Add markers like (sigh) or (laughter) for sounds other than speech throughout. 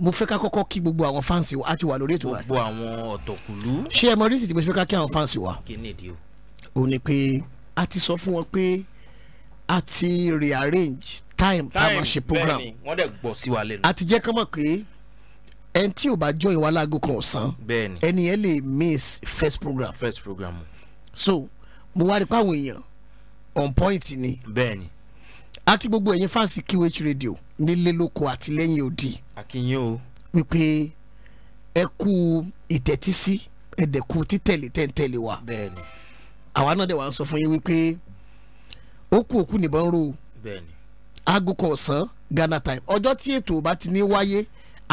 mo fẹ́ ká kọ́kọ́ kí gbogbo àwọn fáǹsì wa àti wà lórí ètò wa. gbogbo àwọn ọ̀tọ̀kùlú. ṣé ẹ mọ rísì tí mo fẹ́ ká kí àwọn fáǹsì wa. ó ní pé a ti sọ fún wọn pé a ti rearrange time tá a ṣe program. bẹ́ẹ̀ni wọ́n dẹ̀ gbọ́ sí wa lẹ́nu. a ti jẹ́ kán mọ̀ pé ẹni tí ò bá join wa láago kan ọ̀sán ẹni yẹn lè miss first program. first program. so mo wá rí i àwọn èèyàn on point ni. bẹ́ẹ̀ni akí gbogbo ẹ̀yin fáǹsì QH radio nílé lóko àti lẹ́yìn odi. akínyìn o. wípé ẹ kú ìtẹ́tísí ẹ̀dẹ̀kú títẹ̀lé tẹ̀ǹtẹ̀lé wa. bẹ́ẹ̀ni. àwa náà dẹ̀ wá ń sọ fún yín wípé ó kú òkú nìbọn ró. bẹ́ẹ̀ni. aago kan ọ̀sán Ghana time ọjọ́ tí ètò bá ti ní wáyé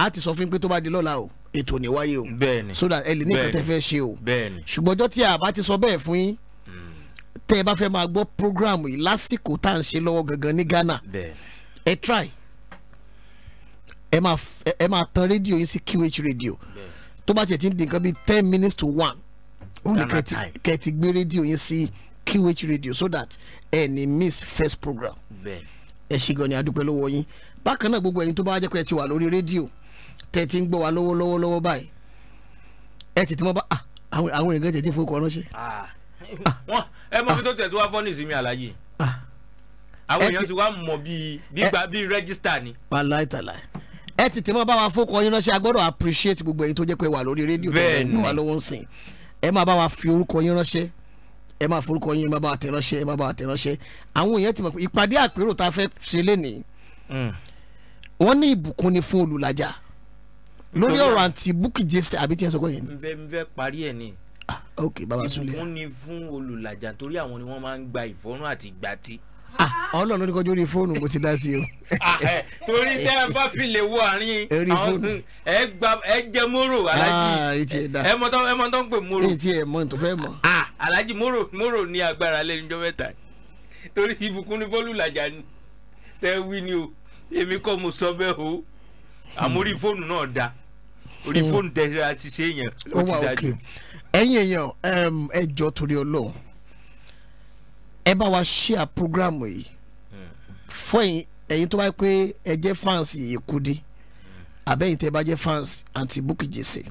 a ti sọ fún yín pé tó bá di lọ́la o ètò ò ní wáyé o. so that ẹ lè ní ìkẹtẹ fẹ́ ṣe o. ṣùgbọ́n ọjọ́ tí a bá ti sọ bẹ́ẹ̀ fún yín tẹ́ ẹ bá fẹ́ máa gbọ́ program yìí lásìkò tá à ń ṣe lọ́wọ́ gangan ní Ghana ẹ try ẹ máa ẹ máa tan rédíò yín sí QH rédíò tó bá tiẹ̀ ti ń di nǹkan bíi ten minutes to one ó ní kẹ́ ẹ ti gbé rédíò yín sí QH rédíò so that ẹ ní miss first program ẹ ṣe gan ni adúpẹ́ lọ́wọ́ yín bákan náà gbogbo ẹ̀yin tó bá jẹ́ pé ẹ ti wà lórí rédíò tẹ́ ẹ ti ń gbọ́ wa lọ́wọ́lọ́wọ́ lọ́wọ́ báyìí ẹ tètè mọ́ bá ah, àwọn èèyàn tètè fowó kọ́ ránṣẹ́ ah wọn ẹ mọ bí tó tẹ̀ tó wá fọ́nì sí mi aláàjì àwọn èèyàn ti wá mọ̀ bíi gbígba bíi rẹ́gísítà ni. wàláì tàlà ẹ tètè mọ bá wa fọkọ yín ránṣẹ́ a appreciate gbogbo èyí tó jẹ́ pé wà lórí rédíò tó ń gbọ́ wa lọ́wọ́ ń sìn ẹ máa bá wa fi orúkọ yín ránṣẹ́ ẹ máa forúkọ yín ẹ máa bá wa tẹ ránṣẹ́ ẹ máa bá wa tẹ ránṣẹ́ àwọn èèyàn ti mọ̀ pé ìpàdé àpérò tá a fẹ́ ṣe lénìí hmm. wọ́n ní ìbùkún ni fún olùlàjà lórí ọ̀rọ̀ àǹtí Bukky Jesse àbí tí ẹ yẹn. n bẹ n bẹ parí ẹ ni. Ah, ok baba Sule. ìbùkún ni fún olùlàjà torí àwọn ni wọ́n máa ń gba ìfọ́nrún àti ìgbàtí. Ah, ọlọ́run ní kọjú orí fóònù mo ti dá sí o. Ah, torí tẹ́ ẹ bá fi lè wo àárín àwọn ẹ jẹ móró alájí ẹ mọ tán ẹ mọ tán pé móró. ẹ mọ tó fẹ́ mọ. alájí móró móró ní agbára lẹ́nu jọ mẹ́ta torí ìbùkún ni bọ́ọ̀lù làjà ni tẹ́ wí ni o èmi kọ́ mo sọ bẹ́ẹ̀ o àmórí fóònù náà da orí hmm. fóònù tẹ̀ ṣe yẹn ó ti dájú ẹ̀yin èèyàn um, ẹ jọ torí Ọlọ́run ẹ bá wa share program yìí fún ẹ̀yin ẹ̀yin tó bá pé ẹ jẹ́ fans yìí Kudi àbẹ́yìn tẹ́ bá jẹ́ fans àǹtí Bukky Jesse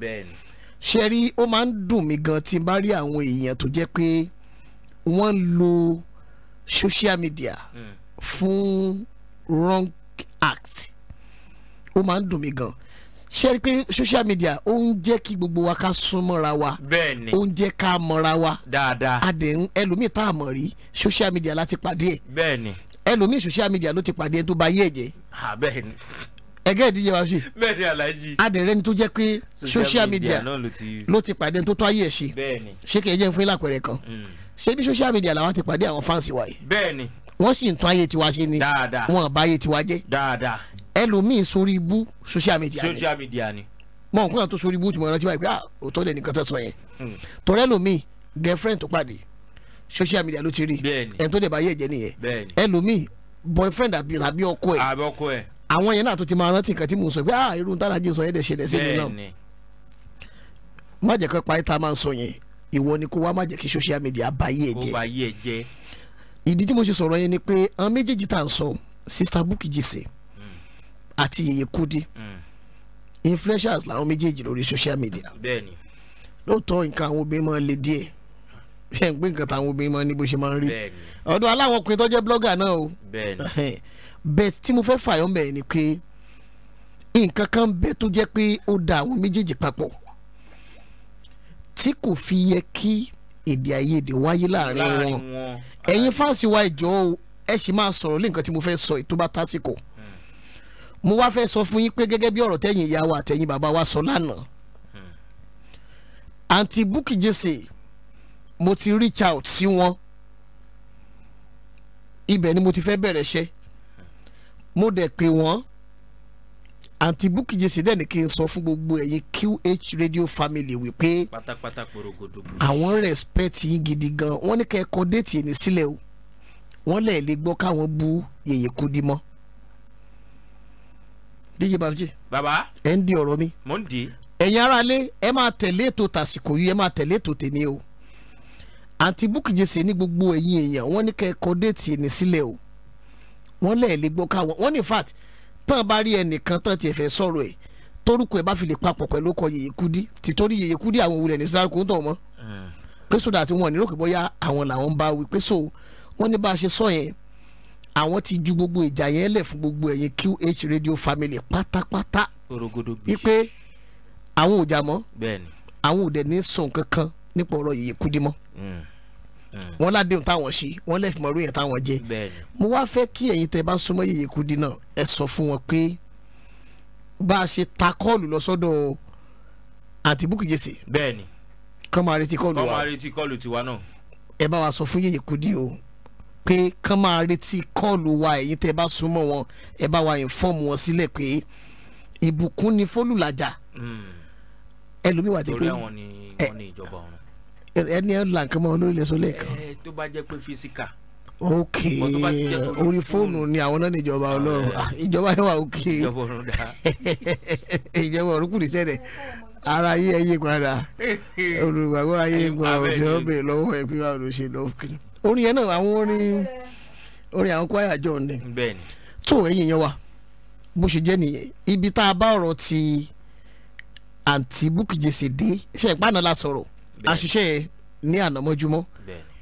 ṣe rí ó máa ń dùn mí gan tí n bá rí àwọn èèyàn tó jẹ́ pé wọ́n lo social media mm. fún wrong act ó máa ń dùn mí gan ṣe pé social media ó ń jẹ́ kí gbogbo wa ká súnmọ́ra wa bẹ́ẹ̀ni ó ń jẹ́ ká mọ́ra wa àdéhùn ẹlòmíì tá a mọ̀ rí social media láti pàdé ẹ̀ bẹ́ẹ̀ni ẹlòmíì social media ló ti pàdé ẹ̀ tó bá yé ẹ̀jẹ̀ bẹ́ẹ̀ni ẹgẹ́ ìdíje wa ṣe bẹ́ẹ̀ni alhaji tó jẹ́ pé social media ló ti pàdé ẹ̀ tó tó ayé ẹ̀ ṣe ṣé kìí jẹ́ fún ìlàpẹ̀rẹ̀ kan mm. ṣé bí social media làwọn ti pàdé àwọn fáǹsì wa yìí bẹ́ẹ̀ni wọ́n sì ń tún ayé tiwa ṣe ni dáadáa wọn àbá ayé tiwa jẹ́ ẹlòmíì sórí ibú social media ni social media ni mọ nǹkan tó sórí ibú tí mo rántí báyìí pé ah òótọ́ lẹ́nu kan tó sọ yẹn hmm. torí ẹlòmíì girlfriend tó pàdé social media ló ti rí ẹni tó dẹ̀ bá yẹ̀ jẹ́ nìyẹn ẹlòmíì boyfriend àbí ọkọ ẹ̀ àwọn yẹn náà tó ti máa rántí nǹkan tí mo sọ pé ah irú tára jí sọ yẹn dẹ̀ ṣẹlẹ̀ sí mi náà má jẹ́ kó parí tá máa ń sọ yẹn ìwọ ni kó wá má jẹ́ kí social media bá yẹ̀ jẹ́ ìdí tí mo ṣe sọ̀rọ̀ yẹn ni pé àwọn méjèèjì tá à ń sọ sister Bukky Jesse àti Yèyé Kudi mm. influencers làwọn méjèèjì lórí social media lóòótọ́ nǹkan àwọn obìnrin máa le díẹ̀ ṣe ń pè nǹkan táwọn obìnrin máa ní bó ṣe máa ń rí ọ̀dọ̀ aláwọn ọkùnrin tó jẹ́ blogger náà o bẹ́ẹ̀ tí mo fẹ́ fàyọ́ mẹ́rin ni pé nǹkan kan bẹ́ẹ̀ tó jẹ́ pé ó da àwọn méjèèjì papọ̀ tí kò fi yẹ kí èdè àìyedè wáyé láàrin wọn ẹ̀yin fásiwá ìjọ ẹ sì máa sọ̀rọ̀ lé nǹkan tí mo fẹ́ sọ ètò mo wá fẹ́ sọ fún yín pé gẹ́gẹ́ bí ọ̀rọ̀ tẹ̀yìn ìyá wa àtẹ̀yìn bàbá wa sọ lánàá àǹtí Bukky Jesse mo ti reach out sí wọn ibẹ̀ ni mo ti fẹ́ bẹ̀rẹ̀ ṣẹ́ mo dẹ̀ pè wọ́n àǹtí Bukky Jesse dẹ̀ ní kí n sọ fún gbogbo ẹ̀yin QH radio family wípé àwọn respect yín gidi gan wọ́n ní kẹ́ ẹ kọ déètì ẹni sílẹ̀ o wọ́n lẹ̀ lè gbọ́ káwọn bú Yèyé Kudi mọ́. DJ Babuji. baba. ẹ ń di ọ̀rọ̀ mi. mo ń di. ẹ̀yin aráalé ẹ máa tẹ̀lé ètò tàsìkò yìí ẹ máa tẹ̀lé ètò tèmi o. àǹtí Bukky Jesse ní gbogbo ẹ̀yin èèyàn wọ́n ní kẹ́kọ̀ọ́ déètì ẹni sílẹ̀ o. wọ́n lẹ̀ lè gbọ́ káwọn wọ́n ní fact tán bá rí ẹnìkan tán tiẹ̀ fẹ́ sọ̀rọ̀ ẹ̀ torúkọ ẹ̀ bá fi lè papọ̀ pẹ̀lú ọkọ̀ Yèyé Kudi tìtorí Yèyé àwọn òwúrẹ̀ ní sáré kó ń tàn àti wọn ò ní rò pé bóyá àwọn làwọn bá wí pé so ní bá a ṣe sọ yẹn àwọn ti ju gbogbo ìjà yẹn lẹ̀ fún gbogbo ẹ̀yin QH radio family pátápátá wípé àwọn ò jà mọ́ àwọn ò dẹ̀ ní sọ nǹkan kan nípa ọ̀rọ̀ yìí kú dí mọ́ mm. mm. wọ́n ládéhùn táwọn ṣe wọ́n lẹ́fìmọ̀ orí yẹn táwọn jẹ́ mo wá fẹ́ kí ẹ̀yin tẹ́ bá súnmọ́ yèyé kudi náà ẹ sọ fún wọn pé bá a ṣe ta kọ́ọ̀lù lọ sọ́dọ̀ àǹtí búkì jèsè kọ́ máa retí kọ́ọ̀lù wa ẹ bá wa sọ fún yèyé kudi o pé kán máa retí kọ́ọ̀lù wa ẹ̀yin tẹ́ ẹ bá súnmọ́ wọn ẹ bá wa ìfọ́ọ̀mù wọn sílẹ̀ pé ìbùkún ni fólùlàjà hmm. ẹlòmíwà tẹ pé ẹni ẹ là nǹkan mọ́ lórí ilẹ̀ sọ́lẹ̀ kan. tó bá jẹ́ pé físíkà. ok orí fóònù ni àwọn náà níjọba ah, ọlọ́run ah, ìjọba yẹn wà ok (laughs) ìjọba ọ̀run (laughs) kùnì sẹ́dẹ̀ ara yé ẹ yé padà (laughs) olùgbàgbọ́ ayé ń gba ọ̀dọ́ bẹ̀rẹ̀ lọ́wọ́ ẹ̀ pé báwo ló ṣe lọ́wọ́ orin yẹn náà àwọn orin orin àwọn kwaya jọ ni tó ẹ̀yin yẹn wa bó ṣe jẹ́ nìyẹn ibi tá a bá ọ̀rọ̀ ti àǹtí Bukky Jesse dé ṣe ìpànà la sọ̀rọ̀ àṣìṣe yẹn ní ànámọ́júmọ́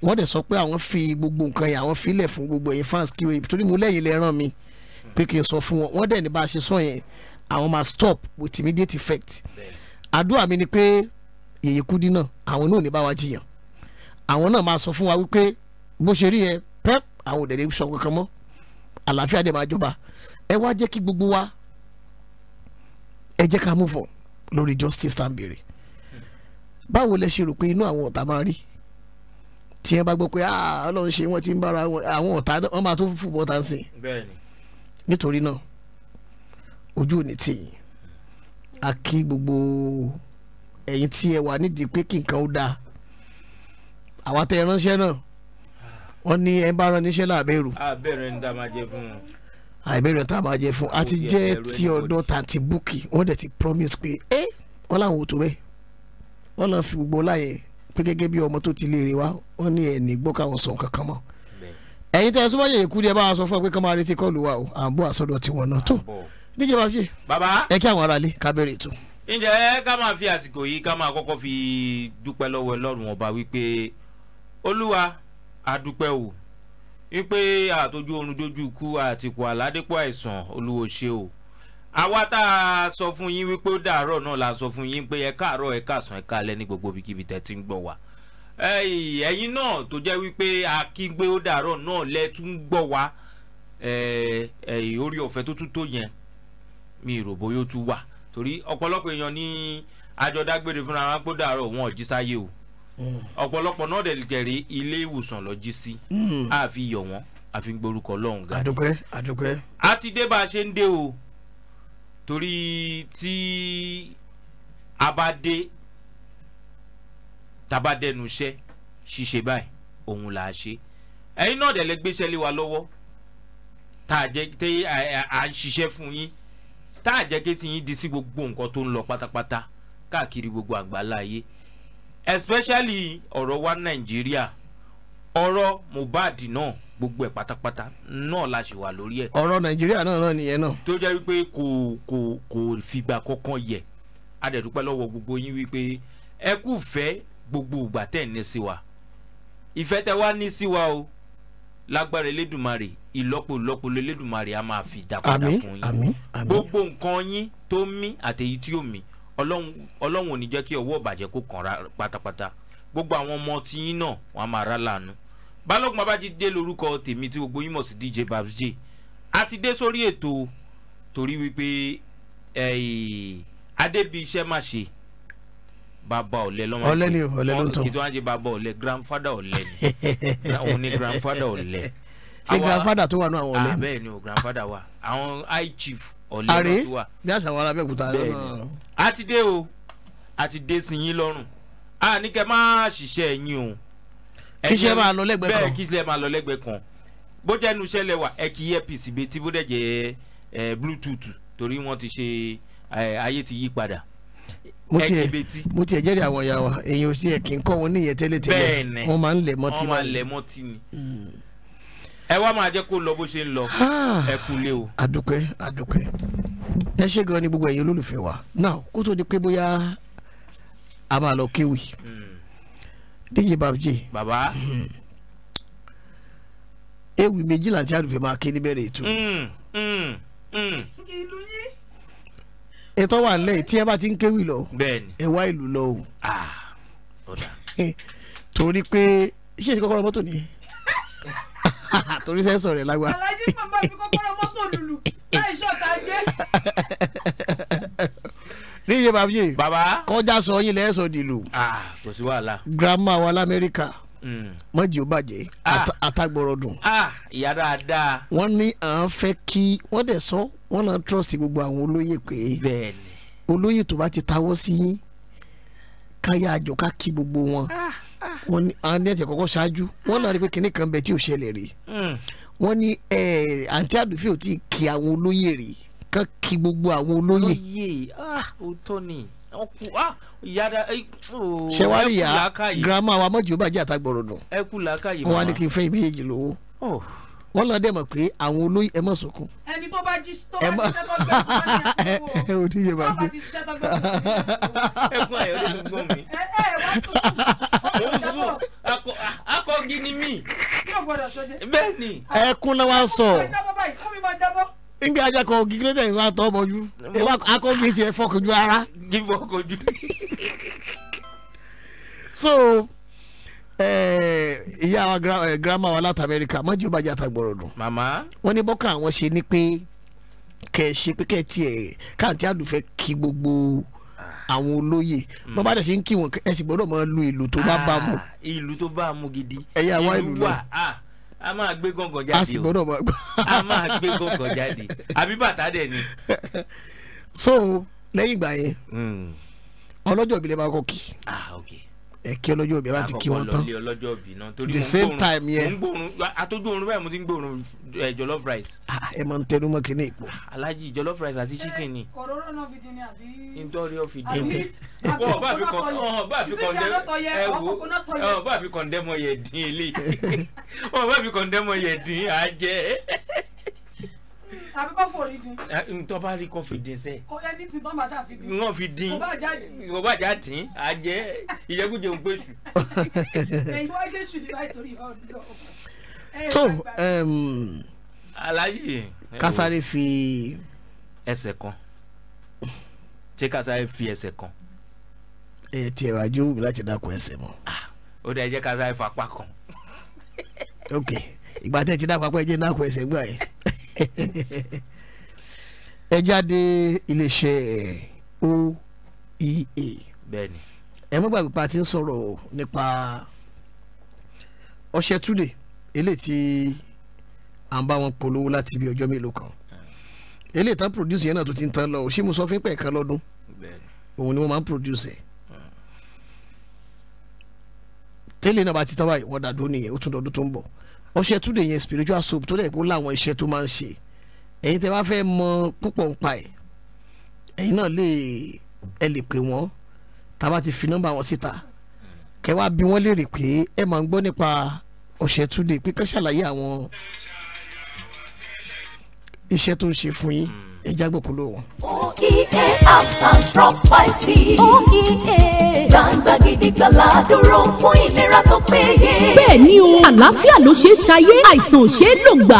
wọ́n dẹ̀ sọ pé àwọn fi gbogbo nǹkan yẹn àwọn filẹ̀ fún gbogbo ẹ̀yin fans kí wọ́n torí mo lẹ́yìn lè ràn mí hmm. pé kí n sọ fún wọn wọ́n dẹ̀ ní bá a ṣe sọ yẹn àwọn máa stop with immediate effect àdúrà mi ni pé Yèyé Kudi náà àwọn náà ní bá wa jiyàn àwọn náà máa sọ fún wa wípé bó ṣe rí yẹn pep àwọn òdẹ̀dẹ̀ sọ kankan mọ́ àlàáfíà dẹ̀ máa jọba ẹ wá jẹ́ kí gbogbo wa ẹ jẹ́ ká move on lórí justice tá n béèrè báwo lẹ ṣe rò pé inú àwọn ọ̀tá máa rí tí ẹ bá gbọ́ pé ah, ọlọ́run ṣe wọ́n ti ń bára àwọn ọ̀tá wọn máa tó fúbọ̀ tá n sìn nítorí náà ojú ò ní tì yín a kí gbogbo ẹ̀yin tí ẹ wà nídìí pé kí nǹkan ó dáa àwa tẹ ẹ ránṣẹ́ náà wọ́n ní ẹ bá rán níṣẹ́ làbẹ́rù. àbẹ̀rẹ̀ ń dá máa jẹ fún un. àbẹ̀rẹ̀ tá a máa jẹ fún un àti jẹ́ ti ọ̀dọ́ tàǹtí búkì wọ́n dẹ̀ ti promise pé ẹ́ wọ́n làwọn ò tó bẹ́ẹ̀ wọ́n lọ́n fi gbogbo láyẹ̀ pé gẹ́gẹ́ bí ọmọ tó ti léèrè wá wọ́n ní ẹ̀ ní gbọ́ káwọn sọ kankan mọ́. ẹ̀yin tẹ́ ẹ súnmọ́ yẹ̀yẹ̀ kú díẹ̀ bá wa sọ Olúwa adúpẹ́ o wípé àtọ́jú oorun dojú ikú àtìkù àládépọ̀ àìsàn olúwo ṣe o àwa tá a sọ fún yín wípé ó dàárọ̀ náà la sọ fún yín pé ẹ káàárọ̀ ẹ káàsán ẹ káalẹ́ ní gbogbo ibikíbi tẹ́ ti ń gbọ́ wa ẹ̀yin náà tó jẹ́ wípé akígbe ó dàárọ̀ náà lẹ tún gbọ́ wa orí ọ̀fẹ́ tó tún tó yẹn mi rò bóyá ó tún wà torí ọ̀pọ̀lọpọ̀ èèyàn ní àjọdágbére fúnra wọn pé ó dàárọ̀ wọn ò jí sáyé o ọ̀pọ̀lọpọ̀ náà dẹ̀ gẹ̀rí ilé ìwòsàn lọ jí sí àfi hmm. yọ̀ wọ́n àfi gborúkọ lọ́hùn gan. àdúpẹ́ àdúpẹ́. a ti dé bá a ṣe ń dé o torí tí a bá dé tàbá dẹnu iṣẹ́ ṣíṣe báyìí òun là á ṣe ẹ̀yin náà dẹ̀ lè gbéṣẹ́ lé wa lọ́wọ́ tá a jẹ́ tẹ́ à ń ṣiṣẹ́ fún yín tá a jẹ́ kí tiyín di sí gbogbo nǹkan tó ń lọ pátápátá káàkiri gbogbo àgbáláyé especially ọ̀rọ̀ wa nàìjíríà ọ̀rọ̀ mohbad náà gbogbo ẹ̀ pátápátá náà la ṣe wà lórí ẹ̀. ọ̀rọ̀ nàìjíríà náà náà nìyẹn náà. tó jẹ́ wípé kò kò kò fìgbà kankan yẹ̀ adẹ̀dúpẹ́ lọ́wọ́ gbogbo yín wípé ẹ kú fẹ́ gbogbo ìgbà tẹ̀ ní sí wa ìfẹ́ tẹ wá ní sí wa o lágbára elédùnmarè ìlọ́po ìlọ́po elédùnmarè a máa fi dà fún yín gbogbo nǹkan yín tó mí àtèyí tí yóò mí ọlọ́run ò ní jẹ́ kí ọwọ́ ìbàjẹ́ kó kàn pátápátá gbogbo àwọn ọmọ tiyín náà wọn á máa rà lànà balógun babájídé lórúkọ tèmi tí gbogbo yín mọ̀ sí dj babs j a ti dé sórí ètò torí wípé adébíiṣẹ́ má ṣe bàbá ọ̀lẹ lọ́mọ ọ̀lẹ ni ọ̀lẹ ló ń tọ́ kí tó wá jẹ bàbá ọ̀lẹ grandfather ọ̀lẹ ni òun (laughs) ni grandfather ọ̀lẹ ṣe grandfather tó wà ní àwọn ọ̀lẹ ah, bẹ́ẹ̀ ni o grandfather wa àwọn high chief ọ̀lẹ́ ọ̀rọ̀ tó wà. bí àṣà wọn abẹ́òkúta rẹ̀ náà. a ti dé o a ti dé sí yín lọ́rùn a ní kẹ́ máa ṣiṣẹ́ yín o. kí iṣẹ́ máa lọ lẹ́gbẹ̀ẹ́ kan bẹ́ẹ̀ kí iṣẹ́ máa lọ lẹ́gbẹ̀ẹ́ kan bó jẹ́ nu iṣẹ́ lẹ́wà ẹ kì í yẹ pc bíi tí bó dẹ̀ jẹ́ bluetooth torí wọ́n ti ṣe ayé ti yí padà mo tiẹ̀ mo tiẹ̀ jẹ́rìí àwọn ìyá èyí ò tiẹ̀ kì í kọ́ wọn ní ìyẹn tẹ́lẹ̀tẹ́lẹ̀ wọ́n máa ń lẹ̀ mọ́tì ni. Hmm ẹ wá máa jẹ́ kó lọ bó ṣe ń lọ ẹ kúlé o. àdúpẹ́ àdúpẹ́ ẹ ṣe gan ni gbogbo ẹ̀yin olólùfẹ́ wa now kó tó di pé bóyá a máa lọ kéwì hmm. díje babjé baba hmm. ewì méjìlá tí àdùfẹ́ máa ké níbẹ̀rẹ̀ ètò ètò hmm, wà nílẹ̀ tí ẹ bá ti ń kéwì lọ ẹ wá ìlú lọ o (laughs) torí pé ṣé èsì kọ́kọ́rọ́ mọ́tò nìyẹn. (laughs) (laughs) torí sẹ́sọ̀ rẹ̀ lágbára. alájí bàbá mi kọ́kọ́rọ́ mọ́tò lùlù láì ṣọ̀tà jẹ́. níyẹn bàbá yìí kọjá sọ yín lẹ́sọ̀ dìlù. kò sí wàhálà. girama wa lamẹ́ríkà hmm. mọ̀jì ó bàjẹ́ àtàgbọ̀rọ̀ dùn. ìyá dáadáa. wọ́n ní à ń fẹ́ kí wọ́n dẹ̀ sọ wọ́n náà trust gbogbo àwọn olóyè pé olóyè tó bá ti tawọ́ sí yín káyà àjọ ká kí gbogbo wọn. Ah wọ́n ní àwọn ẹni ẹ̀ tẹ̀ kọ́kọ́ ṣáájú wọ́n náà rí pé kinní kan bẹ tí ò ṣẹlẹ̀ rí hmm. wọ́n ní àǹtí àdùfẹ́ ò tí ì kí àwọn olóyè rí kán kí gbogbo àwọn olóyè. olóyè ah òótọ́ ni ah, oh, ṣe wá rí ya girama wa mọ̀jú bàjẹ́ àtàgbọ̀rọ̀ dùn wọ́n á ní kí n fẹ́ ìméjì lówó. Oh wọ́n lọ dẹ̀ mọ̀ pé àwọn olóyè ẹ mọ̀ sunkún. ẹni tó bá jí tó bá ṣiṣẹ́ (laughs) tó gbẹ ẹ ò ní yé bá gbé. ẹkún ayọ̀ ló ti gbọ́ mi. ẹ ẹ wá sunkún. akọgi ni mí. tí o gbọdọ̀ sọjẹ. bẹ́ẹ̀ni. ẹkún náà wá sọ. nígbà ajá kan ògì kílódé ìwà àtọ́ ọmọjú akọgi tiẹ̀ fọkànjú ara. jí fọkànjú. so. Eh, ìyá wa girama eh, wa láti amẹ́ríkà mọ́jú bàjẹ́ àtàgbọ̀rọ̀ dùn. màmá. wọ́n ní bọ́kà àwọn ṣe ni pé kẹ́ ẹ ṣe pé kẹ́ ẹ tiẹ̀ káàntì àdùfẹ́ kí gbogbo àwọn olóyè hmm. bọ́n bá dẹ̀ ṣe ń kí wọn ẹ sì gbọ́dọ̀ máa lu ìlú tó bá bá mu. Ah, ìlú tó bá mu gidi. ẹ̀yà wa ìlú wa ah, a máa gbé gángan jáde o a sì gbọ́dọ̀ máa a máa gbé gángan jáde àbí bàtà dẹ̀ ni. so lẹ́yìn ìgbà yẹn hmm. ọlọ́jọ́ ìbílẹ̀ máa kọ́ kì. ah okay ẹ kí ọlọ́jọ́ òbí ẹ bá ti kí wọn tán the same time yẹn. àtọ́jú oorun báyìí mo ti ń gbóòórùn eh, jollof rice. Ah, ẹ máa ń tẹnu mọ́ kínní ipò. Ah, alájì jollof rice àti chicken ni. Eh, òróró náà fi di ni àbí. nítorí ó fi di. wọ́n bá fi kàn ọ́n bá fi kàn dẹ́ ẹ wò ọ́n bá fi kàn dẹ́ mọ́ yẹ̀ dín eléyìí wọ́n bá fi kàn dẹ́ mọ́ yẹ̀ dín àjẹ́ àbí kò fòrí dín. ntọ́ bá rí kò fi dín sẹ́. kò ẹni tí bọ́ màá ṣàfi dín. wọ́n fi dín. kò bá já dín. kò bá ìyẹ́kùjẹ́ ń gbèsù. (laughs) ẹ̀yin wá gbèsù ni láì torí ìbá òdúdọ̀. so aláyè. kásáré fi ẹsẹ̀ kan ṣé kásáré fi ẹsẹ̀ kan. ẹ tiẹ̀ wá jó láti dákun ẹsẹ̀ mọ́. ó dẹ̀ jẹ́ kásáré fapá kan. ok ìgbà tẹ́ ti dákun apá ẹ dákun ẹsẹ̀ gbọ́ yẹn ẹ jáde iléeṣẹ́ oea bẹ́ẹ̀ni ẹ mọ́ gbàgbé pa ti ń sọ̀rọ̀ nípa ọṣẹ túdè eléyìí tí à ń bá wọn polówó láti ibi ọjọ́ mélòó kan eléyìí tán produce yẹn náà tó ti ń tán lọ ṣé mo sọ fún pẹ̀ kan lọ́dún òun ni wọ́n máa ń produce ẹ̀ tẹ́lẹ̀ náà bá ti tán báyìí wọ́n dàdó nìyẹn ó tún dọ̀dún tó ń bọ̀ ọṣẹ túnde yẹn spiritual soap tó dẹ̀ kó láwọn iṣẹ́ tó máa ń ṣe ẹ̀yin tẹ́ bá fẹ́ mọ púpọ̀ ń pa ẹ̀ ẹ̀yin náà lè ẹ lè pè wọ́n tá a bá ti fi nọ́mbà wọn síta kẹ́ wá bí wọ́n léèrè pé ẹ máa ń gbọ́ nípa ọṣẹ túnde pé kán ṣàlàyé àwọn iṣẹ́ tó ń ṣe fún yín ẹ jágbó kúló wọn. oea herbs strong spices oea gbangba gidigba la dúró fún ìlera tó bẹ́ẹ̀ ni o àlàáfíà ló ṣe é ṣayé àìsàn ò ṣe é lògbà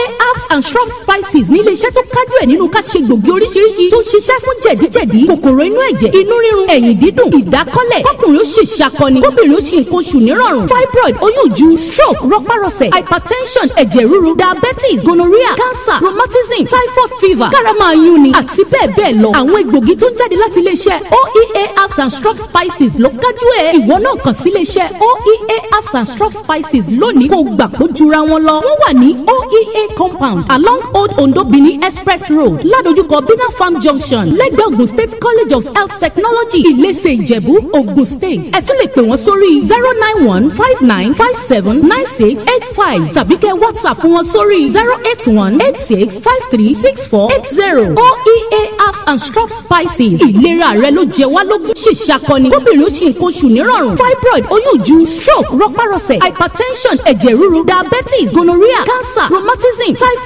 e A and shrub spices ní iléeṣẹ́ tó kájú ẹ̀ nínú ká ṣe gbòógì oríṣiríṣi tó ṣiṣẹ́ fún jẹ̀díjẹ̀dí kòkòrò inú ẹ̀jẹ̀ inú rírun ẹ̀yìn dídùn ìdákọ́lẹ̀ kọkùnrin ó ṣe ṣàkọni kóbìnrin ó ṣe nǹkan oṣù nírọ̀rùn fibroid oyún ju stroke rọpárọsẹ̀ hypertension ẹ̀jẹ̀ ríru diabetes gonorrhea cancer rheumatism typhoid fever karama yunni àti bẹ́ẹ̀ bẹ́ẹ̀ lọ àwọn egbògi tó ń jáde láti iléeṣẹ́ oea herbs and shrub spices ló kájú ẹ̀ ìwọ náà kàn sí iléeṣẹ́ oea herbs and shrub spices lónìí kó gbà kó jura wọn lọ wọ́n wà ní oea compound compound along old ondo benin express road ládojúkọ bina farm junction lẹ́gbẹ̀ẹ́ ogun state college of health technology ilese ìjẹ̀bú ogun state ẹ tún lè pè sórí zero nine one five nine five seven nine six eight five tàbí kẹ́ whatsapp wọn sórí zero eight one eight six five three six four eight zero oea herbs and shrub spices ìlera rẹ ló jẹ wá lógún ṣèṣàkọni kóbìnrin ó ṣe nǹkan oṣù nírọ̀rùn fibroid oyún ju stroke rọpárọsẹ̀ hypertension ẹ̀jẹ̀ ríru diabetes gonorrhea cancer rheumatism typhoid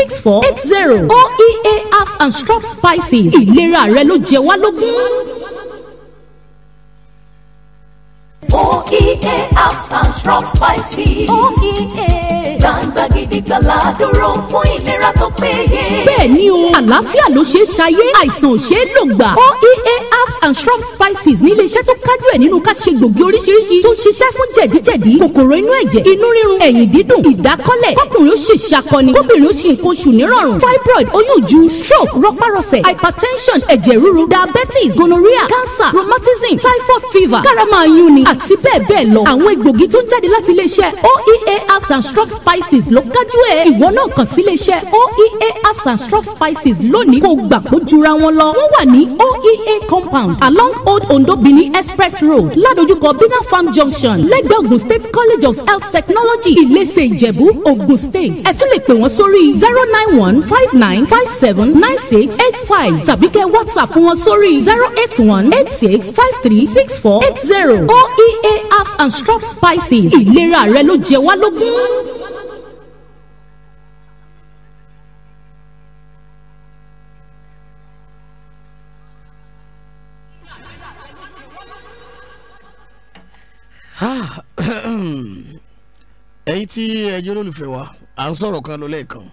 six four eight zero oea apps and strop spices ìlera rẹ ló jẹ wá lógún. OEA apps and strong spicy. OEA gbangba gidigba la dúró fún ìlera tó péye. bẹ́ẹ̀ni o àlàáfíà ló ṣe é ṣayé àìsàn ò ṣe é lò gbà. oea herbs and shrub spices ní iléeṣẹ́ tó kájú ẹ̀ nínú ká ṣe gbòógì oríṣiríṣi tó ń ṣiṣẹ́ fún jẹ̀díjẹ̀dí kòkòrò inú ẹ̀jẹ̀ inú rírun ẹ̀yìn dídùn ìdákọ́lẹ̀ kọ́kùnrin ó ṣe ṣakọni kóbìnrin ó ṣe nǹkan oṣù nírọ̀rùn fibroid oyún ju stroke rọpárọsẹ̀ hypertension ẹ̀jẹ̀ ríru diabetes gonorrhea cancer rheumatism typhoid fever karama máa yún ni àti bẹ́ẹ̀ bẹ́ẹ̀ lọ àwọn egbògi tó ń jáde láti iléeṣẹ́ oea herbs and shrub Strong Spices ló kájú ẹ̀. ìwọ náà kàn sí iléeṣẹ́ oea herbs and strong spices lónìí kó gbà kó jura wọn lọ. wọ́n wà ní oea compound along old ondo benin express road ládojúkọ bina farm junction lẹ́gbẹ̀ẹ́ Ogun State College of Health Technology Ilese Ìjẹ̀bú Ogun State. ẹ tún lè pè wọ́n sórí zero nine one five nine five seven nine six eight five tàbí kẹ́ WhatsApp wọn sórí zero eight one eight six five three six four eight zero oea herbs and strong spices ìlera rẹ ló jẹ wá lógún. Ah, (clears throat) ẹ̀yin tí ẹjọ́ olólùfẹ́ wa à ń sọ̀rọ̀ kan lọ lẹ́ẹ̀kan.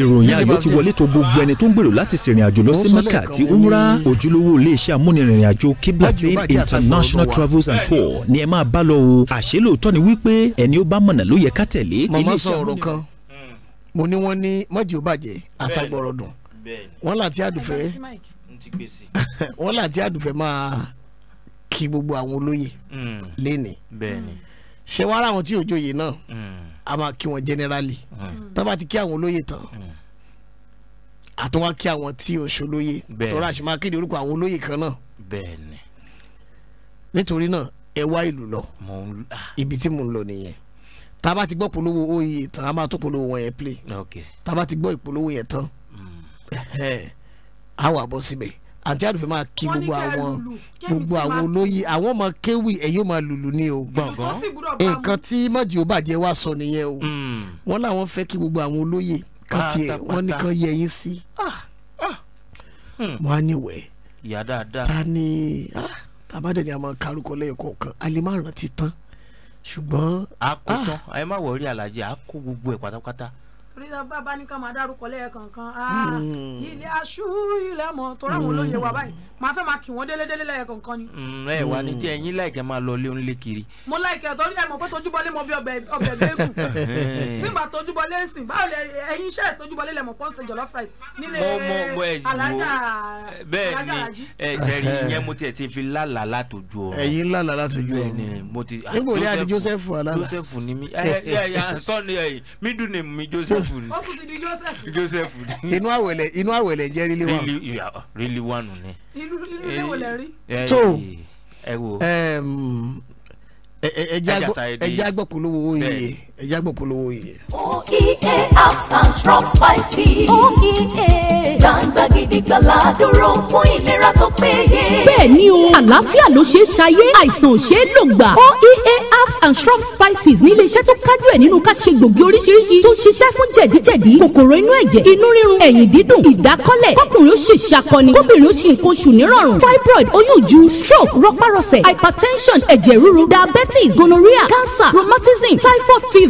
ìròyìn ayọ̀ ti wọlé tó gbogbo ẹni tó ń gbèrò láti ṣèrìn àjò lọ sí mecca àti umrah ojúlówó iléeṣẹ́ amúnirìnrìn àjò kiblatin international travels and tour ni ẹ máa bá lọ o àṣé lóòótọ́ ni wípé ẹni ó bá mọ̀nà ló yẹ ká tẹ̀lé iléeṣẹ́ amúnirìnrìn mo ní wọ́n ní mọ́jì ó bàjẹ́ àtàgbọ̀rọ̀dùn wọ́n láti (laughs) láti àdùfẹ́ máa kí gbogbo àwọn olóyè hmm. léni ṣé wàá ráwọn tí òjò yìí náà hmm. a máa kí wọn generally hmm. tó bá ti kí àwọn olóyè tán àtúnwá kí àwọn tí òṣòlóyè tọ́ra àṣì máa kéde orúkọ àwọn olóyè kan náà nítorí náà ẹ wá ìlú lọ ah. ibi tí mò ń lọ nìyẹn tá a bá ti gbọ́ polówó oyè e tán a máa tó polówó wọn yẹn play tá a bá ti gbọ́ ìpolówó yẹn tán a wá bọ́ síbẹ̀ àǹtí àdùfẹ́ máa kí gbogbo àwọn gbogbo àwọn olóyè àwọn ọmọ kéwì ẹ̀yìn máa lùlù ní o gbọ̀ngàn nǹkan tí mọ̀jì ó bàjẹ́ wá sọ nìyẹn o hmm. wọ́n làwọn fẹ́ kí gbogbo àwọn olóyè kan tiẹ̀ wọ́n nìkan yẹ yín sí ah, ah. Hmm. wọ́n á níwẹ̀ ta ni ah, tàbádẹ́ni àmọ́ kárúkọ lẹ́yìn kọ̀ọ̀kan alimárùn ti tán ṣùgbọ́n. a kò tán ẹ má wọrí alájẹ a kó gbogbo ẹ pátápátá torí bàbá ní ká máa dárúkọ lẹ́ẹ̀kọ̀ọ̀kan ah, hmm. ilé aṣú ilé ọmọ tó ráwọn olóye wa báyìí máa fẹ́ máa kì wọ́n délédélé lẹ́ẹ̀kọ̀ọ̀kan ni. Hmm, ẹ wà ní tí hmm. ẹ̀yin láìkẹ́ máa lọ léun lé kiri. mo láìkẹ́ torí ẹ̀ mọ̀ pé tojúbọlé mo bí ọbẹ̀ ọbẹ̀ gbẹ́gùn tí mà tojúbọlé sìn báwo ẹ̀yin iṣẹ́ tojúbọlé lẹ̀ mọ̀ pọ́n ṣe jollof rice nílé alájà alájàjì. bẹ́ẹ̀ ni sẹ́rí ìyẹn mo ti fi lálàá látòjú ọ. ẹ̀yin lálàá látòjú ọ. nígbò because what to the joseph. joseph ni. inú àwẹ̀lẹ̀ inú àwẹ̀lẹ̀ ń jẹ́ really one. really yeah, really one ni. inú inú ilé wo lẹ rí. Eh, eh, so ẹ wo. ẹ jẹ́ agbọ́kùn lówó iye ẹ jágbó polówó yìí. oea herbs and shrub spices. oea gbangba gidigba la dúró fún ìlera tó péye. bẹ́ẹ̀ ni o àlàáfíà ló ṣe é ṣayé àìsàn ò ṣe é lò gbà. oea herbs and shrub spices ní iléeṣẹ́ tó kájú ẹ̀ nínú ká ṣe gbòógì oríṣiríṣi tó ṣiṣẹ́ fún jẹ̀díjẹ̀dí kòkòrò inú ẹ̀jẹ̀ inú rírun ẹ̀yìn dídùn ìdákọ́lẹ̀ kọkùnrin ó ṣe ṣakọni kóbìnrin ó ṣe nǹkan oṣù nírọ̀rùn fibroid oyún ju stroke rọpárọsẹ̀ hypertension ẹ̀jẹ̀ ríru diabetes gonorrhea cancer rheumatism typhoid fever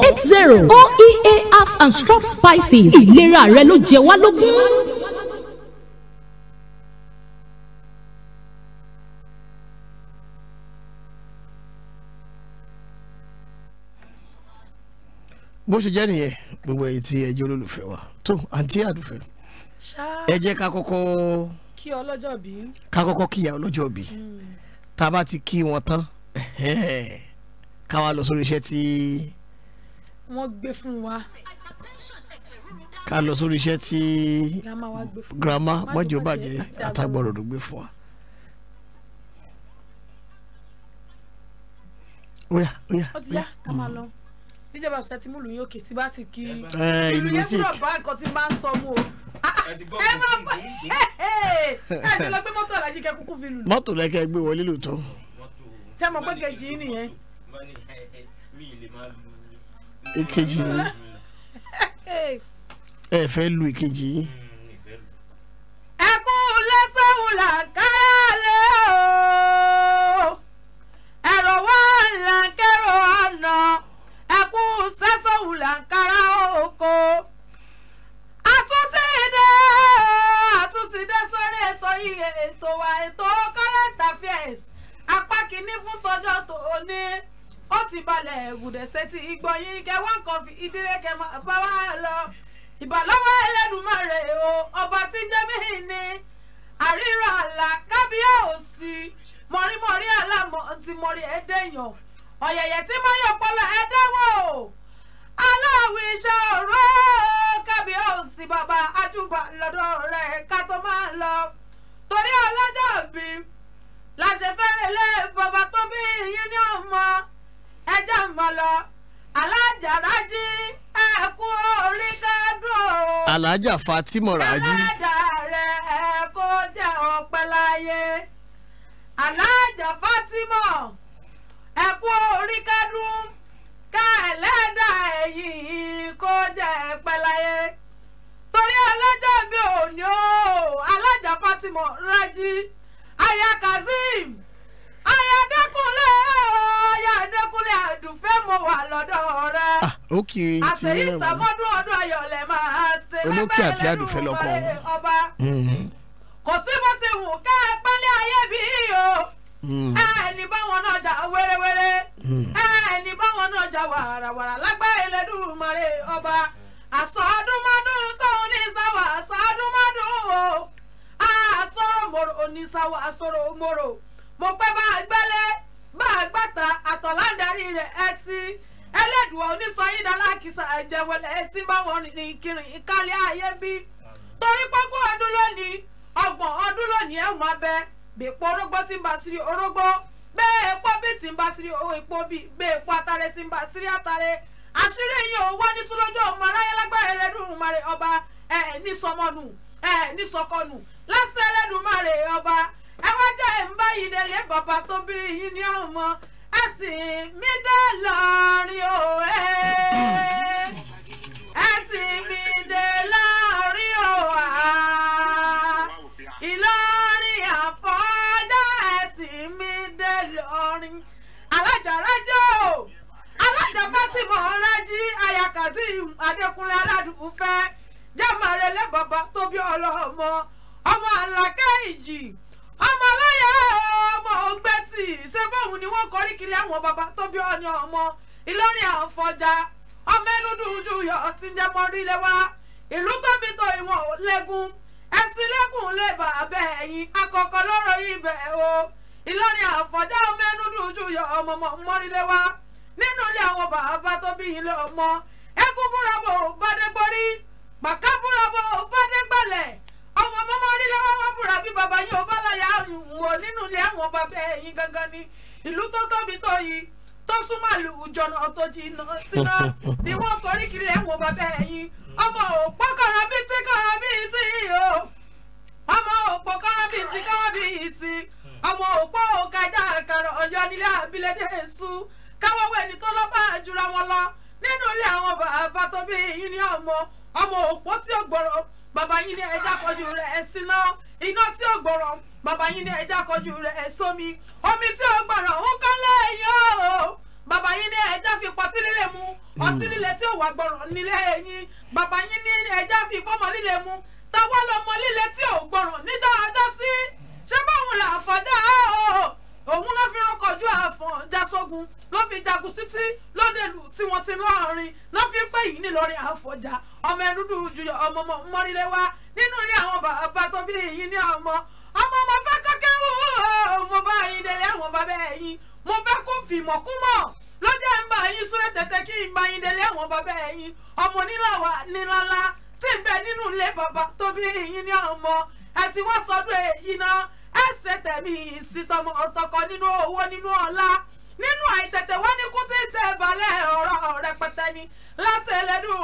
eight zero oea herbs and strong spices ìlera rẹ ló jẹ wá lógún. bó ṣe jẹ́ nìyẹn gbogbo èyí tí ẹjọ́ olólùfẹ́ wa tó àǹtí àdùfẹ́ ẹ jẹ́ ká kọ́kọ́ kí ọlọ́jọ́ bí ká kọ́kọ́ kíyà ọlọ́jọ́ bí hmm. tá a bá ti kí wọn tán ká wá lọ sórí iṣẹ́ tí wọ́n gbé fún wa. ká lọ sórí iṣẹ́ tí girama mọ́jọ́ bàjẹ́ àtàgbọ̀rọ̀ ló gbé fún wa. oya oya oya ká máa mm. lọ díjẹ́ bá ṣe ti mú lùyìn òkè tí bá sì kí ìlú yẹn fúnra bá nǹkan tí máa ń sọ mú o ẹ ah, má bá ẹ ṣe lọ gbé mọ́tò alájí kẹ kúkú fi lù. mọ́tò lẹ́kẹ́ gbé wọlé lóòótọ́. ṣé mo gbé kejì nìyẹn. mi ì lè máa lu Ekeji, yín (laughs) ẹ fẹ́ lu èkejì yín. Hmm, ẹkún lẹ́sọ̀hún là ń kárẹ̀ o ẹ̀rọ wà là ń kẹ́rọ ọ̀nà ẹkún sẹ́sọ̀hún là ń kára oko àtúntì dé àtúntì dé sórí ètò yìí ètò wa ètò Kollent Affairs apá kìíní fún tọjọ́ tòní ti balẹ̀ ẹ̀gùdẹ̀sẹ̀ ti ìgbọ̀nyìn kẹwàá kan fi ìdílé kẹmọ bá wa lọ ìbàlọ́wọ́ Ẹlẹ́dùmarè o ọba tí jẹ́mí ni àríra àlà kábíyà òsì mọ̀rímọ̀rí àlàmọ̀ ti mọ̀rí ẹ̀dẹ̀yàn ọ̀yẹ̀yẹ̀ tí mọ́yọ̀ pọ́lọ́ ẹ̀dẹ́wò aláwọ̀ iṣẹ́ ọ̀rọ̀ kábíyà òsì bàbá àjùbà lọ́dọ̀ rẹ̀ ká tó máa lọ torí ọlọ́jọ́ bí la ṣe fẹ́rẹ̀ lé bàbá tó bí yín ní ọmọ. Eja mọ̀ alaja alájà rájí ẹ kú orí gádùn o. alájà Fatima rájí. alájà rẹ ẹ kó jẹ ọpẹ́ láyé alájà Fatima ẹ orí gádùn ká ẹlẹ́dà kó jẹ ẹpẹ́ torí alájà bí òní o alájà Fatima rájí aya Kazeem aya Dẹ́kunlé o. a àdùfẹ́ mo wà lọ́dọ̀ rẹ. òkè tí ẹ wọ àṣeyí sàmọ́dún ọdún ayọ̀ máa ṣe olókè àti àdùfẹ́ ọba. Mm-hmm. kò sí ti wù ká ẹ ayé bí o. Mm-hmm. ẹni báwọn náà jà wẹ́rẹ́wẹ́rẹ́ mm-hmm. ẹni báwọn náà jà wàràwàrà ọba. ní sáwà o. bá a gbàtà àtọ̀láńdarí rẹ̀ ti ẹlẹ́dùn onísọyìn dálákìsà ẹ̀jẹ̀wẹ̀lẹ̀ ẹtí báwọn rìnrìn kiri kálí ayé bí torí tori ọdún lónìí ọgbọ̀n ọdún lónìí ẹ̀wọ̀n abẹ bèèpo orógbó tí ń bá sírí orógbó bẹ́ẹ̀ epo bíi ti ń bá sírí epo epo atare ń atare àṣírí ò wá ní túlójú ọmọ aráyé ọba ẹ̀ ẹ wá jẹ́ ìmúbá yìí délé bàbá tó bí yín ní ọmọ ẹ sì mí dé o ẹ sì mí dé lọ́rin o Ìlọrin àfọ́jọ́ ẹ sì mí dé lọ́rin alájàrájọ́ alájà Fatima ọ̀rẹ́jì ayakasi Adékúnlé aládùúgbò fẹ́ jẹ́ màrẹ́lẹ́ bàbá tó bí ọlọ́mọ ọmọ Àlàkẹ́ ìjì. ọmọláyà ọmọ ògbẹ́tì ṣe bóun ni wọ́n kọrí kiri àwọn baba tó bí ọ ní ọmọ ìlọrin àfọjá ọmọ ẹlúdùújú yọ ti ń jẹmọ rílẹ wá ìlú tóbi tó ìwọ̀n lẹ́gùn lè bà ọmọ ẹlúdùújú yọ ọmọ mọ́rílẹ̀ wá nínú ilé àwọn bàbá tó bí ọmọ ẹkún búrọ̀bù bọ́dẹ́gbọ́rí pàkà búrọ̀bù ni àwọn bẹ ẹ̀yìn gangan ni ìlú tó tóbi tó yìí tó súnmọ́ àlùjọ̀nà tó síná ni wọ́n kọrí kiri bẹ ọmọ òpó kọ̀ọ̀rọ̀ ti kọ̀ọ̀rọ̀ bíi ti o ọmọ òpó kọ̀ọ̀rọ̀ bíi ti kọ̀ọ̀rọ̀ ọmọ òpó òkàjà bàbá yín ní ẹja kọjú rẹ̀ ẹ̀ sómi omi tí ó gbọ̀rọ̀ ń kán lẹ́yìn o bàbá yín ní ẹja fi pọtí líle mu hmm. ọtí líle tí ó wà gbọ̀rọ̀ nílé yín bàbá yín ní ẹja fi fọ́mọ líle mu táwa lọmọ líle tí ò gbọ̀rọ̀ níta ọjọ́ sí ṣé báwọn là àfọ̀dá o òun ló fi rọkọjú àfọ̀n jasogun ló fi jagun títí lódèlú tí wọ́n ti lọ́ọ̀rin ló fi pé yìí nílọrin àfọ̀jà ọmọ ẹ̀rúdù jùyọ̀ ọmọ mọ́rílẹ́wá nínú ilé àwọn bàbá tó bí èyí ní ọmọ ọmọ ọmọ fẹ́ kọ́kẹ́ wo, mo bá yín délé àwọn bàbá ẹ̀yin mo fẹ́ kó fìmọ̀ kú mọ̀ lọ́jọ́ ẹ̀ ń bá yín súré tẹ̀tẹ̀ kí n bá yín délé àwọn bàbá ẹ̀yin ọmọ níláwa níláńlá tí ń bẹ nínú ilé bàbá tó bí yín ní ọmọ ẹ ti wá sọdún èyí náà ẹ ṣe tẹ̀mí ìsìtọmọ ọ̀tọ̀kọ nínú owó nínú ọlá nínú àìtẹ̀tẹ̀ wọ́n ní kú tí ń ṣe balẹ̀ ọ̀rọ̀ rẹpẹtẹ ni lásìlẹ́dùn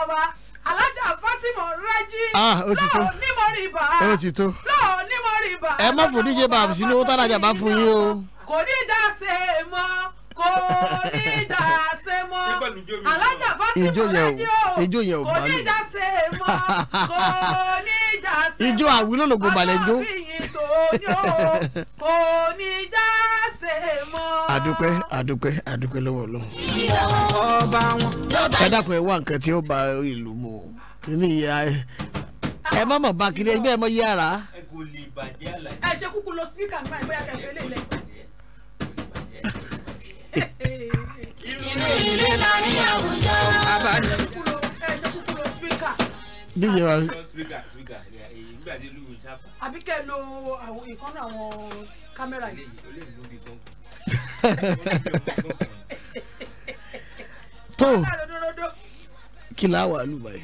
ọba alájà fatima rẹjí. ah o ti tó lọ́ọ̀ ní mo rí ibà. o ti tó lọ́ọ̀ ní mo rí ibà. ẹ má fò díje bàbá sínú owó tálájà bá fún yín o. kò ní ìjà ṣe é mọ́ kò ní ìjà ṣe é mọ́ alájà fatima rẹjí o ijó yẹn ò bá mi. kò ní ìjà ṣe é mọ́ kò ní ìjà ṣe é (laughs) mọ́ ijó àwílò tó ní kò ní ìjà ṣe àdúpẹ́ àdúpẹ́ àdúpẹ́ lọ́wọ́ Ọlọ́run. ọba wọn. ẹ dákun ẹ wá nǹkan tí ó ba ìlú mu kíní ìyá ẹ ẹ má mọ̀ bá kíní ẹgbẹ́ ẹ mọ̀ yára. ẹ kò lè bàjẹ́ àlàyé. ẹ ṣe kúkú lo spíkà nípa ẹ bóyá kẹfẹ lè lẹ. inú ilé la ní àwùjọ. ẹ ṣe kúkú lo spíkà. bí yẹn wá. àbíkẹ́ lo ìkànnì àwọn kámẹ́rà yìí tó kí láwà lù báyìí.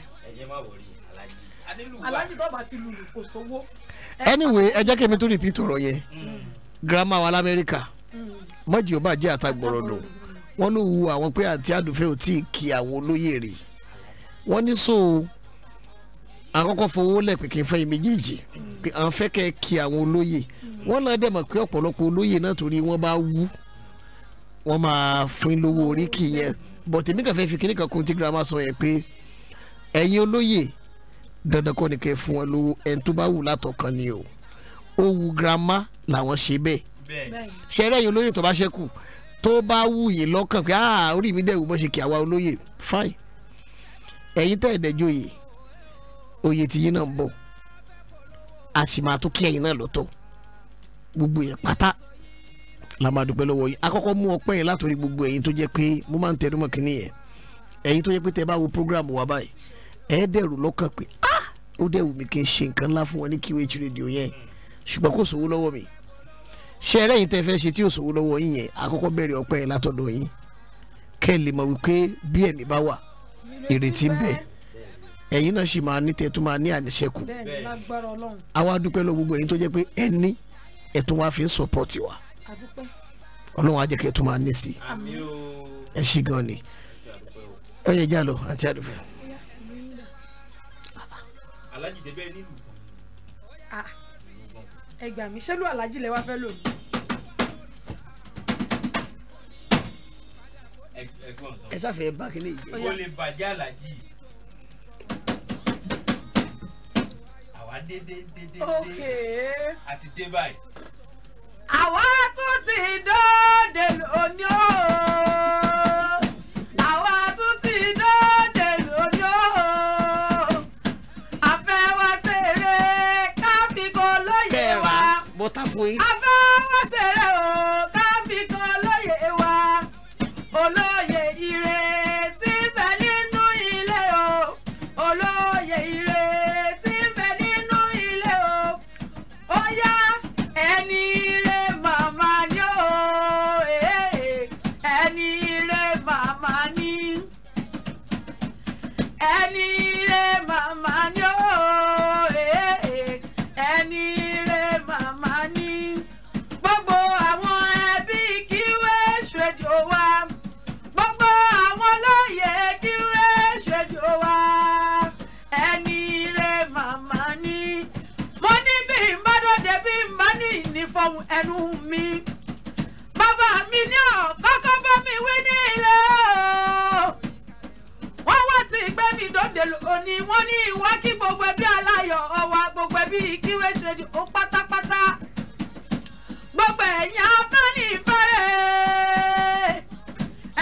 anyway ẹ jẹ́ kí mi tún repeat mm. ọ̀rọ̀ yẹn mm. grandma wa lamẹ́ríkà mọ́jì mm. ó bàjẹ́ àtàgbọ̀rọ̀dọ̀ wọ́n ló wu àwọn pé àti àdùfẹ́ ò tí ì kí àwọn olóyè rè wọ́n ní so àkọ́kọ́ fowó lẹ̀ pé kí n fẹ́ yín méjèèjì à ń fẹ́ kẹ́ kí àwọn olóyè wọ́n náà dẹ̀ mọ̀ pé ọ̀pọ̀lọpọ̀ olóyè náà torí wọ́n bá wú. Mm wọ́n máa fún yín lówó oríkì yẹn bọ̀tẹ̀ nígbà fẹ́ fi kíní kan kún tí girama sọ yẹn pé ẹ̀yin olóyè dandan kọ́ ni kẹ́ fún wọn lówó ẹni tó bá wù látọkàn ni o ó wu girama làwọn ṣe bẹ́ẹ̀ ṣẹ́rẹ́ ẹ̀yin olóyè tó bá ṣẹ́kù tó bá wù yín lọ́kàn pé ah orí mi dẹ̀ wù bọ́ ṣe kí àwa olóyè fine ẹ̀yin tẹ́ ẹ̀dẹ́jọ́yè oyè tí yín náà ń bọ̀ a sì máa náà lọ́tọ̀ gbogbo yẹn pátá la máa dúpẹ́ lọ́wọ́ yín akọ́kọ́ mú ọpẹ́ yẹn látòrí gbogbo ẹ̀yin tó jẹ́ pé mo máa ń tẹnu mọ́ kínní yẹn ẹ̀yin tó jẹ́ pé tẹ bá wo program wa báyìí ẹ̀ dẹ̀rù lọ́kàn pé ah ó dẹ̀ wù mí kí n ṣe nǹkan ńlá fún wọn ní QH radio yẹn ṣùgbọ́n kò sówó lọ́wọ́ mi ṣe ẹlẹ́yìn tẹ́ fẹ́ ṣe tí ò sówó lọ́wọ́ yín yẹn akọ́kọ́ bẹ̀rẹ̀ ọpẹ́ yẹn látọ̀dọ̀ yín kẹ́ ẹ lè mọ̀ wípé bí ẹ̀mí bá wà ìrètí ń bẹ ẹ̀yin náà sì máa ní tẹ́ tó máa ní àníṣẹ́kù àwa dúpẹ́ lọ gbogbo ẹ̀yin tó jẹ́ pé ẹni ẹ̀ tó fi ń sọpọ́ọ̀tì wa ọlọ́run á jẹ́ kí ẹ tún máa ní sí ẹ ṣí gan ni ẹ yẹ jálọ àti àdùfẹ. alájì ṣe bẹ́ẹ̀ nílùú. ẹ gbà mí ṣẹ́lú alájì ẹ bá kí ni. o lè bàjẹ́ alájì. àwa dé dé dé dé dé àti dé báyìí àwa tún ti dóde lónìí o. ẹnu mi bàbá mi ní ọ̀kọ́kọ́ bá mi wí ní ilé wọ́n wá ti gbé mi dóde lónìí wọ́n ní ìwá kí gbogbo ẹbí aláyọ̀ ọwà gbogbo ẹbí kíwé ṣèjì ó pátápátá gbogbo ẹ̀yìn afẹ́ni ìfẹ́rẹ́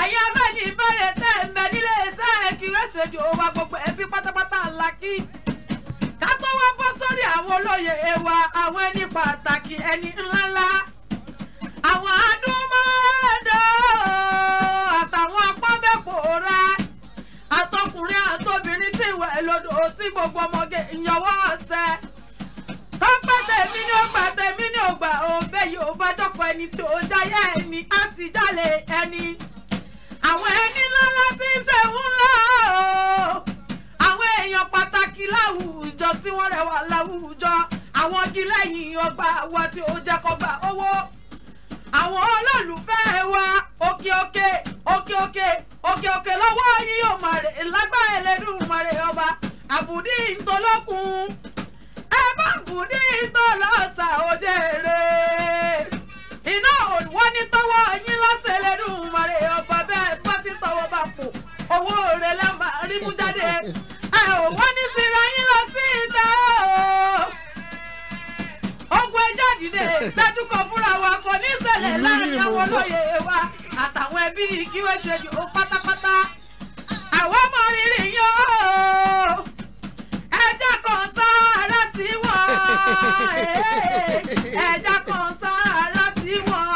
ẹ̀yìn afẹ́ni ìfẹ́rẹ́ tẹ̀ ń bẹ nílé iṣẹ́ kíwé ṣèjì ó wà gbogbo ẹbí pátápátá làkì. ká tó wá bọ́ sórí ewa àwọn ẹni pàtàkì ẹni ńláńlá àwọn adúmọ̀dọ́ àtàwọn apábẹ́kòóra àtọkùnrin àtobìnrin tí ìwẹ̀ lodò tí gbogbo ọmọge ìyànwọ́ ọ̀sẹ̀ ó gbà tèmi ni ó gbà tèmi ni ó gbà yìí ó bá ẹni tí ó jáyé ẹni á sì jálè ẹni àwọn ẹni ńláńlá ń igi láwùjọ tí wọ́n rẹwà láwùjọ àwọn igi lẹ́yìn ọgbà wa tí ó jẹ́ kọ́gbà owó àwọn olólùfẹ́ wa òkè òkè òkè òkè òkè òkè lọ́wọ́ yín yóò máa rè lágbá Ẹlẹ́dùmarè ọba àbùdí ìtọ́lọ́kùn ẹ bá àbùdí ìtọ́lọ́sà òjèrè iná òwò ní tọwọ́ yín lọ́sẹ̀ Ẹlẹ́dùmarè ọba bẹ́ẹ̀ bá ti tọwọ́ bá kù owó rẹ̀ lẹ́ máa rí mú jáde ẹ ò wá ní sí. dìde ṣáájú kan fúnra wa kò ní ìṣẹ̀lẹ̀ láàrin àwọn olóyè wa àtàwọn ẹbí kí wọ́n ṣe jù ó pátápátá àwọn ọmọ rírì yín ó ẹja kan sọ ara sí wọn (laughs) ẹja kan sọ ara sí wọn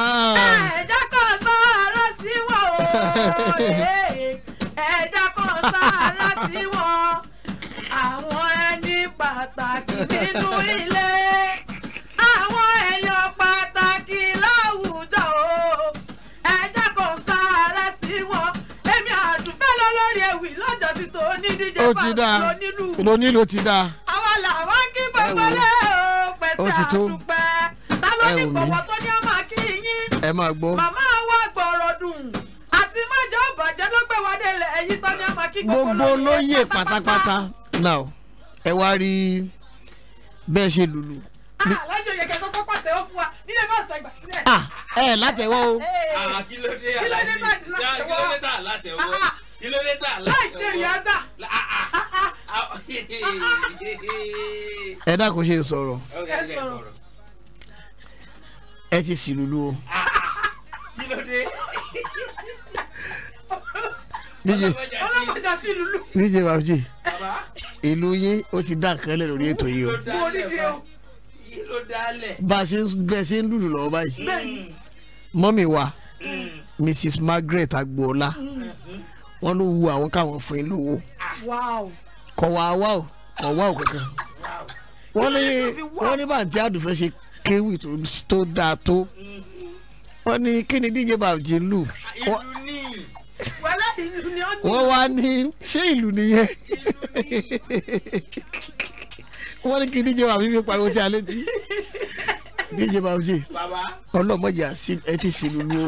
ah. ẹja kan sọ ara sí wọn (laughs) ẹja kan sọ ara sí wọn àwọn ẹni pàtàkì nínú ilé. ló ti dáa lónílù ti dáa. àwa làwa kí pẹpẹlẹ o pẹsẹ àdùpẹ tálọ́ ní pọ̀wọ́ tó ní ọmọ kí yín. ẹ máa gbọ́. màmá wa gbọ̀rọ̀ dùn àti májọ ọ̀bàjẹ́ ló gbé wọlé ilẹ̀ èyí tó ní ọmọ kí gbogbo lóye. gbogbo lóye pátápátá now ẹ wá rí bẹ́ẹ̀ ṣe lùlù. alájọ ah, yẹ kẹ kọ́kọ́ pàtẹ ó fún wa nílé bá ọsàn ìgbà sílẹ̀. Ah, ẹ látẹ̀wọ́ o. Eh, ah, kí ló dé tà látẹ̀wọ́. ẹ dákun ṣe sọ̀rọ̀ ẹ ti sì lulu o. níje níje babuji ìlú yín ó ti dá nǹkan lẹ lórí ètò yìí o bá a ṣe bẹ́ẹ̀ ṣe ń lùlù lọ́wọ́ báyìí mọ́mì wa Mrs mm. Margaret Agboola mm-hmm. wọ́n ló wu àwọn káwọn fún yín lówó. Wow kọ̀ wá wá o kọ̀ wá o kankan wọ́n ní wọ́n ní bàǹtí àdùfẹ́ ṣe kéwì tó dáa tó wọ́n ní kí ni díje bàbí ń lù wọ́n wá ní ṣé ìlú nìyẹn wọ́n ní kí díje bàbí fi pariwo sí alẹ́ tí díje bàbí ọlọ́mọdé ẹ ti sì lulu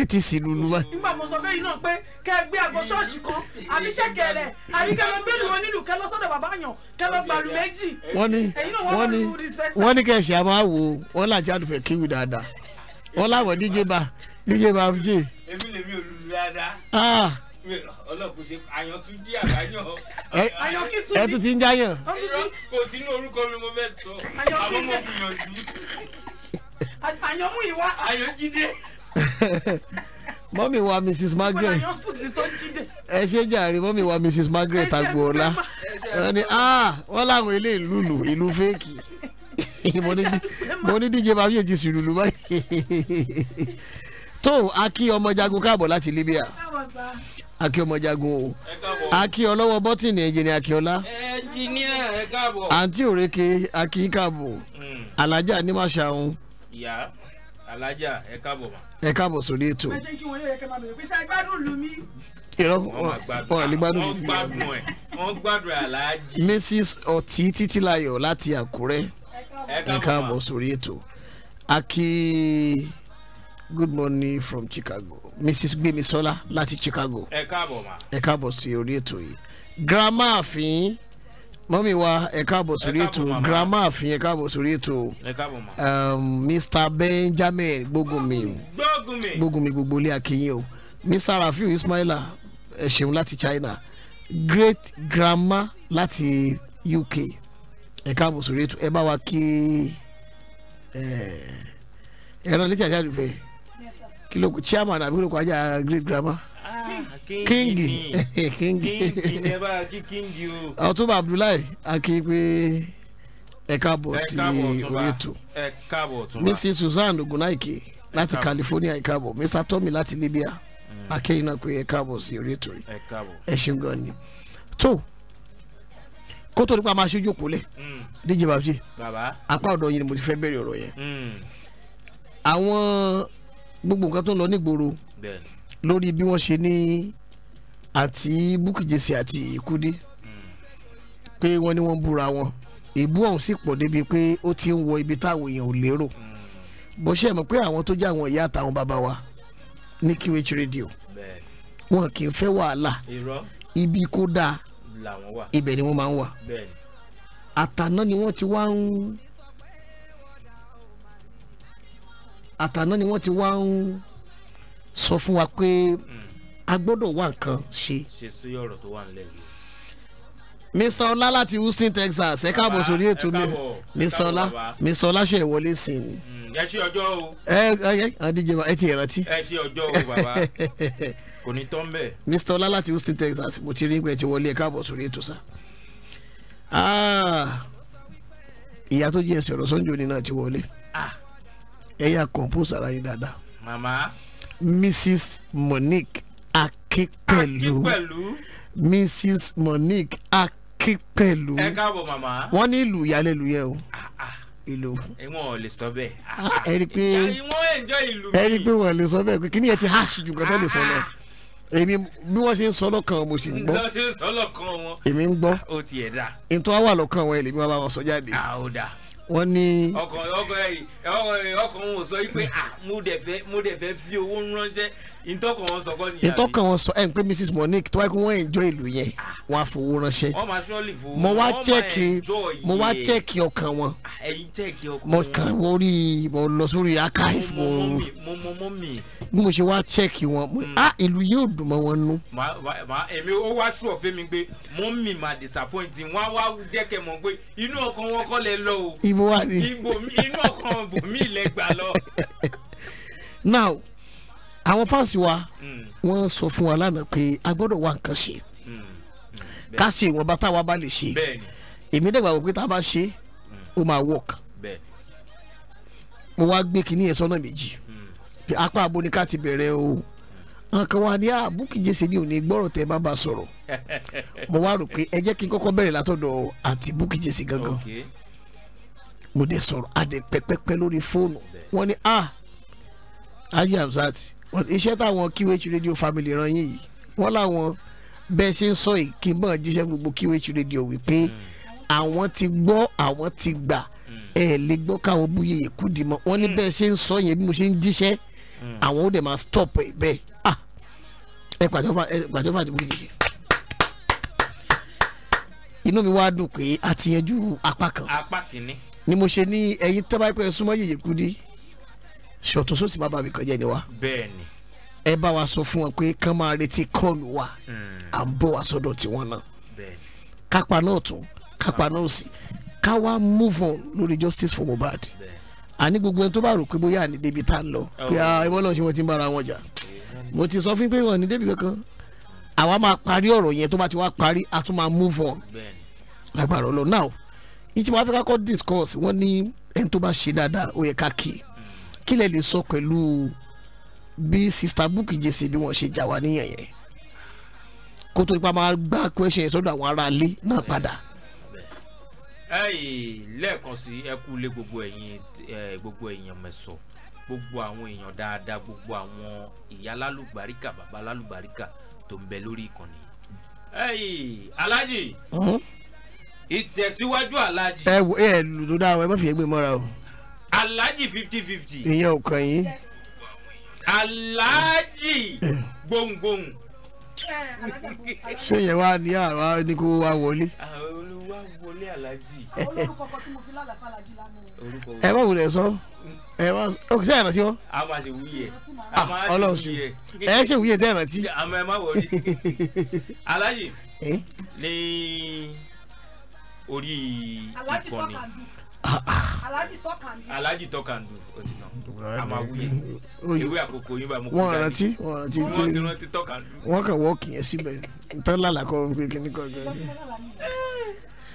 ẹ ti sì lulu wa. nígbà mo sọ bẹ́ẹ̀ yìí náà pé kẹ gbé àgọ kan àbí ṣẹkẹrẹ àbí kẹ gbẹlú wọn nílùú kẹ lọ bàbá yàn kẹ lọ méjì. wọ́n ní wọ́n ní wọ́n ní kẹ̀sì àmọ́ àwò wọn làjẹ́ àdùfẹ́ kíwì dáadáa wọ́n láwọn díje bá díje bá jẹ́. èmi lèmi ò lulu dáadáa ah. ọlọ́kùnṣe àyàn tún dí àbáyọ. ẹ tún ti ń jáyàn. kò sínú orúkọ mi mo fẹ́ sọ àwọn ọmọ gbìyànjú. àyàn mú ìwá. àyàn jíde. (laughs) mọ́mì wa mrs margaret ẹ ṣe jàre mọ́mì wa mrs margaret agboola wọ́n ní ah, wọ́n láwọn ilé ìlú lù ìlú fẹ́ẹ̀kì (laughs) mo ní díje bàbá yóò ti sùlùlù báyìí (laughs) tó a ọmọ jagun káàbọ̀ láti libya a kí ọmọ jagun o a kí ọlọ́wọ́ bọ́tìnì ẹnjìnì akíọ́lá àǹtí òrèké a kí káàbọ̀ hmm. alájà ní màṣà òun. ìyá alájà ẹ káàbọ̀ mọ́ ẹ káàbọ̀ sórí ètò. ẹ jẹ́ kí wọ́n lè rẹ̀ kẹ́ máa bẹ̀rẹ̀ pé ṣe agbádùn lù mí. irọ́ Mrs Ọtí Títílayọ̀ láti Àkúrẹ́ ẹ káàbọ̀ sórí ètò aki good morning from Chicago Mrs Gbemisola láti Chicago ẹ káàbọ̀ ma ẹ káàbọ̀ sí ètò yìí grandma àfin mọ́mí wa ẹ káàbọ̀ sórí ètò girama àfin ẹ káàbọ̀ sórí ètò Mr um, Benjamin Gbógunmi Gbógunmi gbogbo ilé o Mr Rafiu Ismaila ẹ ṣeun China great grandma Lati UK ẹ káàbọ̀ sórí ètò ẹ bá wa kí ẹ rán létí àjáde fẹ kí ló chairman àbí kí ló kọ ajá great grandma kíngì (laughs) kíngì ọ̀túnba abdullahi akínpé ẹ káàbọ̀ sí orí ètò mrs susan ogunnaike láti california ẹ káàbọ̀ mr tommy láti libya mm. akẹ́yìn náà pé ẹ káàbọ̀ sí orí ètò yìí ẹ ṣeun gan ni tó kó tó nípa máa ṣojú kúlẹ̀ mm. DJ Babji apá ọ̀dọ̀ yìí ni mo ti fẹ́ bẹ̀rẹ̀ ọ̀rọ̀ yẹn mm. àwọn gbogbo nǹkan tó ń lọ nígboro lórí bí wọ́n ṣe ní àti búkìjẹsì àti ìkúdí pé wọ́n ní wọ́n búra wọn ìbú ọ̀hún sì pọ̀ débi pé ó ti ń wọ ibi táwọn èèyàn ò lérò bó ṣe mọ̀ pé àwọn tó jẹ́ àwọn ìyá àtàwọn bàbá wa ní QH radio wọn kì í fẹ́ wàhálà ibi kó dáa ibẹ̀ ni wọ́n máa ń wà àtàná ni wọ́n ti wá ń àtàná ni wọ́n ti wá ń sọ fún wa pé hmm. a gbọ́dọ̀ wá nǹkan ṣe. ṣe sí ọ̀rọ̀ tó wà nílẹ̀ yìí. Mr. Ọlá láti Houston, Texas ẹ káàbọ̀ sórí ètò mi Mr. Ọlá Mr. Ọlá ṣe ìwọlé sí i ni. Hmm, ẹ ṣe ọjọ́ o. ẹ ẹ adíje ẹ ti rántí. ẹ ṣe ọjọ́ o bàbá (laughs) kò ní tán bẹ́ẹ̀. Mr. Ọlá láti Houston, Texas mo ti rí pé ẹ ti wọlé ẹ káàbọ̀ sórí ètò sá. Ah, ìyá tó jẹ́ ẹsẹ̀ ọ̀rọ̀ sọ́njọ́ ni náà ti wọlé. Ah. ẹ yà kọ̀ǹpóòsì ara yín dáadáa. màmá mrs monique akínpẹ̀lú mrs monique akínpẹ̀lú ẹ káàbọ̀ màmá wọ́n ní ìlú ìyálẹ́lu yẹ o ah, ah. ìlú. ìwọ̀n ò lè sọ bẹ́ẹ̀. Ah, ẹ rí i pé ẹ rí i pé wọ́n lè sọ bẹ́ẹ̀ pé kí ẹ ti háàsì jù nǹkan tẹ́ lè sọ lọ èmi bí wọ́n ṣe ń sọ lọ́kàn mo sì ń gbọ́ bí wọ́n ṣe ń sọ lọ́kàn wọn èmi ń gbọ́ ó ti ẹ̀ dà. ìtọ́ wà lọ́kàn wọn ẹ̀ lèmi wá bá wọn sọ jáde. àwòdà wọ́n ní. ọkọ ọkọ ọkọ wọn sọ yìí pé ah mo dẹ̀ fẹ́ mo dẹ̀ fẹ́ fi owó ránṣẹ́ ìtọ́kọ̀ wọn sọ kọ́ nìyàrá. ìtọ́kọ̀ wọn sọ ẹ̀ ń pé Mrs Monique tó wáyé kó wọ́n enjoy ìlú yẹn wọ́n á fowó ránṣẹ́. wọ́n máa sọ́ọ̀lì fowó mo wá chẹ́ẹ̀kì mo wá chẹ́ẹ̀kì ọkàn wọn. ẹ̀yin chẹ́ẹ̀kì ọkàn wọn. mo kàn wọ́n rí mo lọ sórí archive mo. mo mọ mọ mi bí mo ṣe wá check wọn mo hmm. ah, ìlú yóò dùn mọ́ wọn nú. èmi ó wá ṣùọ́ fẹ́mi pé mo ń mì máa disappoint wọn á wá jẹ́ mọ̀ pé inú ọkàn wọn kọ́ lẹ lọ o. ibo wa ni inú ọkàn bòmí ilẹ̀ gbà lọ. (laughs) now àwọn fáǹsì wa hmm. wọ́n sọ fún wa lánàá pé a gbọ́dọ̀ wá nǹkan ṣe hmm. ká ṣe ìwọ̀nba táwa bá lè ṣe èmi dẹ̀gbà wò pé tá a bá ṣe ó máa work mo wá gbé kinní yẹn sọ́nà méjì apá abo ni ká ti bẹ̀rẹ̀ o nǹkan wa ní àbúkì ah, jẹ́sẹ̀ ní òní gbọ́rọ̀ tẹ́ bá ba sọ̀rọ̀ (laughs) mo wá rò pé ẹ jẹ́ kí n kọ́kọ́ bẹ̀rẹ̀ látọ̀dọ̀ àti búkì jẹ́sẹ̀ gangan mo dẹ̀ sọ̀rọ̀ adẹ̀ pẹ́pẹ́pẹ́ lórí fóònù wọ́n ní a ah, Haji Hamzat iṣẹ́ táwọn QH radio family ran yín yìí wọ́n láwọn bẹ́ẹ̀ ṣe ń sọ yìí kí n bọ̀ jíṣẹ́ gbogbo QH radio wípé hmm. àwọn ti gbọ́ àwọn ti gbà hmm. ẹ̀ lè gbọ́ káwọn bú yèyè kú dì mọ́ wọ́n ní hmm. bẹ́ẹ̀ ṣe ń sọ yẹn bí mo ṣe ń jíṣẹ́ àwọn ó dẹ̀ máa stop ẹ̀ bẹ́ẹ̀ ah ẹ pàjọ́fà ẹ pàjọ́fà ti bókè jìjì inú mi wá dùn pé a ti yanjú apá kan apá kìíní ni mo ṣe ní ẹ̀yin tẹ́bá pẹ́ súnmọ́ yèyé kudi ṣọ̀tún sósì bàbá mi kan jẹ́ ni wa bẹ́ẹ̀ ni ẹ bá wa sọ fún wọn pé kán máa retí kọ́ọ̀lù wa hmm. à ń bọ̀ wá sọ́dọ̀ tiwọn náà kápá náà tún kápá náà sì ká wá move on lórí justice for Mohbad. Bẹ́ẹ̀ àní gbogbo ẹni tó bá rò pé bóyá àní débi tá ń lọ pé ẹwọ́n oh. náà ṣe wọ́n ti ń bára wọn jà mo ti sọ fún pé wọn ní débi kankan àwa máa parí ọ̀rọ̀ yẹn tó bá ti wá parí a tún máa move on lágbára ọlọ now ìtì wọn afẹ́ká kọ́ discuss wọn ní ẹni tó bá ṣe dáadáa ó yẹ ká kí kí lẹ lè sọ pẹ̀lú bí sista Bukky Jesse bí wọ́n ṣe jà wá níyàn yẹn kó tó nípa máa gbá question yẹn sọ́dọ̀ àwọn ará ilé náà padà lẹ́ẹ̀kan sí ẹ kú lé gbogbo ẹ̀yin gbogbo èèyàn mẹ́sọ̀ gbogbo àwọn èèyàn dáadáa gbogbo àwọn ìyá lálùbáríkà bàbá lálùbáríkà tó ń bẹ lórí ìkànnì. alájì ìtẹ̀síwájú alájì. ẹ wo ẹ lùdó dáa ẹ má fi ẹgbẹ́ mọ́ra o. alájì fifty fifty. ìyẹn ò kàn yín. alájì eh. gbohùngbohùn ṣé yẹn wá ní àwa ní kó wá wọlé. olúwa wọlé alájì. olórúkọ kan tí mo fi lálàpá alájì lánàá. ẹ bá wulẹ̀ sọ ẹ wá ok sẹ ẹrántí wọn. a máa ṣe wúyẹ. a máa ṣe wúyẹ. ẹ ṣe wúyẹ tẹ ẹrántí. àmọ́ ẹ má wọlé. (laughs) alájì eh? ní orí ìkànnì. alájì tó kàn dùn alhaji tọkàndù amaguye ewé àkókò yín bá mo kú dání wọn rántí wọn rántí tí wọn ti tọkàndù. wọn kàn wọ́ọ̀kì yẹn síbẹ̀ ntọ́ lálàkọ́ pé kíní kan gan.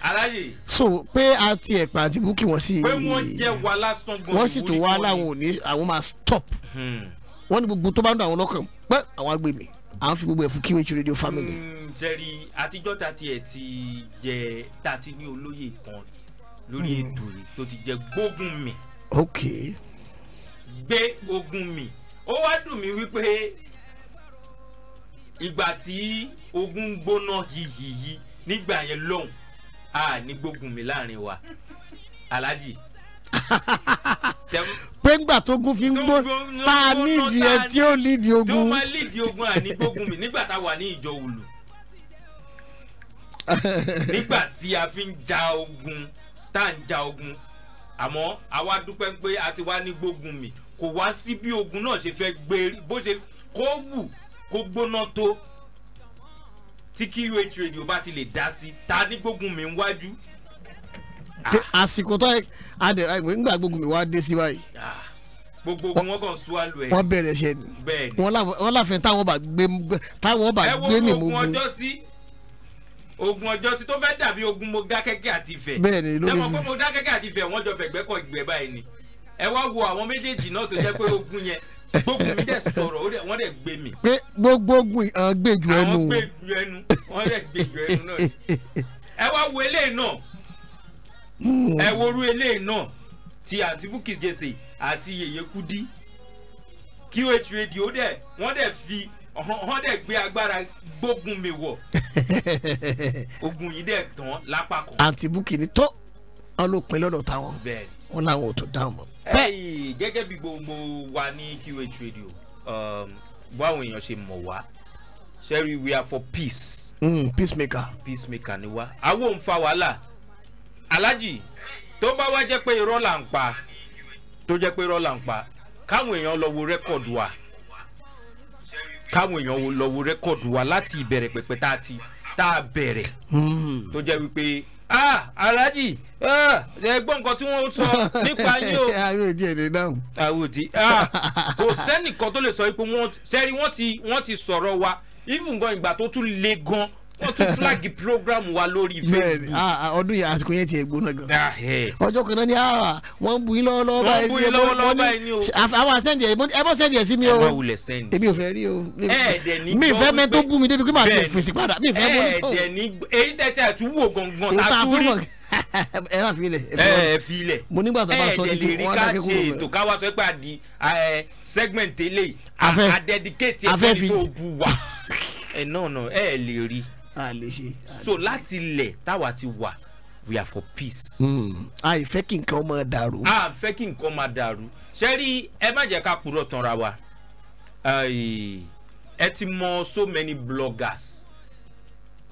alhaji. so pé a ti ẹ̀pà àti búkì wọn sí. pé wọ́n jẹ́ wa lásán gan-an wọ́n sì tún wá láwọn ò àwọn máa stop. Hmm. wọ́n ní gbogbo tó bá ń dùn àwọn lọ́kàn pé àwọn agbèmí à ń fi gbogbo ẹ̀ fún QH radio family. Hmm, jẹ́rìí àtijọ́ ta tiẹ̀ ti jẹ́ ta ti ní olóyè kan lórí hmm. ètò yìí tó ti jẹ́ gbógun mi. ok. gbé ogun mi ó wá dùn mí wípé ìgbà tí ogun ń gbóná yìyìyì nígbà yẹn lọ́hùn a ní gbógun mi láàrin wa alájì (laughs) pé ńgbà tógun fi ń gbó tá a nídìí ẹ tí ó lídìí ogun. tó máa lídìí ogun àní gbógun mi nígbà tá a wà ní ìjọ òòlù (laughs) nígbà tí a fi ń ja ogun tá à ń ja ogun àmọ́ àwa dúpẹ́ pé a ti wá ní gbógun mi kò wá sí bí ogun náà ṣe fẹ́ gbé bó ṣe kó wù kó gbóná tó tí QH radio bá ti lè dá sí ta ní gbógun mi ń wájú. àsìkò tó adẹ̀rẹ̀ àìpé ńgbà gbógun mi wá dé sí báyìí. gbogbo ogun wọn kàn sún àlù ẹ. wọn bẹ̀rẹ̀ ṣe ni wọn láfẹ táwọn bá gbé mi mú ogun. ẹ wo ogun ọjọ́ sí ogun ọjọ́ sí tó fẹ́ dàbí ogun Modákẹ́kẹ́ àti Ifẹ̀ bẹ́ẹ̀ni lórí mi sẹ́mo pé Modákẹ́kẹ́ àti Ifẹ̀ wọ́n jọ fẹ̀gbẹ́ kọ ìgbẹ́ báyìí ni ẹ wá wo àwọn méjèèjì náà tó jẹ́ pé ogun yẹn gbogbo mi dẹ̀ sọ̀rọ̀ wọ́n dẹ̀ gbé mi. pé gbogbo ogun àwọn gbèjú ẹnu. àwọn gbèjú ẹnu wọ́n dẹ̀ gbèjú ẹnu náà ni ẹ wá wo eléyìí náà hmm. ẹ worú eléyìí náà ti àǹtí Bukky Jesse àti Yèyé Kudi QH radio dẹ̀ wọ́n dẹ̀ fi wọ́n dẹ̀ gbé agbára gbógun mi wọ̀ (laughs) ogun yìí dẹ̀ tán lápá kan. àǹtí búkì tó wọn ló pin lọ́dọ̀ táwọn wọn làwọn ò tó dáhùn mọ́. ẹyìn gẹ́gẹ́ bí gbogbo wa ní QH radio um, báwọn èèyàn ṣe mọ̀ wá sẹ́rí we are for peace. Mm, peacemaker. peacemaker ni wá àwọn ò fa wàhálà alájì tó bá wá jẹ́ pé irọ́ là ń pa tó jẹ́ pé irọ́ là ń pa káwọn èèyàn lọ wo rẹ́kọ̀dù wa káwọn èèyàn lọ wo rẹ́kọ̀dù wa láti ìbẹ̀rẹ̀ pẹ̀pẹ̀ tá a ti tá a bẹ̀rẹ̀ hmm. tó jẹ́ wípé ah alhaji ah, ẹ gbọ́ nǹkan tí wọ́n sọ nípa yín o. àwọn (laughs) òdi èdè dáhùn. àwọn òdi kò sẹ́nìkan tó lè sọ pé wọ́n sẹ́rí wọ́n ti sọ̀rọ̀ wa even gan ìgbà tó tún le gan wọ́n tún flag program wa lórí facebook. Ah, ah, ọdún yẹn àsìkò yẹn ti ẹ̀ gbóná gan. Ah, ọjọ́ kan náà ni wọ́n ń bu yín lọ́wọ́lọ́wọ́ báyìí. wọ́n ń bu yín lọ́wọ́lọ́wọ́ báyìí ni o. àwọn àsẹ́ǹdì ẹ̀ ẹ bọ́ sẹ́ǹdì ẹ̀ sí mi o. èmi ò fẹ́ rí o. mi ìfẹ́ mẹ́ tó bú mi débi pé màá fi fèsì padà mi ìfẹ́ bó ní tó. èyí tẹ̀sí àtúwò gangan àtúrí (laughs) ẹ wà fi ilẹ̀ ẹ fi ilẹ̀ mo nígbà tó bá sọ ní ti wọn dá kékeré rẹ ẹ ètò káwá sọ pé segment eléyìí àdẹ́díkéètì ẹ̀ fẹ́ẹ́ ní kó bu wa (laughs) ẹ̀ náà náà ẹ̀ lè rí a lè ṣe. so láti ilẹ̀ táwa ti wà we are for peace. Hmm. a ì fẹ́ kí nǹkan máa dàrú. a fẹ́ kí nǹkan máa dàrú ṣe rí ẹ má jẹ́ ká purọ́ tanra wa ẹ ti mọ so many bloggers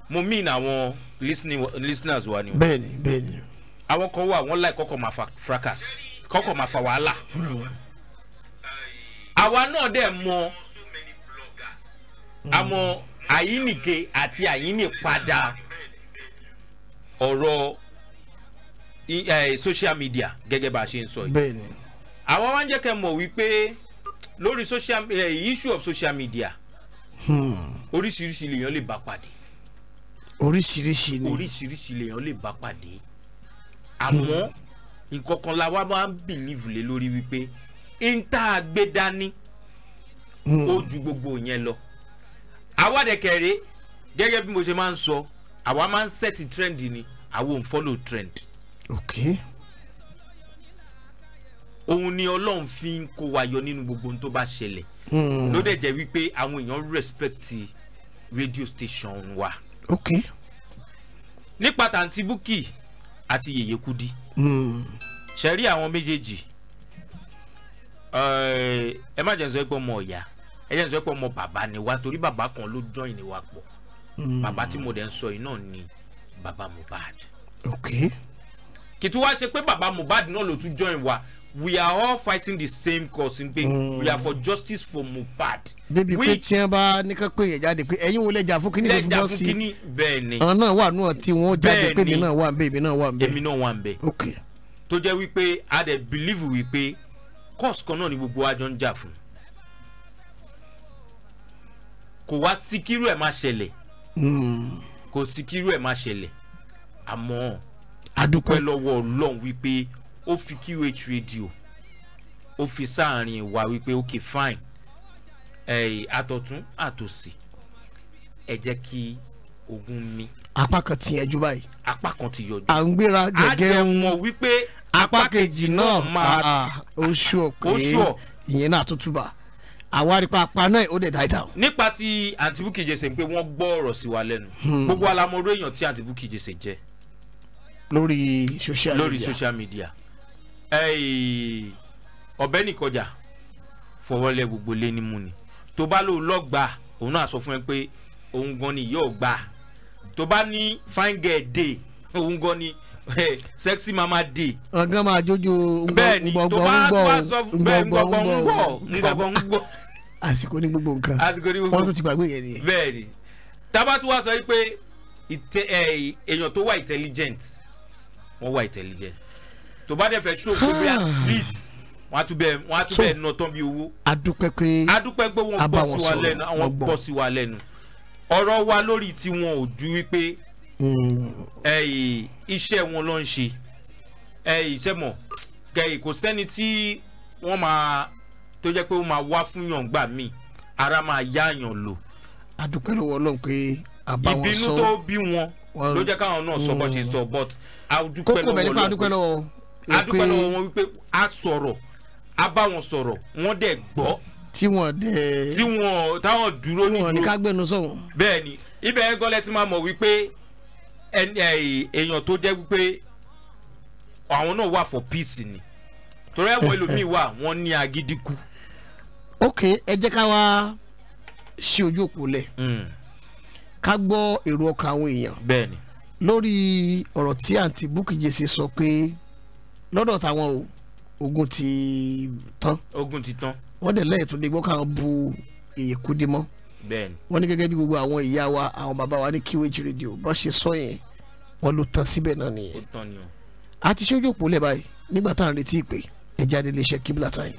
mo mean àwọn listeners wa ni. bẹ́ẹ̀ni bẹ́ẹ̀ni. àwọn kan wà wọn láì kọ́kọ́ máa fa fracas kọ́kọ́ máa fa wàhálà. àwa náà dẹ̀ mọ àmọ́ àyínìke àti àyínìpadà ọ̀rọ̀ social media gẹ́gẹ́ bá a ṣe ń sọ yìí àwọn wá ń jẹ́ kẹ́ mọ̀ wípé lórí social uh, issue of social media hmm. oríṣiríṣi lèèyàn lè bá pàdé. oríṣiríṣi ni oríṣiríṣi lèèyàn lè bá pàdé àmọ́ hmm. nǹkan kan la wá máa ń bìlíìfù lé lórí wípé ń tá a gbé dání hmm. ó gbogbo yẹn lọ àwa dẹ̀kẹ̀rẹ́ gẹ́gẹ́ bí mo ṣe máa ń sọ àwa máa ń sẹ́ẹ̀tì trend ni àwa ò ń follow trend. ok. òun ni ọlọ́run fi ń kó wa yọ nínú gbogbo ohun tó bá ṣẹlẹ̀ hmm. ló dẹ̀ jẹ́ wípé àwọn èèyàn respect radio station wa. ok. nípa tàǹtí búkì àti yèyé kudi. Hmm. ṣe rí àwọn méjèèjì ẹ má jẹ́ sọ pé ọmọ ọ̀yà ẹ jẹ́ n sọ pé ọmọ bàbá ni wa torí bàbá kan ló join ni wa pọ̀ hmm. bàbá tí mo dẹ̀ ń sọ yìí náà ni bàbá Mohbad. okay. kì í tún wá ṣe pé bàbá Mohbad náà ló tún join wa we are all fighting the same cause n mm. we are hmm. for justice for Mohbad. débi pé tí wọn bá ní ká pé yẹn jáde pé ẹ̀yin wo lẹjà fún kíní ló fi bọ́ sí i bẹ́ẹ̀ni àwọn náà wà náà tí wọn jáde pé mi náà wà ń bẹ èmi náà wà ń bẹ. èmi náà wà ń bẹ. ok. tó jẹ́ wípé a dẹ̀ believe wípé cause kan náà ni gbogbo wa jọ ń jà fún kò wá síkírú ẹ̀ máa ṣẹlẹ̀ hmm. kò síkírú ẹ̀ máa ṣẹlẹ̀ àmọ́ adúpẹ́ lọ́wọ́ ọlọ́run wípé ó fi QH radio ó fi sáàrin wa wípé ok fine ẹ̀ẹ́d àtọ̀tún àtòsí ẹ jẹ́ kí ogun mi. apá kan ti yẹjú báyìí. apá kan ti yọjú. à ń gbéra gẹ́gẹ́ ń mọ̀ wípé apá kejì náà ah, oṣù ọ̀pẹ ìyẹn náà tó túbà àwa pa paná ẹ̀ ó dẹ̀ die down. nípa ti àǹtí Bukky Jesse pé wọ́n gbọ́ ọ̀rọ̀ sí wa lẹ́nu hmm. gbogbo alamọ̀rọ̀ èèyàn tí àǹtí Bukky Jesse lórí social media lórí social media ọ̀bẹ nìkọjà fọwọ́lẹ̀ gbogbo lé ní mu ni tó bá lóun lọ́ọ́ gbà òun náà sọ fún ẹ pé òun gan ni yóò gbà tó bá ní fine girl day òun gan ni sexy mama day. ọgán máa jójó ngbọgbọ ngbọ ngbọgbọ ngbọ ngbọgbọ ngbọ. àsìkò ní gbogbo nǹkan àsìkò ní gbogbo wọn tún ti gbàgbé yẹn nìyẹn. bẹ́ẹ̀ni tabatu wa sọ pé èèyàn tó wà intelligent wọn wà intelligent tó bá dẹ̀ fẹ́ show pé bí a ah. street wọn atúbẹ wọn atúbẹ nà tán bí owó. adúpẹ́ pé adúpẹ́ pé wa lórí tiwọn ò ju wípé iṣẹ́ wọn ló ń ṣe ìṣẹ́mọ̀ kò sẹ́ni tí wọ́n máa tó jẹ́ pé wọ́n máa wá fún yàn gbà ara máa yá yàn lò. adúpẹ́ lọ́wọ́ ọlọ́run pé àbá wọn sọ ìbínú tó bí wọn ló jẹ́ káwọn náà sọ bó ṣe sọ mm. but adúpẹ́ lọ́wọ́ ọlọ́run adúpẹ́ lọ́wọ́ adúpẹ́ lọ́wọ́ wọn wípé a sọ̀rọ̀ a bá wọn sọ̀rọ̀ wọ́n dẹ̀ gbọ́. tí wọ́n dẹ̀ tí wọ́n táwọn dúró nídúró tí wọ́n ní ká gbẹnu sọ̀rọ̀. bẹ́ẹ̀ni ibẹ̀ gọlẹ ti máa mọ̀ wípé èèyàn tó jẹ́ wípé àwọn náà wà for peace ni torí àwọn eh, ẹlòmíì eh. wà wọ́n ní agídí kú. ok ẹ jẹ́ ká wá ṣe ojú òpó lẹ̀ hmm. ká gbọ́ èrò ọkàn àwọn èèyàn bẹ́ẹ̀ni lórí ọ̀rọ̀ tí àǹtí Bukky Jesse sọ pé lọ́dọ̀ táwọn ogun ti tán ogun ti tán wọ́n dẹ̀ lẹ́yìn tó dé gbọ́ káwọn bu èyí kú dé mọ́ wọ́n ní gẹ́gẹ́ bí gbogbo àwọn ìyá wa àwọn bàbá wa ní QH radio bọ́n ṣe sọ yẹn wọ́n ló tán síbẹ̀ náà nìyẹn a ti ṣojú òpó lẹ̀ báyìí nígbà tá à ń retí ìpè ẹ̀ jáde lè ṣe kíbla time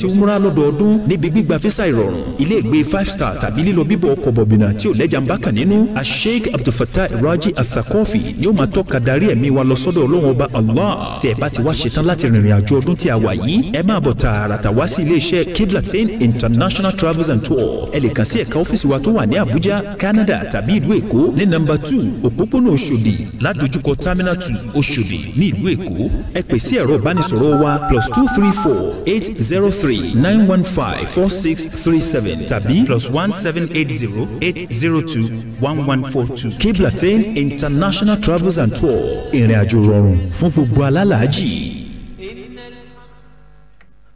sí umra lọ́dọọdún níbi gbígba fisa ìrọ̀rùn ilé ìgbé five star tàbí lílọ bíbọ̀ ọkọ̀ bọ̀bìnà tí ò lẹ́jà ń bá kà nínú a sheikh abdulfatah raji asakọ́fì ni ó máa tọ́ka darí ẹ̀mí wa lọ sọ́dọ̀ ọlọ́run ọba allah tẹ̀ bá ti wá ṣetán láti rìnrìn àjò ọdún tí a wà yìí ẹ máa bọ̀ tààràtà wá sí iléeṣẹ́ kiblatin international travels and tour ẹ lè kàn sí ẹ̀ka ọ́fíìsì wa tó wà ní abuja canada tàbí ìlú èkó ní nọ́mbà two òpópónà oṣòdì ládojúkọ terminal two oṣòdì ní ìlú èkó ẹ pè ẹ̀rọ ìbánisọ̀rọ̀ wa plus two three four eight zero three three nine one five four six three seven tàbí plus one seven eight zero eight zero two one one four two. Kiblatin International Travels and Tour ìrìn àjò rọrùn fún gbogbo alálàájì.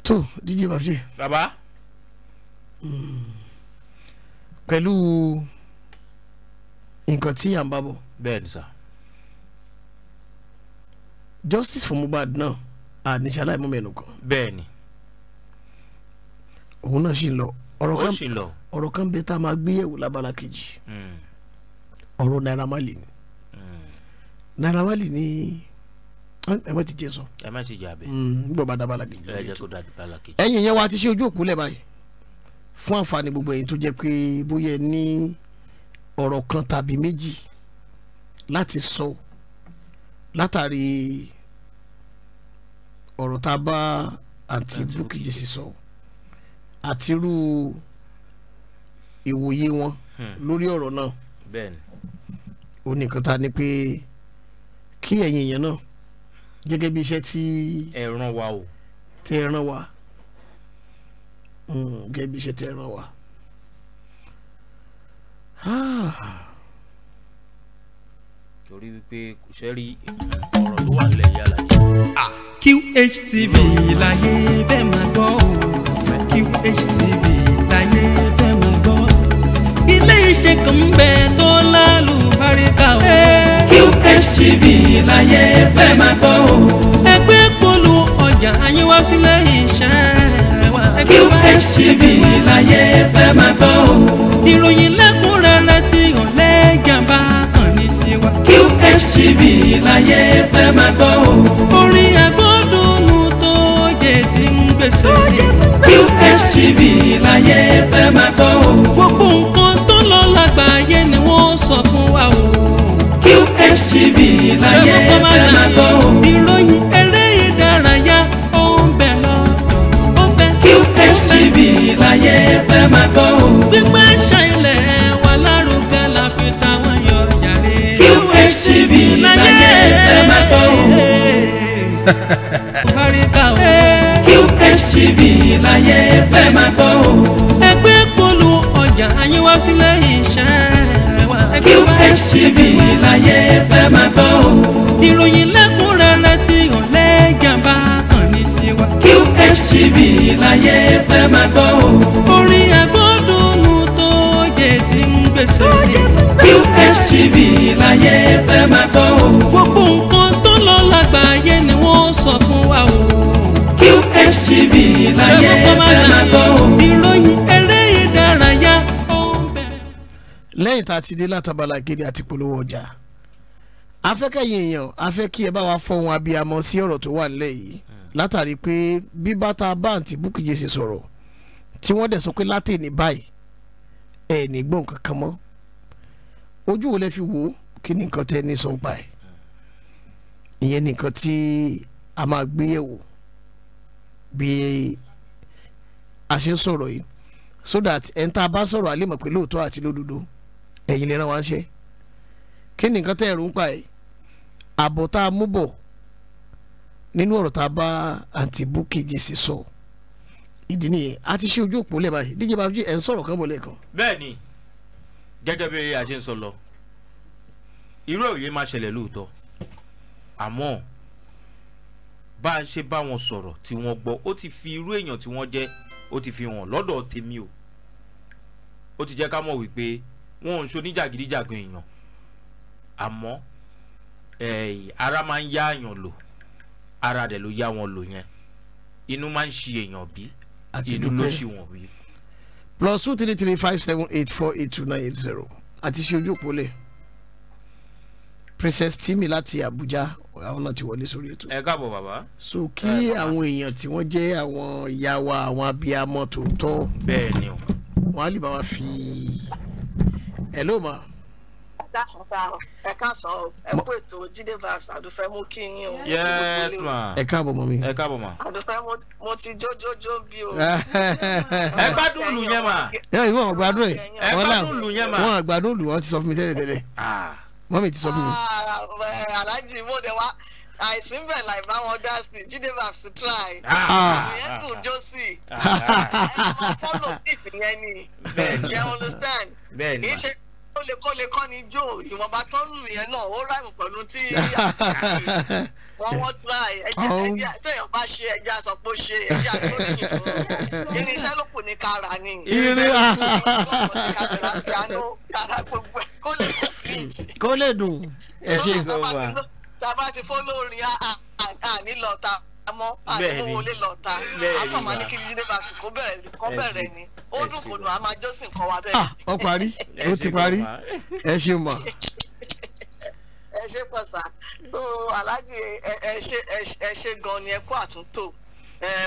tó díje bàbá. bàbá. Hmm. pẹ̀lú nǹkan tí à ń bá bọ̀. bẹ́ẹ̀ni sá. justice for Mohbad náà àníṣe aláìmọ́ mẹ́nu kan. bẹ́ẹ̀ni òun náà sì lọ ọ̀rọ̀ kan ọ̀rọ̀ kan bẹ tá a máa gbé lábala kejì hmm. ọ̀rọ̀ Naira Marley ni hmm. Naira Marley ni ẹ má ti jẹ sọ ẹ má ti jẹ abẹ hmm, nígbà bá dábàlà kejì ẹ̀yin yẹn wa ti ṣe ojú òpó lẹ báyìí fún àǹfààní gbogbo ẹ̀yin tó jẹ́ pé bóyá ní ọ̀rọ̀ kan tàbí méjì láti sọ látàrí ọ̀rọ̀ tá a bá àǹtí Bukky Jesse sọ. So àti irú ìwòye wọn hmm. lórí ọ̀rọ̀ náà ó ní nǹkan tá pé kí ẹ̀yin èèyàn náà gẹ́gẹ́ bí iṣẹ́ tí ẹ rán wa o tí ẹ rán hmm, gẹ́gẹ́ bí iṣẹ́ tí ẹ rán (sighs) torí wípé kò ṣe ọ̀rọ̀ tó wà nílẹ̀ yàrá yìí. QH ah, láyé bẹ́ẹ̀ máa gbọ́ o. HTV láyé fẹ́ wọn gbọ́ ilé iṣẹ́ kan ń bẹ tó lálùbáríkà o. QH TV láyé fẹ́ máa gbọ́ o. ẹgbẹ́ polu ọjà àyẹ̀wò sílẹ̀ iṣẹ́ wa. QH TV láyé fẹ́ máa gbọ́ o. ìròyìn lẹ́kùnrẹ́rẹ́ tí ọ̀lẹ́ jàmbá kan ní tiwa. QH TV láyé fẹ́ máa gbọ́ o. orin àgbọ̀dùn tó jẹ ti ń gbèsè. QHTV láyé fẹ́ máa gbọ́ o. gbogbo nǹkan tó lọ lágbàáyé ni wọ́n sọ fún wa o. QHTV láyé fẹ́ máa gbọ́ o. ìròyìn eré ìdárayá ó ń bẹ̀ lọ ó bẹ̀ tó bẹ̀. QHTV láyé fẹ́ máa gbọ́ o. gbígbé ṣẹlẹ̀ wà lárugẹ la fi táwọn yọ jàre. QHTV láyé fẹ́ máa gbọ́ o tv láyé fẹ́ máa gbọ́ o. ẹgbẹ́ polu ọjà ayé wá sílé iṣẹ́ wa. QHTV láyé fẹ́ máa gbọ́ o. ìròyìn lẹ́kùnrẹ́rẹ́ tí ò lẹ́jàmbá kan ní tiwa. QHTV láyé fẹ́ máa gbọ́ o. orin agbódùnú tó jẹ ti ń gbèsè. QHTV láyé fẹ́ máa gbọ́ o. gbogbo nǹkan. DSTV láyé fẹ́ràn gbọ́. ìròyìn eré ìdárayá ó ń bẹ̀. lẹ́yìn tá a ti dé látàbàlà gidi àti polówó ọjà afẹ́kẹ̀yìn èèyàn afẹ́ kí ẹ bá wa fọhùn abiyamọ sí ọ̀rọ̀ tó wà nílẹ̀ yìí látàrí pé bí bàtà báǹtì Bukky Jesse sọ̀rọ̀ tí wọ́n dẹ̀ sọ pé látẹ̀ni báyìí ẹ̀ ní gbọ́n kankan mọ́ ojú wo lẹ fi wò kí ni nǹkan tẹ́ ní sọ́npa ẹ̀ ìyẹn nìkan tí a máa gbé yẹ̀wò. Bi a ṣe ń yìí so that ẹni tá a bá sọ̀rọ̀ a lè mọ̀ pé lóòótọ́ àti lódodo ẹ̀yin lè ràn wá ṣe kí ni nǹkan tẹ́ ẹ̀rù ń pa ẹ̀ àbọ̀ tá a mú bọ̀ nínú ọ̀rọ̀ tá a bá àǹtí Bukky Jesse sọ ìdí nìyẹn a ti ṣe ojú òpó lẹ́ẹ̀bá yìí díje bá ẹ̀ ń sọ̀rọ̀ kan bọ̀ lẹ́ẹ̀kan. bẹ́ẹ̀ni gẹ́gẹ́ bí a ṣe ń sọ lọ irú òye máa ṣẹlẹ̀ lóòótọ́ àmọ́ bá a ṣe bá wọn sọ̀rọ̀ tí wọ́n gbọ́ ó ti fi irú èèyàn tí wọ́n jẹ́ ó ti fi hàn lọ́dọ̀ tèmi o ó ti jẹ́ ká mọ̀ wípé wọn ò ń ṣoníjàgídíjàgan èèyàn àmọ́ ara máa ń yá èèyàn lò ara rẹ̀ ló yá wọn lò yẹn inú máa ń ṣe èèyàn bí inú ló ṣe wọn bí. plus two three three five seven eight four eight two nine eight zero àti ṣe ojú òpó lè princess timi láti abuja àwọn náà ti wọlé sórí ètò. ẹ káàbọ̀ bàbá. so kí àwọn èèyàn tí wọ́n jẹ́ àwọn ìyá wa àwọn abiyamọ tòótọ́. bẹ́ẹ̀ ni o. wọn á lè bá wa fi. hello ma. ẹ káàsán o ẹ kú ètò jíde vibes àdùfẹ́ mú kí yín o. yes ma. ẹ káàbọ̀ mọ́ mi. ẹ káàbọ̀ ma. àdùfẹ́ mo ti jójójó bí o. (laughs) ẹ gbádùn lù yẹn ma. ẹ ìwọ wọn gbádùn ẹ wọn gbádùn lù yẹn ma. wọn gbádùn lù wọn ti sọ fún mi tẹ́lẹ̀ tẹ́lẹ̀. Ah mọ́mí ti sọ fún mi. Ah, eh, aláàjì mo dé wá àìsí bẹ̀ láì bá wọn dá sí jíde babs try ah. ìyẹn dùn jó sí ah. ẹ máa fọ́lọ̀ bíìtì yẹn ni you understand kì í ṣe kólekóle kọ́ni jó ìwọ̀nba tó ń lù yẹn náà ó ráìmù pẹ̀lú tí. (laughs) wọ́n wọ́n try ẹja ẹja tẹ̀yàn bá ṣe ẹja sọ pé ó ṣe ẹja tó ṣe irinṣẹ́ ló kù ní kára ni. irin kó lè dùn ẹ ṣe gan wa. tàbá ti fọ́ lórí àní lọ́ta àmọ́ àdéhùn wọlé lọ́ta àtọ̀mọ́ ní kí jíde bá ti kó bẹ̀rẹ̀ sí kó bẹ̀rẹ̀ ni ó dùn kò dùn àmọ́ àjọsìn kan wa ah, bẹ́ẹ̀. ó parí (laughs) ó ti parí ẹ ṣe mọ̀ ẹ ṣe pọ̀ sá tó aláàjì ẹ ṣe gan ni ẹ kó àtúntò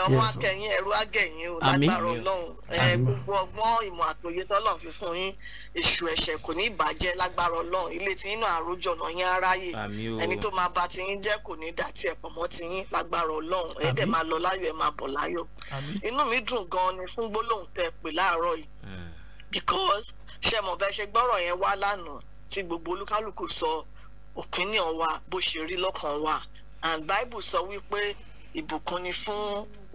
ọmọ akẹyìn ẹrú agẹyìn o lágbára Ọlọ́run gbogbo ọgbọ́n ìmọ̀ àtòyé tọ́lọ́run fi fún yín èṣù ẹ̀ṣẹ̀ kò ní ìbàjẹ́ lágbára Ọlọ́run ilé tí yín náà àrójọ ọ̀nà yín aráyè ẹni tó máa ba ti yín jẹ́ kò ní dà tí ẹ pọ̀ mọ́ ti yín lágbára Ọlọ́run ẹ dẹ̀ máa lọ láyọ̀ ẹ máa bọ̀ láyọ̀ inú mi dùn gan ni fún gbólóhùn tẹ pè láàárọ̀ yìí eh. because ṣe mọ̀ bẹ́ẹ̀ ṣe gbọ́rọ̀ yẹn wá lánàá tí gbogbo olúkálùkù sọ so, opinion wa bó ṣe rí lọ́kàn wa and bible sọ wípé ìbùkún ni fún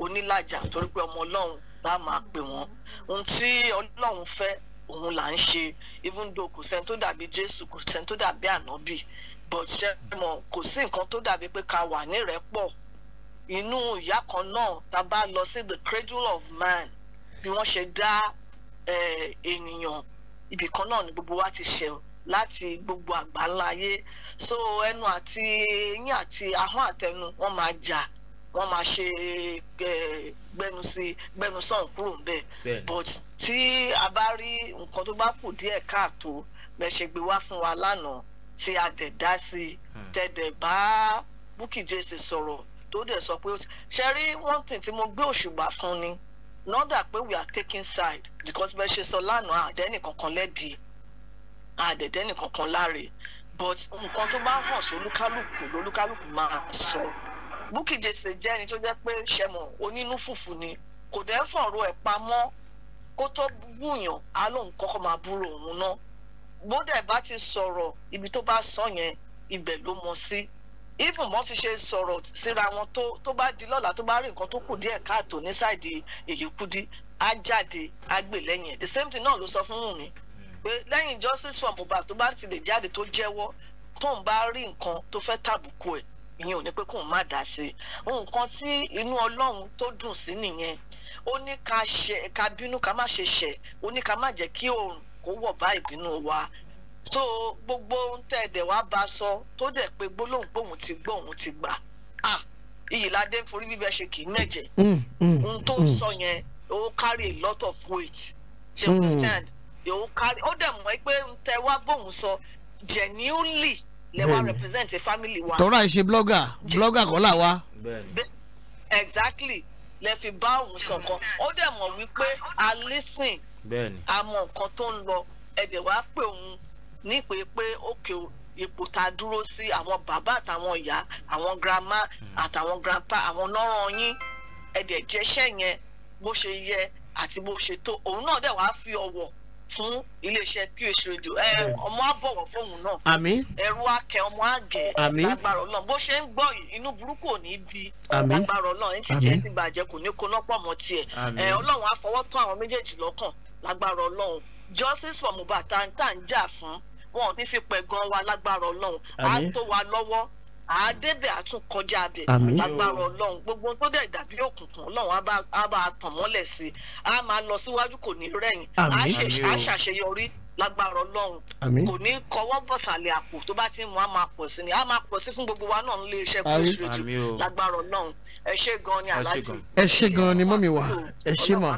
onílàjà torí pé ọmọ ọlọ́run bá máa pè wọ́n ohun tí ọlọ́run fẹ́ òun là ń ṣe even though kò sẹ́ni tó dàbí jésù kò sẹ́ni tó dàbí ànábì but ṣe mọ̀ kò sí nǹkan tó dàbí pé ká wà nírẹ́pọ̀ inú ìyá kan náà tá bá lọ sí the cradle of man bí wọ́n ṣe dá ènìyàn ibì kan náà ni gbogbo wa ti ṣe láti gbogbo àgbáńlá ayé so ẹnu àti eyín àti ahọ́n àtẹnu wọ́n máa jà wọ́n máa ṣe gbẹnusí gbẹnusọ̀n kúrò ńbẹ̀ but tí a bá rí nǹkan tó bá kù díẹ̀ káàtó bẹ́ẹ̀ ṣe gbé wá fún wa lánàá tí a dẹ̀ dá sí i hmm. tẹ̀dẹ̀ bá Bukky sọ̀rọ̀ tó dẹ̀ sọ pé ṣe rí one thing tí mo gbé òṣùbà fún ni nọ́dà pé we are taking side because bẹ́ẹ̀ ṣe sọ lánàá àdẹ́nì lẹ́bi àdẹ̀dẹ́ nìkan kan láre but nǹkan tó bá hàn sólúkálùkù lólúkálùkù máa sọ Bukky Jesse jẹ́ ẹni tó jẹ́ pé ṣẹ̀mọ̀ onínú fùfù ni kò dẹ́ fọ̀rọ̀ ẹ̀ pamọ́ kó tó gbùyàn á lóun kọ́kọ́ máa búrò òun náà bódà bá ti sọ̀rọ̀ ibi tó bá sọ yẹn ibẹ̀ ló mọ sí even mo ti ṣe sọ̀rọ̀ síra wọn tó tó bá di lọ́la tó bá rí nǹkan tó kù díẹ̀ káàtó ní sáìdì èyí kudi á jáde á gbè lẹ́yìn ẹ̀ the same thing náà ló sọ fún Wùnmí pé lẹ́yìn justice ọ̀mùbà tó bá ti lè jáde tó jẹ́wọ́ tóun bá rí nǹkan tó fẹ́ tàbùkù ẹ̀ ìyẹn ò ní pé kóun má dá sí i nǹkan tí inú ọlọ́run tó dùn sí nìyẹn ó ní ká ṣe ká bínú ká má ṣe ṣẹ̀ ó ní ká má jẹ́ kí oòrùn kó wọ̀ bá ìbínú wa tó gbogbo ohun tẹ́ ẹ̀ dẹ̀ wá bá sọ tó dẹ̀ pé gbólóhùn gbóhùn ti gbóhùn ti gbà ah iyìládé ń forí bíbẹ́ ṣe kì í mẹ̀jẹ̀ mm, mm, ohun tó mm. sọ yẹn ó carry a lot of weight ṣe understand òun kárí ó dẹ̀ mọ́ pé ń tẹ wá bóun sọ genuinely lè wá represent a family wa. tọ́ra ẹ̀ ṣe blogger blogger kọ́ là wá. exactly lè fi bá òun ṣọ̀kan ó dẹ̀ mọ̀ wípé a listen a mọ nǹkan tó ń lọ ẹ̀dẹ̀ wá pé òun nípe pé òkè ipò tá a dúró sí àwọn bàbá àtàwọn ìyá àwọn grandma hmm. àtàwọn grandpa àwọn nọ́ràn yín ẹ̀dẹ̀ jẹ́ṣẹ́ yẹn bó ṣe yẹ àti bó ṣe tó òun náà dẹ̀ wá fi ọ̀wọ̀ fún iléeṣẹ́ QH radio ọmọ á fóun náà ẹrú akẹ ọmọ àgẹ̀ àmín Ọlọ́run bó ṣe ń gbọ́ inú burúkú ò ní bí agbára Ọlọ́run ẹni tí tiẹ̀ ti bàjẹ́ kò ní koná pọ̀ mọ́ tiẹ̀ Ọlọ́run á fọwọ́ tán àwọn méjèèjì lọ́kàn lágbára Ọlọ́run justice for Mohbad tá à ń jà fún wọn ò ní fi pẹ̀ gan wa lágbára Ọlọ́run á tó wa lọ́wọ́ àádébẹ̀ àtúnkọjá abẹ lágbára ọlọ́run gbogbo tó dẹ̀ dàbí òkùnkùn ọlọ́run á bá tàn mọ́lẹ̀ sí i máa lọ síwájú kò ní rẹ̀yìn á ṣàṣeyọrí lágbára ọlọ́run kò ní kọwọ́ bọ̀sàlẹ̀ àpò tó bá ti mú a máa pọ̀ sí ni a máa pọ̀ sí fún gbogbo wa náà nílé iṣẹ́ kó ṣe jù lágbára ọlọ́run ẹ ṣé gan ni aláàjì. ẹ ṣé gan ni mọ́mi wá ẹ ṣé mà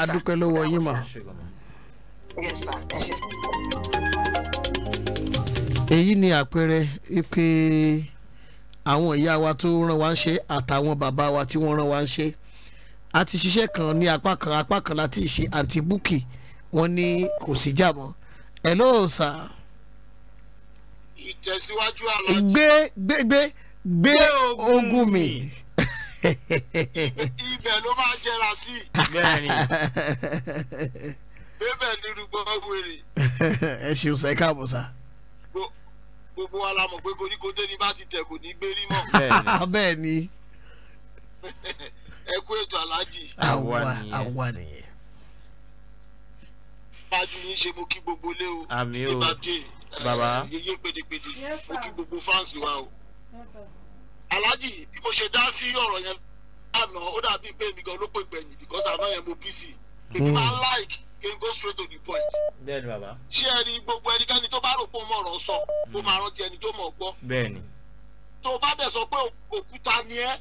adúpẹ́ lọ́wọ́ yín mà èyí ni àpẹẹrẹ pé àwọn ìyá wa tó rán wa ń ṣe àtàwọn bàbá wa tí wọ́n rán wa ń ṣe a ti ṣiṣẹ́ kan ní apá kan apá kan láti ṣe àǹtí búkì wọ́n ní kò sí jà mọ́ ẹ̀ lóò sà. ìtẹ̀síwájú àlọ́. gbé gbé gbé gbé ogun mi. ibẹ̀ ló máa jẹra sí. bẹ́ẹ̀ni (laughs) bẹ́ẹ̀ ni rúgbọ́n wèrè. ẹ ṣeun sẹ́ka àbọ̀sà gbogbo wa la mọ̀ pé koríko tẹ́ni bá ti tẹ̀ kò ní gbérí mọ́. bẹ́ẹ̀ ni. (laughs) ẹ kú ètò aláàjì. àwa nìyẹn. àwa nìyẹn. bájú ní ṣe mo kí gbogbo lé o. àmì o bàbá. yeye pèdèpèdè mo kí gbogbo fáǹsì wa o. aláàjì bí mo ṣe dá sí ọ̀rọ̀ yẹn lánàá ó dàbí pé mi gan ló pè gbẹ̀yìn because àná yẹn mo bí sí hmm. èmi máa ń láìkì kí n go straight to the point. bẹ́ẹ̀ni Baba. ṣé ẹ rí gbogbo ẹnikẹ́ni tó bá rò pé ó mọ̀ràn sọ ó máa hmm. rántí ẹni tó mọ̀ gbọ́. bẹ́ẹ̀ni. tó o bá dẹ̀ sọ pé òkúta ni ẹ́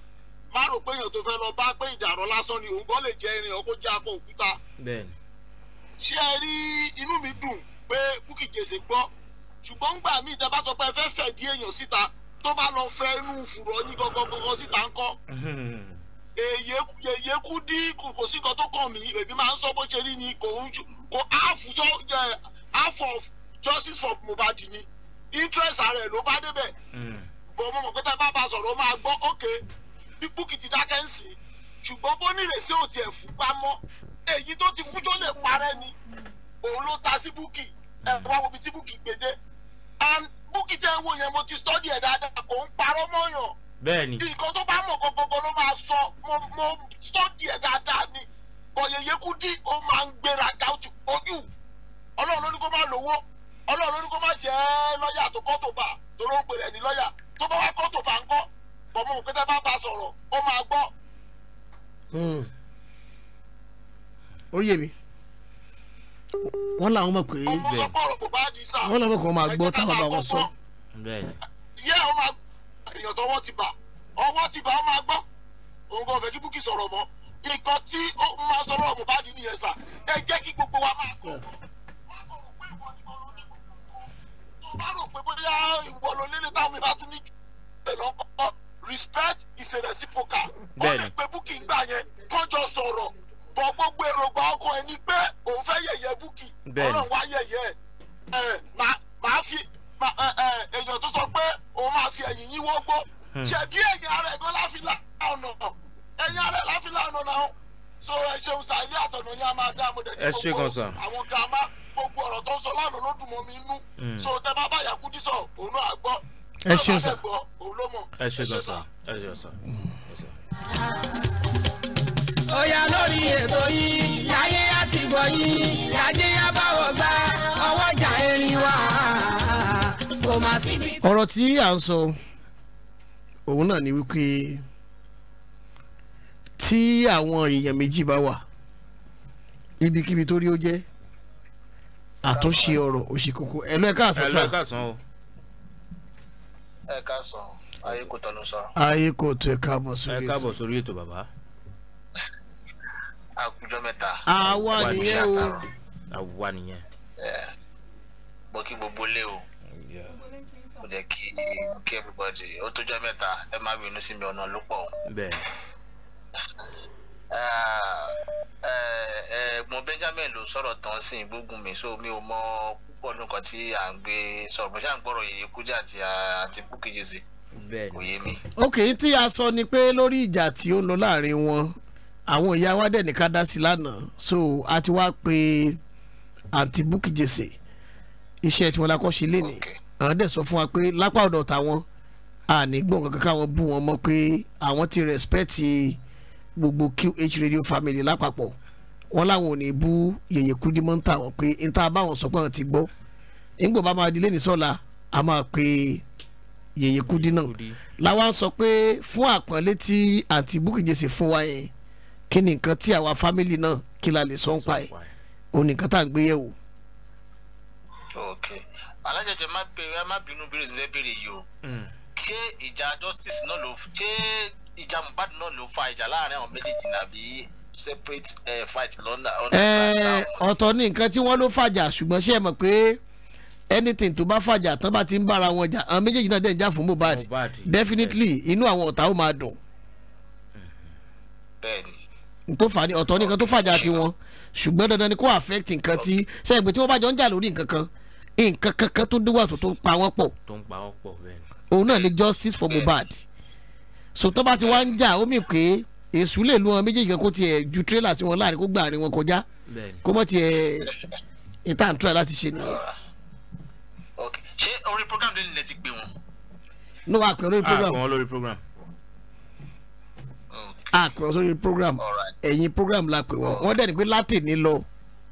má rò pé èèyàn tó fẹ́ lọ bá pé ìdàrọ́ lásán ni òun gbọ́ lè jẹ irin ọkọ̀ jẹ́ akọ òkúta. bẹ́ẹ̀ni. ṣé ẹ rí inú mi dùn pé Bukky Jesse gbọ́ ṣùgbọ́n gbà mí ìjọba sọ pé ẹ fẹ́ fẹ̀dí èèyàn síta tó bá lọ (laughs) èyí kú dínkù kò sí nǹkan tó kàn mí èmi máa ń sọ bó ṣe rí ni kò ń jù kò half of justice for Mohbad ni interest ààrẹ ló bá débẹ̀ hmm. bọ̀ mo mọ̀ pé tá a bá ba sọ̀rọ̀ máa gbọ́ òkè bí Bukky dákẹ́ ń sìn ṣùgbọ́n bó nírèsí ò tiẹ̀ fún pamọ́ èyí tó ti fún tó lè parẹ́ ni òun ló ta sí Bukky ẹ̀ wá wo bí tí Bukky gbèdé and Bukky tẹ́ ń wò yẹn mo ti sọ́ọ́dì ẹ̀ dáadáa kò ń parọ́ mọ́yàn bẹ́ẹ̀ni. nǹkan tó bá mọ̀ gọgọgọ ló máa sọ mo sọ díẹ̀ dáadáa ni bọ̀yẹ̀yẹ́kú dí ó máa ń gbéra ga ojú ọlọ́run ló ní kó má lówó ọlọ́run ló ní kó má jẹ́ lọ́ọ̀yà tó kọ́ tó bá torí ó pèrè ní lọ́ọ̀yà tó bá wá kọ́ tó bá ń kọ́ bọ̀mọ̀ òkè tẹ́ bá bá sọ̀rọ̀ ó máa gbọ́. Hmm. ó yé mi wọ́n làwọn mọ̀ pé wọ́n làwọn mọ̀ pé wọ́n máa gbọ́ táwọn bá wọn sọ. yẹ́ ọ máa gbọ́ èèyàn tọwọ́ ti bà ọwọ́ ti bà ó máa gbọ́ òun kò fẹ́ kí Bukky sọ̀rọ̀ mọ́ nǹkan tí ó máa sọ̀rọ̀ Mohbad nìyẹn sà ẹ jẹ́ kí gbogbo wa máa kọ́ tó bá rò pé bóyá ìwọ ló lélẹ̀ táwọn ìbá tún ní ìpèlè ọkọ̀ respect is a reciprocal. bẹ́ẹ̀ni ó lè pe Bukky gbà yẹn kó jọ sọ̀rọ̀ bọ̀ gbogbo èròǹgbà ọkọ ẹni pé òun fẹ́ yẹ̀yẹ́ Bukky ọlọ́run wá yẹ̀yẹ́ ẹ̀ máa fi Eh, eh, èèyàn tó sọ pé òun máa fi ẹ̀yìn yín wọ́gbó hmm. ṣebí ẹ̀yìn ara ẹ̀gbọ́n láfilá ọ̀nà ẹ̀yìn ara láfilá ọ̀nà náà so ẹ ṣeun sá ilé àtọ̀nà yẹn a máa dá àmọ́ dẹ̀dẹ̀ gbogbo àwọn gàmá gbogbo ọ̀rọ̀ tó ń sọ lánàá ló dùn mọ́ mi nú hmm. so tẹ bá bá Yakudi sọ òun náà gbọ́ ẹ ṣeun sá ẹ ṣeun sá ẹ lórí ètò yìí láyé á ti láyé á bá ọwọ́jà erin wá kò má síbi. ọ̀rọ̀ tí à ń sọ òun náà ni wípé tí àwọn èèyàn méjì bá wà ibikíbi tó rí ó jẹ́ àtúnṣe ọ̀rọ̀ òṣì kókó ẹ̀ lọ́ẹ̀ká àsán ẹ̀ lọ́ẹ̀ká àsán o. ẹ̀ ká sàn ayé kò tọ́ sọ. ayé kò tó ẹ̀ káàbọ̀ sórí ètò. ẹ̀ káàbọ̀ sórí ètò bàbá àkùjọ (laughs) mẹ́ta. àwa nìyẹn o. àwa nìyẹn gbọ́ eh, kí gbogbo lé o kò jẹ́ kí kí everybody ó tójọ́ mẹ́ta ẹ má bínú sí mi ọ̀nà ló pọ̀ ah, eh, eh, o. ẹ̀gbọ́n Benjamin ló sọ̀rọ̀ tán sí ìgbógun mi so mi ò mọ púpọ̀ nǹkan tí à ń gbé sọ̀rọ̀ mo ṣáà ń gbọ́rọ̀ yìí kújà àti Bukky Jesse kò yé mi. ok tí a sọ ni pé lórí ìjà tí ó ń lọ láàrin wọn àwọn ìyá wa dẹ̀ ní ká dá sí lánàá so a ti wá pe àǹtí Bukky Jesse iṣẹ́ tí wọ́n lakọ́ṣe lé ní àwọn dẹ̀ sọ fún wa pé lápá ọ̀dọ̀ tàwọn àní kankan wọn bú wọn mọ́ pé àwọn ti rẹ̀spẹ̀tì gbogbo QH radio family lápapọ̀ wọn làwọn ò ní bú yèyè kudi mọ́ ń tà wọ́n pé n ta báwọn sọ pé àwọn ti gbọ́ nígbà bá máa di lẹ́ni sọ́la a máa pe yèyè kudi náà làwa sọ pé fún àpọ́nlé tí àǹtí Bukky Jesse fún wa yẹn kí ni nǹkan tí àwa family náà kí la lè sọ ń pa yìí onìkan tá à ń gbé yẹ̀wò. alájẹjẹ má bèrè má bínú bèrè sílẹ̀ bèrè yìí o hmm. ṣé ìjà justice náà ló ṣé ìjà Mohbad náà ló fa ìjà láàrin àwọn méjèèjì nàbí separate uh, fight lọ́nà. ọ̀tọ̀ ni nǹkan tí wọ́n ló fàjà ṣùgbọ́n ṣé ẹ mọ̀ pé anything tó bá fàjà tán bá ti ń bára wọn jà àwọn méjèèjì náà dẹ̀ ń jà fún Mohbad definitely inú àwọn ọ̀tá ó máa dùn. bẹ́ẹ̀ni. n tó fà ní ọ̀tọ̀ ni nǹkan tó fàjà tiwọn. Okay ṣùgbọ́n dandan ni kó affect nǹkan tí sẹ́gbẹ̀ tí wọ́n bá jọ ń jà lórí nǹkan kan nǹkan kankan tó dé wàtò tó ń pa wọ́n pọ̀ tó ń pa wọ́n pọ̀ bẹ́ẹ̀ òun náà ni justice for Mohbad so tó bá ti wá ń jà ó mì pé èṣù lè lu wọn méjèèjì kan kó tiẹ̀ ju tírélà sí wọn láàrin kó gbà ní wọn kọjá kó mọ̀ tiẹ̀ ìtàǹtúrà láti ṣe nìyẹn. ṣé orí program lè ti gbé wọn. ní wàá pè lórí program. àpò wọn program a pè wọ́n sórí program ẹ̀yìn program la pè wọ́n wọ́n dẹ̀ ní pé láti ní lọ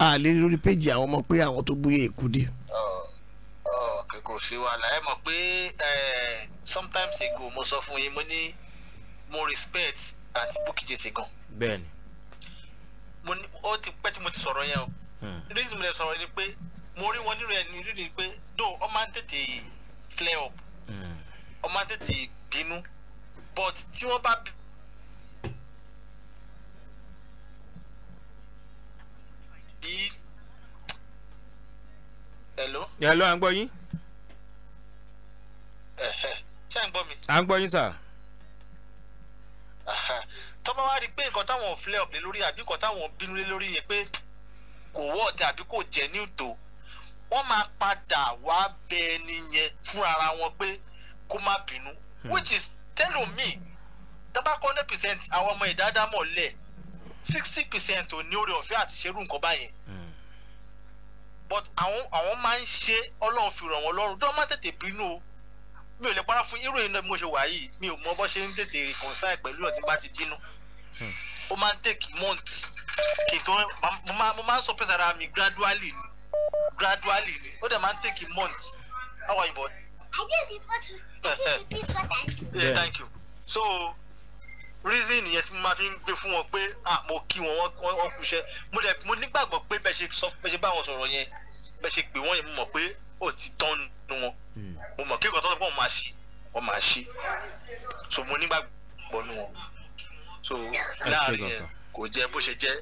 a lè lórí péjì àwọn ọmọ pé àwọn tó gbóyè èkú dé. kò sí wàhálà ẹ mọ̀ pé sometimes ago mo sọ fún yín mo ní mo respect àti bukije ṣe gan. bẹ́ẹ̀ni. mo ní ó ti pẹ́ tí mo ti sọ̀rọ̀ yẹn o hmm. reason mo lè sọ̀rọ̀ ni pé mo rí wọn nírú ẹni rí ni pé do ọ máa ń tètè flare up hmm. ọ máa ń tètè bínú but tí wọ́n bá bínú. àbí. hello. hello à ń gbọ́ yín. ṣé à ń gbọ́ mi. à ń gbọ́ yín sà. tọ́ba wá rí i pé nǹkan táwọn flare up lé lórí àbí nǹkan táwọn bínú lé lórí yẹn pé kò wọ́ọ̀dì àbí kò jẹ́ ní ìtò wọ́n máa padà wá bẹ ẹni yẹn fún ara wọn pé kó má bínú hmm. which is tell me. tọ́ba kọ́ hundred percent àwọn ọmọ ìdádámọ̀ lẹ̀ sixty percent ò ní oore ọ̀fẹ́ àti ṣerú nǹkan báyẹn hmm. but àwọn àwọn máa ń ṣe ọlọ́run fi ràn wọ́n lọ́rùn dọ́ọ́ má tètè bínú o mi ò lè para fún irú ìnáwó mo ṣe wà yìí mi ò mọ bó ṣe ń tètè reconcile pẹ̀lú ọ̀tí bá ti bínú hmm. ó máa ń take months kì í tó mo máa ń sọ pẹ́sà ara mi gradually ni gradually ni ó dẹ̀ máa ń take months how are you boy. I get before to I get before that. yeah, yeah thank you so reason yẹn tí mo máa fi ń gbé fún wọn pé ah mo kí wọn wọn kú iṣẹ́ mo dẹ̀ mo nígbàgbọ́ pé bẹ ṣe sọ bẹ ṣe bá wọn sọ̀rọ̀ yẹn bẹ ṣe pè wọn yẹn mo mọ̀ pé ó ti tán nu wọn hmm. mo mọ̀ kí nǹkan tó wọn máa ṣe wọn máa ṣe so mo nígbàgbọ́ nu wọn so láàrin yẹn kò jẹ́ bó ṣe jẹ́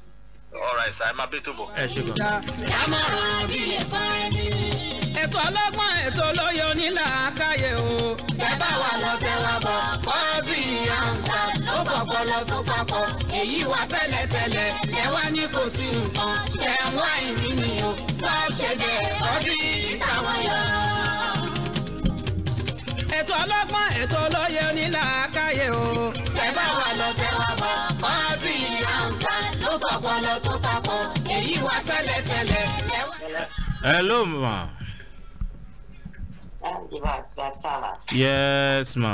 ọ̀rọ̀ ẹ̀sà ẹ̀ máa bẹ́ tó bọ̀. ẹ ṣe gan. àmọ̀ràn bí ètò ẹni. ètò ọlọ́gbọ́n ètò olóyè onílà á káyè o. ẹ bá wa lọ tẹ wa bọ̀ kọ́ ọpọlọ tó papọ̀ èyí wà tẹ́lẹ̀tẹ́lẹ̀ ẹ ní kò sí nǹkan ṣẹ̀ ìrìn ni o stop ọdún ìtàwọn yọ. ètò ọlọ́gbọ́n ètò olóye onílàákàyè o. ẹ bá wa lọ tẹ wá bọ̀ ọdún ìyàmsá ló fọpọlọ tó papọ̀ èyí wà tẹ́lẹ̀tẹ́lẹ̀ ẹ ẹ ló mọ̀. Yes, ma.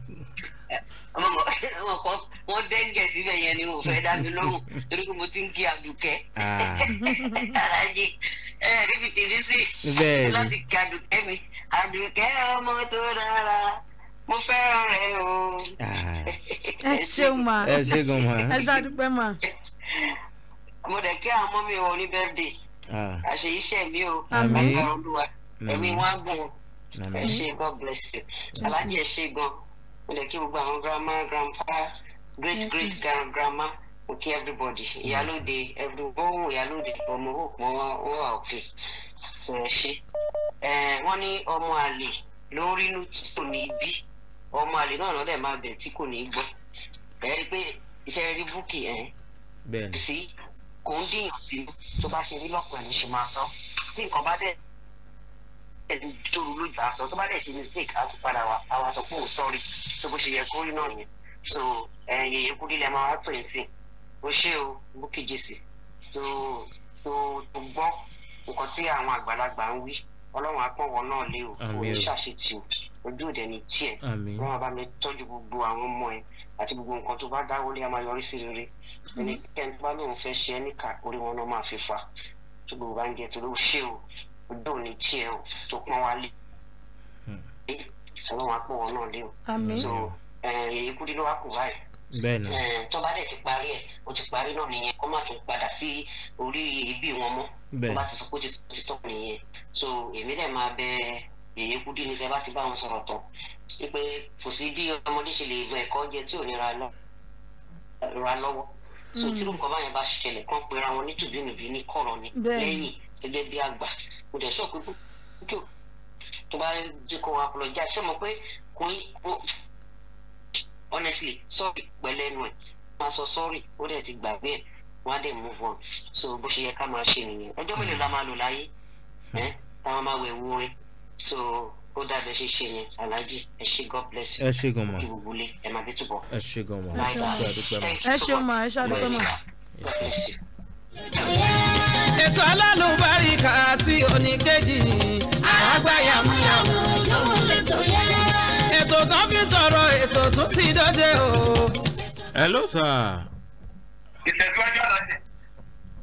àwọn kan wọ́n dẹ́ngẹ̀ síbẹ̀ yẹn ni mo fẹ́ dá mi lóhùn torí pé mo ti ń kí àdùkẹ́ ah. alájí ẹ níbi tìbí sí láti kí àdùkẹ́ mi àdùkẹ́ ọmọ tó dára mo fẹ́ràn rẹ o. Ah. ẹ ṣeun ma ẹ ṣeun ma ẹ ṣàdúpẹ́ ma. mo dẹ̀ kí àwọn ọmọ mi wọ ní bẹ́ẹ̀dì ah. àṣẹ iṣẹ́ mi o àgbà olúwa ẹ̀mí wọn á gùn ẹ ṣe god bless you alájí ẹ ṣe gan mo lè kí gbogbo àwọn grandma grandpa great great grandma mo kí everybody mm. ìyálóde everybody ìyálóde ọmọ hope wọn wọn wà òkè sọ ẹ wọn ní ọmọ àlè ló ń rínú tí kò ní bí ọmọ àlè náà lọ́dẹ̀ máa bẹ̀ tí kò ní gbọ́ ẹ rí pé iṣẹ́ rí búkì ẹ̀ sí kò ń dìyàn sí tó bá ṣe rí lọ́pọ̀ ẹ̀ ló ṣe máa sọ tí nǹkan bá dẹ̀ ẹni tó rú lójú àṣọ tó bá dẹ̀ ṣe mistake á tún padà wá àwa sọ pé tó oh, bó ṣe yẹ kó rí náà yẹn so Yèyé Kudi lẹ́ máa wá pè é sí o ṣé o Bukky Jease tó tó tó gbọ́ nǹkan tí àwọn àgbàlagbà ń wí ọlọ́run apọ̀wọ́ náà lé o kò ní ṣàṣetì o ojú òde ni tiẹ̀ wọ́n bá mi tọ́jú gbogbo àwọn ọmọ ẹ̀ àti gbogbo nǹkan tó bá dáwọ́lé a máa yọrí sí rere ẹnikẹ́ni tó bá lóun fẹ́ ṣe ẹ́ níkà orí wọn náà máa fi fa tó gbogbo bá ń jẹ tó ló ṣe o ọjọ́ òní tí ẹ tó pọ́n wá lé ọlọ́run apọ̀ wọn náà lé o so èyí kúndé ló wá kù báyìí bẹ́ẹ̀ni tó bá dẹ̀ ti parí ẹ̀ o ti parí náà nìyẹn kó má tún padà sí orí ibi wọn mọ́ tó bá ti sọ pé ó ti tọ́ nìyẹn so èmi dẹ̀ máa bẹ èyí kúndé nífẹ̀ẹ́ bá ti bá wọn sọ̀rọ̀ tán pé kò sí bí ọmọdé ṣe lè gbọ́ ẹ̀kọ́ jẹ tí ò ní ra lọ́wọ́ so hmm. tí irú nǹkan báyẹn bá ṣẹlẹ̀ kán pera wọn ní tùbínùbí ní kọ̀rọ̀ ni lẹ́yìn gẹ́gẹ́ bí àgbà kò dẹ̀ sọ̀ pé kújò tó bá jẹ́ kó apologize ṣé mo pé kò ń kó honestly sorry pẹ̀lẹ́ ẹnu ẹ̀ máa sọ sorry ó dẹ̀ ti gbàgbé ẹ̀ wọ́n á dẹ̀ move on so bó ṣe yẹ ká máa ṣe nìyẹn ọjọ́ mélòó la máa lò láyé ẹ́ táwọn máa wẹ̀ wúre so ó dàbẹ̀ ṣe ṣe yẹn aláàjì ẹ ṣé god bless you ẹ ṣé gan ma kí gbogbo lé ẹ máa bí túbọ̀ ẹ ṣé gan ma ẹ ṣé àdúpẹ́ ma ẹ ṣé ma ẹ ṣé àdúpẹ́ ma ètò alálùbáríkà sí oníkejì. àràgbá yàmúyàmú ṣòwò lẹ́tọ̀ yẹ. ètò kan fi tọrọ ètò tún ti dọdẹ o. ẹ ló ìtẹ̀síwájú aláṣẹ.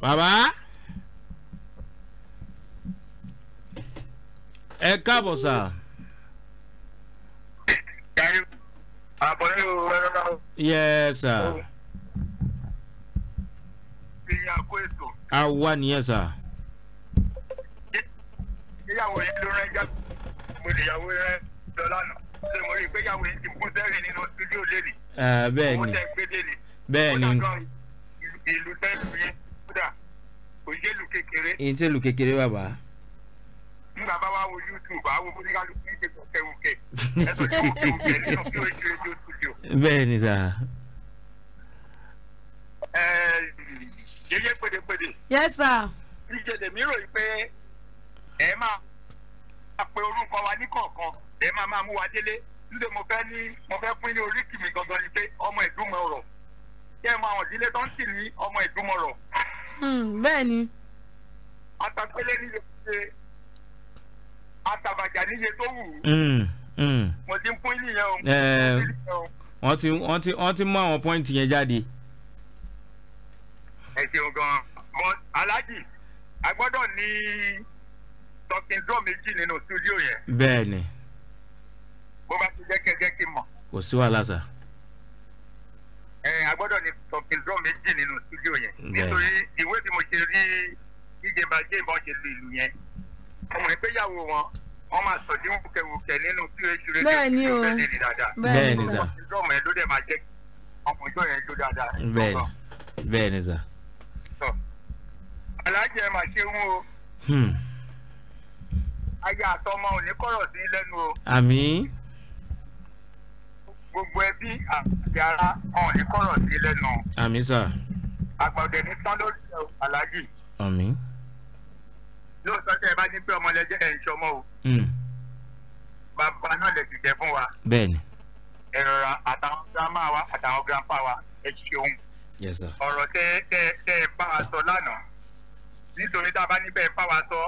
bàbá. ẹ káàbọ̀ sà. àbọ̀lẹ́ o ẹ̀rọ náà. yẹ sà. ìyá kó ètò awa nìyẹn sà. ìyàwó yẹn ló rẹ já mo lè yàwó rẹ lọ lánàá ṣe mo rí i pé ti kún sẹ́rìn nínú studio lélẹ̀. bẹ́ẹ̀ ni bẹ́ẹ̀ ni ìlú tẹ́lẹ̀ yẹn kódà kò yé lu kékeré. ìyẹn tẹ́ lu kékeré bàbá. ní bàbá wa wo youtube àwọn oníkàlùkù ní ṣe kẹwùkẹ ẹ tó ṣe kẹwùkẹ nínú kí o ṣe ojú studio. bẹ́ẹ̀ ni sà. ẹ̀ẹ́ yeye pèdèpèdè. yes sir. níjẹ lèmi ròyìn pé ẹ máa pe orúkọ wa ní kọ̀ọ̀kan ẹ máa máa mú wa délé nígbà mo fẹ́ ní mo fẹ́ pín ní oríkì mi gangan ni pé ọmọ ìdúmọ̀rọ̀ kí ẹ mọ àwọn ìdílé tó ń sì ní ọmọ ìdúmọ̀rọ̀. Hmm, bẹ́ẹ̀ ni. atapele níye ṣe atabajà níye tó wù ú. Hmm, hmm. mo ti ń pín nìyẹn eh, o. wọ́n ti wọ́n ti wọ́n ti mú àwọn pọ́ìntì yẹn jáde ẹ ṣeun gan but alhaji a gbọ́dọ̀ ní talking drum méjì nínú studio yẹn. bẹ́ẹ̀ni. bó bá ti jẹ́ kẹ́kẹ́ kí n mọ̀. kò sí wàhálà sà. ẹ a gbọ́dọ̀ ní talking drum méjì nínú studio yẹn. nítorí ìwé bí mo ṣe rí ìjẹba jébọn ṣe lu ìlú yẹn ọmọ ìgbéyàwó wọn wọ́n máa sọ ní wùkẹ̀wùkẹ̀ nínú QH radio bẹ́ẹ̀ni o bẹ́ẹ̀ni sà ọmọ ìjọ yẹn ló dáadáa. bẹ́ẹ̀ni bẹ́ẹ̀ni sà alájẹ mà ṣeun o hmm. aya àtọmọ ò ní kọ̀rọ̀ sí lẹ́nu o. àmín. gbogbo ẹbí àti ara wọn ò ní kọ̀rọ̀ sí lẹ́nu. àmín sà. àgbàdo ní tán lórí alájì. àmín. lóòótọ́ tẹ́ ẹ bá ní pé ọmọlẹ́jẹ́ ẹ̀ ń ṣọmọ o. Hmm. bàbá náà lè ti jẹ fún wa. bẹ́ẹ̀ni. ẹ̀rọra àtàwọn gírámà wa àtàwọn gírámà wa ẹ ṣeun. ọ̀rọ̀ tẹ́ tẹ́ tẹ́ bá a sọ lánàá nítorí tá a bá níbẹ̀ fáwa sọ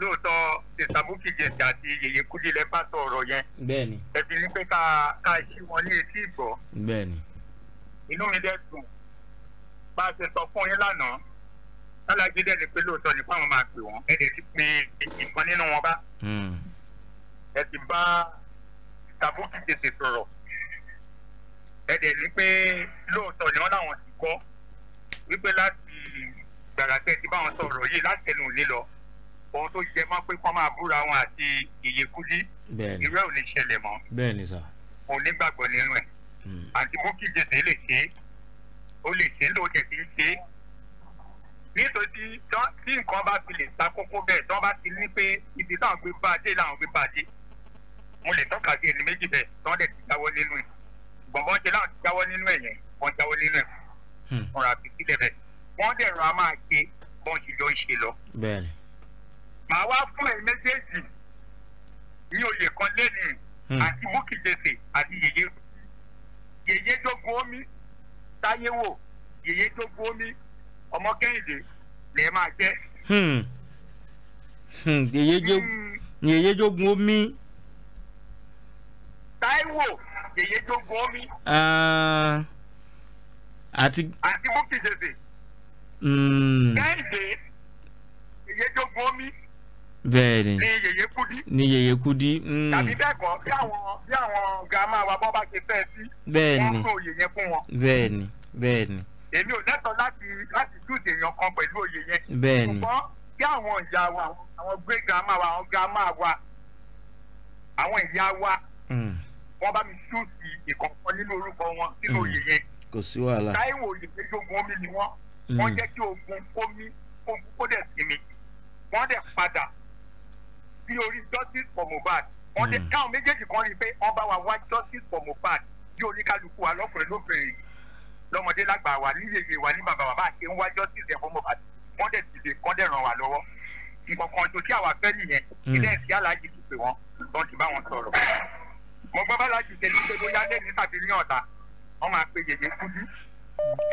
lóòótọ́ ìsàmúkìjẹsì àti yèyé kúdí lẹ́fà sọ ọ̀rọ̀ yẹn. bẹ́ẹ̀ni. ẹ fi ní pé ká ká ṣí wọn ní etí ìgbọ́. bẹ́ẹ̀ni. inú mi dẹ̀ dùn bá a ṣe sọ fún yín lánàá alájí dẹ̀ ni pé lóòótọ́ ni fáwọn máa pè wọ́n ẹ̀ dẹ̀ ti pe ìkan nínú wọn bá. Hmm. ẹ ti bá ìsàmúkìjẹsì sọ̀rọ̀ ẹ dẹ̀ ni pé lóòótọ́ ni wọ́n láwọn ti kọ́ wípé láti gbàrà tẹ́ ti bá wọn sọ̀rọ̀ yìí láti ẹnu òní lọ ohun tó jẹ mọ́ pé kọ́ máa búra wọn àti ìyẹkúlí irú ẹ̀ ò ní ṣẹlẹ̀ mọ́ mo nígbàgbọ́ nínú ẹ̀ hmm. àti mo kí jèsè lè ṣe ó lè ṣe lóòjẹ́ fi ń ṣe nítorí tí nǹkan bá fi lè ta kókó bẹ́ẹ̀ tí wọ́n bá ti ní pé ibi táwọn gbé bá a dé làwọn gbé bá a dé mo lè tọ́ka sí ẹni méjì bẹ́ẹ̀ tí wọ́n dẹ̀ ti jáwọ́ nínú ẹ̀ gbọ̀ngbọ́n ṣe láwọn ti jáwọ́ nínú ẹ̀ yẹn wọ́n jáwọ́ nínú ẹ̀ fúnra hmm. fi sílẹ̀ bẹ́ẹ̀ wọ́n dẹ̀rọ a máa ṣe bọ́n ti jọ ń ṣe lọ. bẹ́ẹ̀ni. màá wá fún ẹ méjèèjì ní oyè kan lẹ́nu hmm. àti múkìdèsè àti yèyé yèyé dógún omi táyéwò yèyé dógún omi ọmọ kẹ́hìndé lẹ́ẹ̀ máa jẹ́. Hmm. Hmm, yèyé dógún omi. táíwò yèyé dógún omi. Ah, àti. àti múkìdèsè. Mm. kẹ́hìndé ìyẹ́jọ́gbọ́n mi bẹ́ẹ̀ ni ni kudi. Mm. tàbí bẹ́ẹ̀ kọ́ bí àwọn bí àwọn gàmà wa bọ́ ṣe fẹ́ sí. bẹ́ẹ̀ ni òye yẹn fún wọn. bẹ́ẹ̀ ni èmi ò lẹ́tọ̀ọ́ láti láti júùsì èèyàn kan pẹ̀lú òye yẹn. bẹ́ẹ̀ ṣùgbọ́n bí àwọn ìyá wa àwọn gbé gàmà wa àwọn gàmà wa àwọn ìyá wa mm. wọ́n bá mi júùsì ìkọ̀ọ̀kan nínú orúkọ wọn nínú òye yẹn. kò sí wàhálà. táyé wo òye méjì omi ni wọ́n. Mm. wọ́n jẹ́ kí ogun omi ogun kó dẹ̀ sinmi wọ́n dẹ̀ padà sí orí justice for Mohbad wọ́n dẹ̀ mm. káwọn méjèèjì kan rí i pé wọ́n bá wa wá justice for Mohbad bí oníkálukú wa lọ́kùnrin lóbìnrin lọ́mọdé lágbà wa níyeye wa ní bàbá wa bá ṣe ń wá justice ẹ̀ fún Mohbad wọ́n dẹ̀ dìde kán dẹ̀ ràn wá lọ́wọ́ ìkọ̀kan tó tí àwa fẹ́ nìyẹn mm. ilé ẹ̀sìn aláàjì ti pè wọ́n wọ́n ti bá wọn sọ̀rọ̀ mo gbọ́ bá aláàjì tẹ̀lé pé bóyá lẹ́yìn tàbí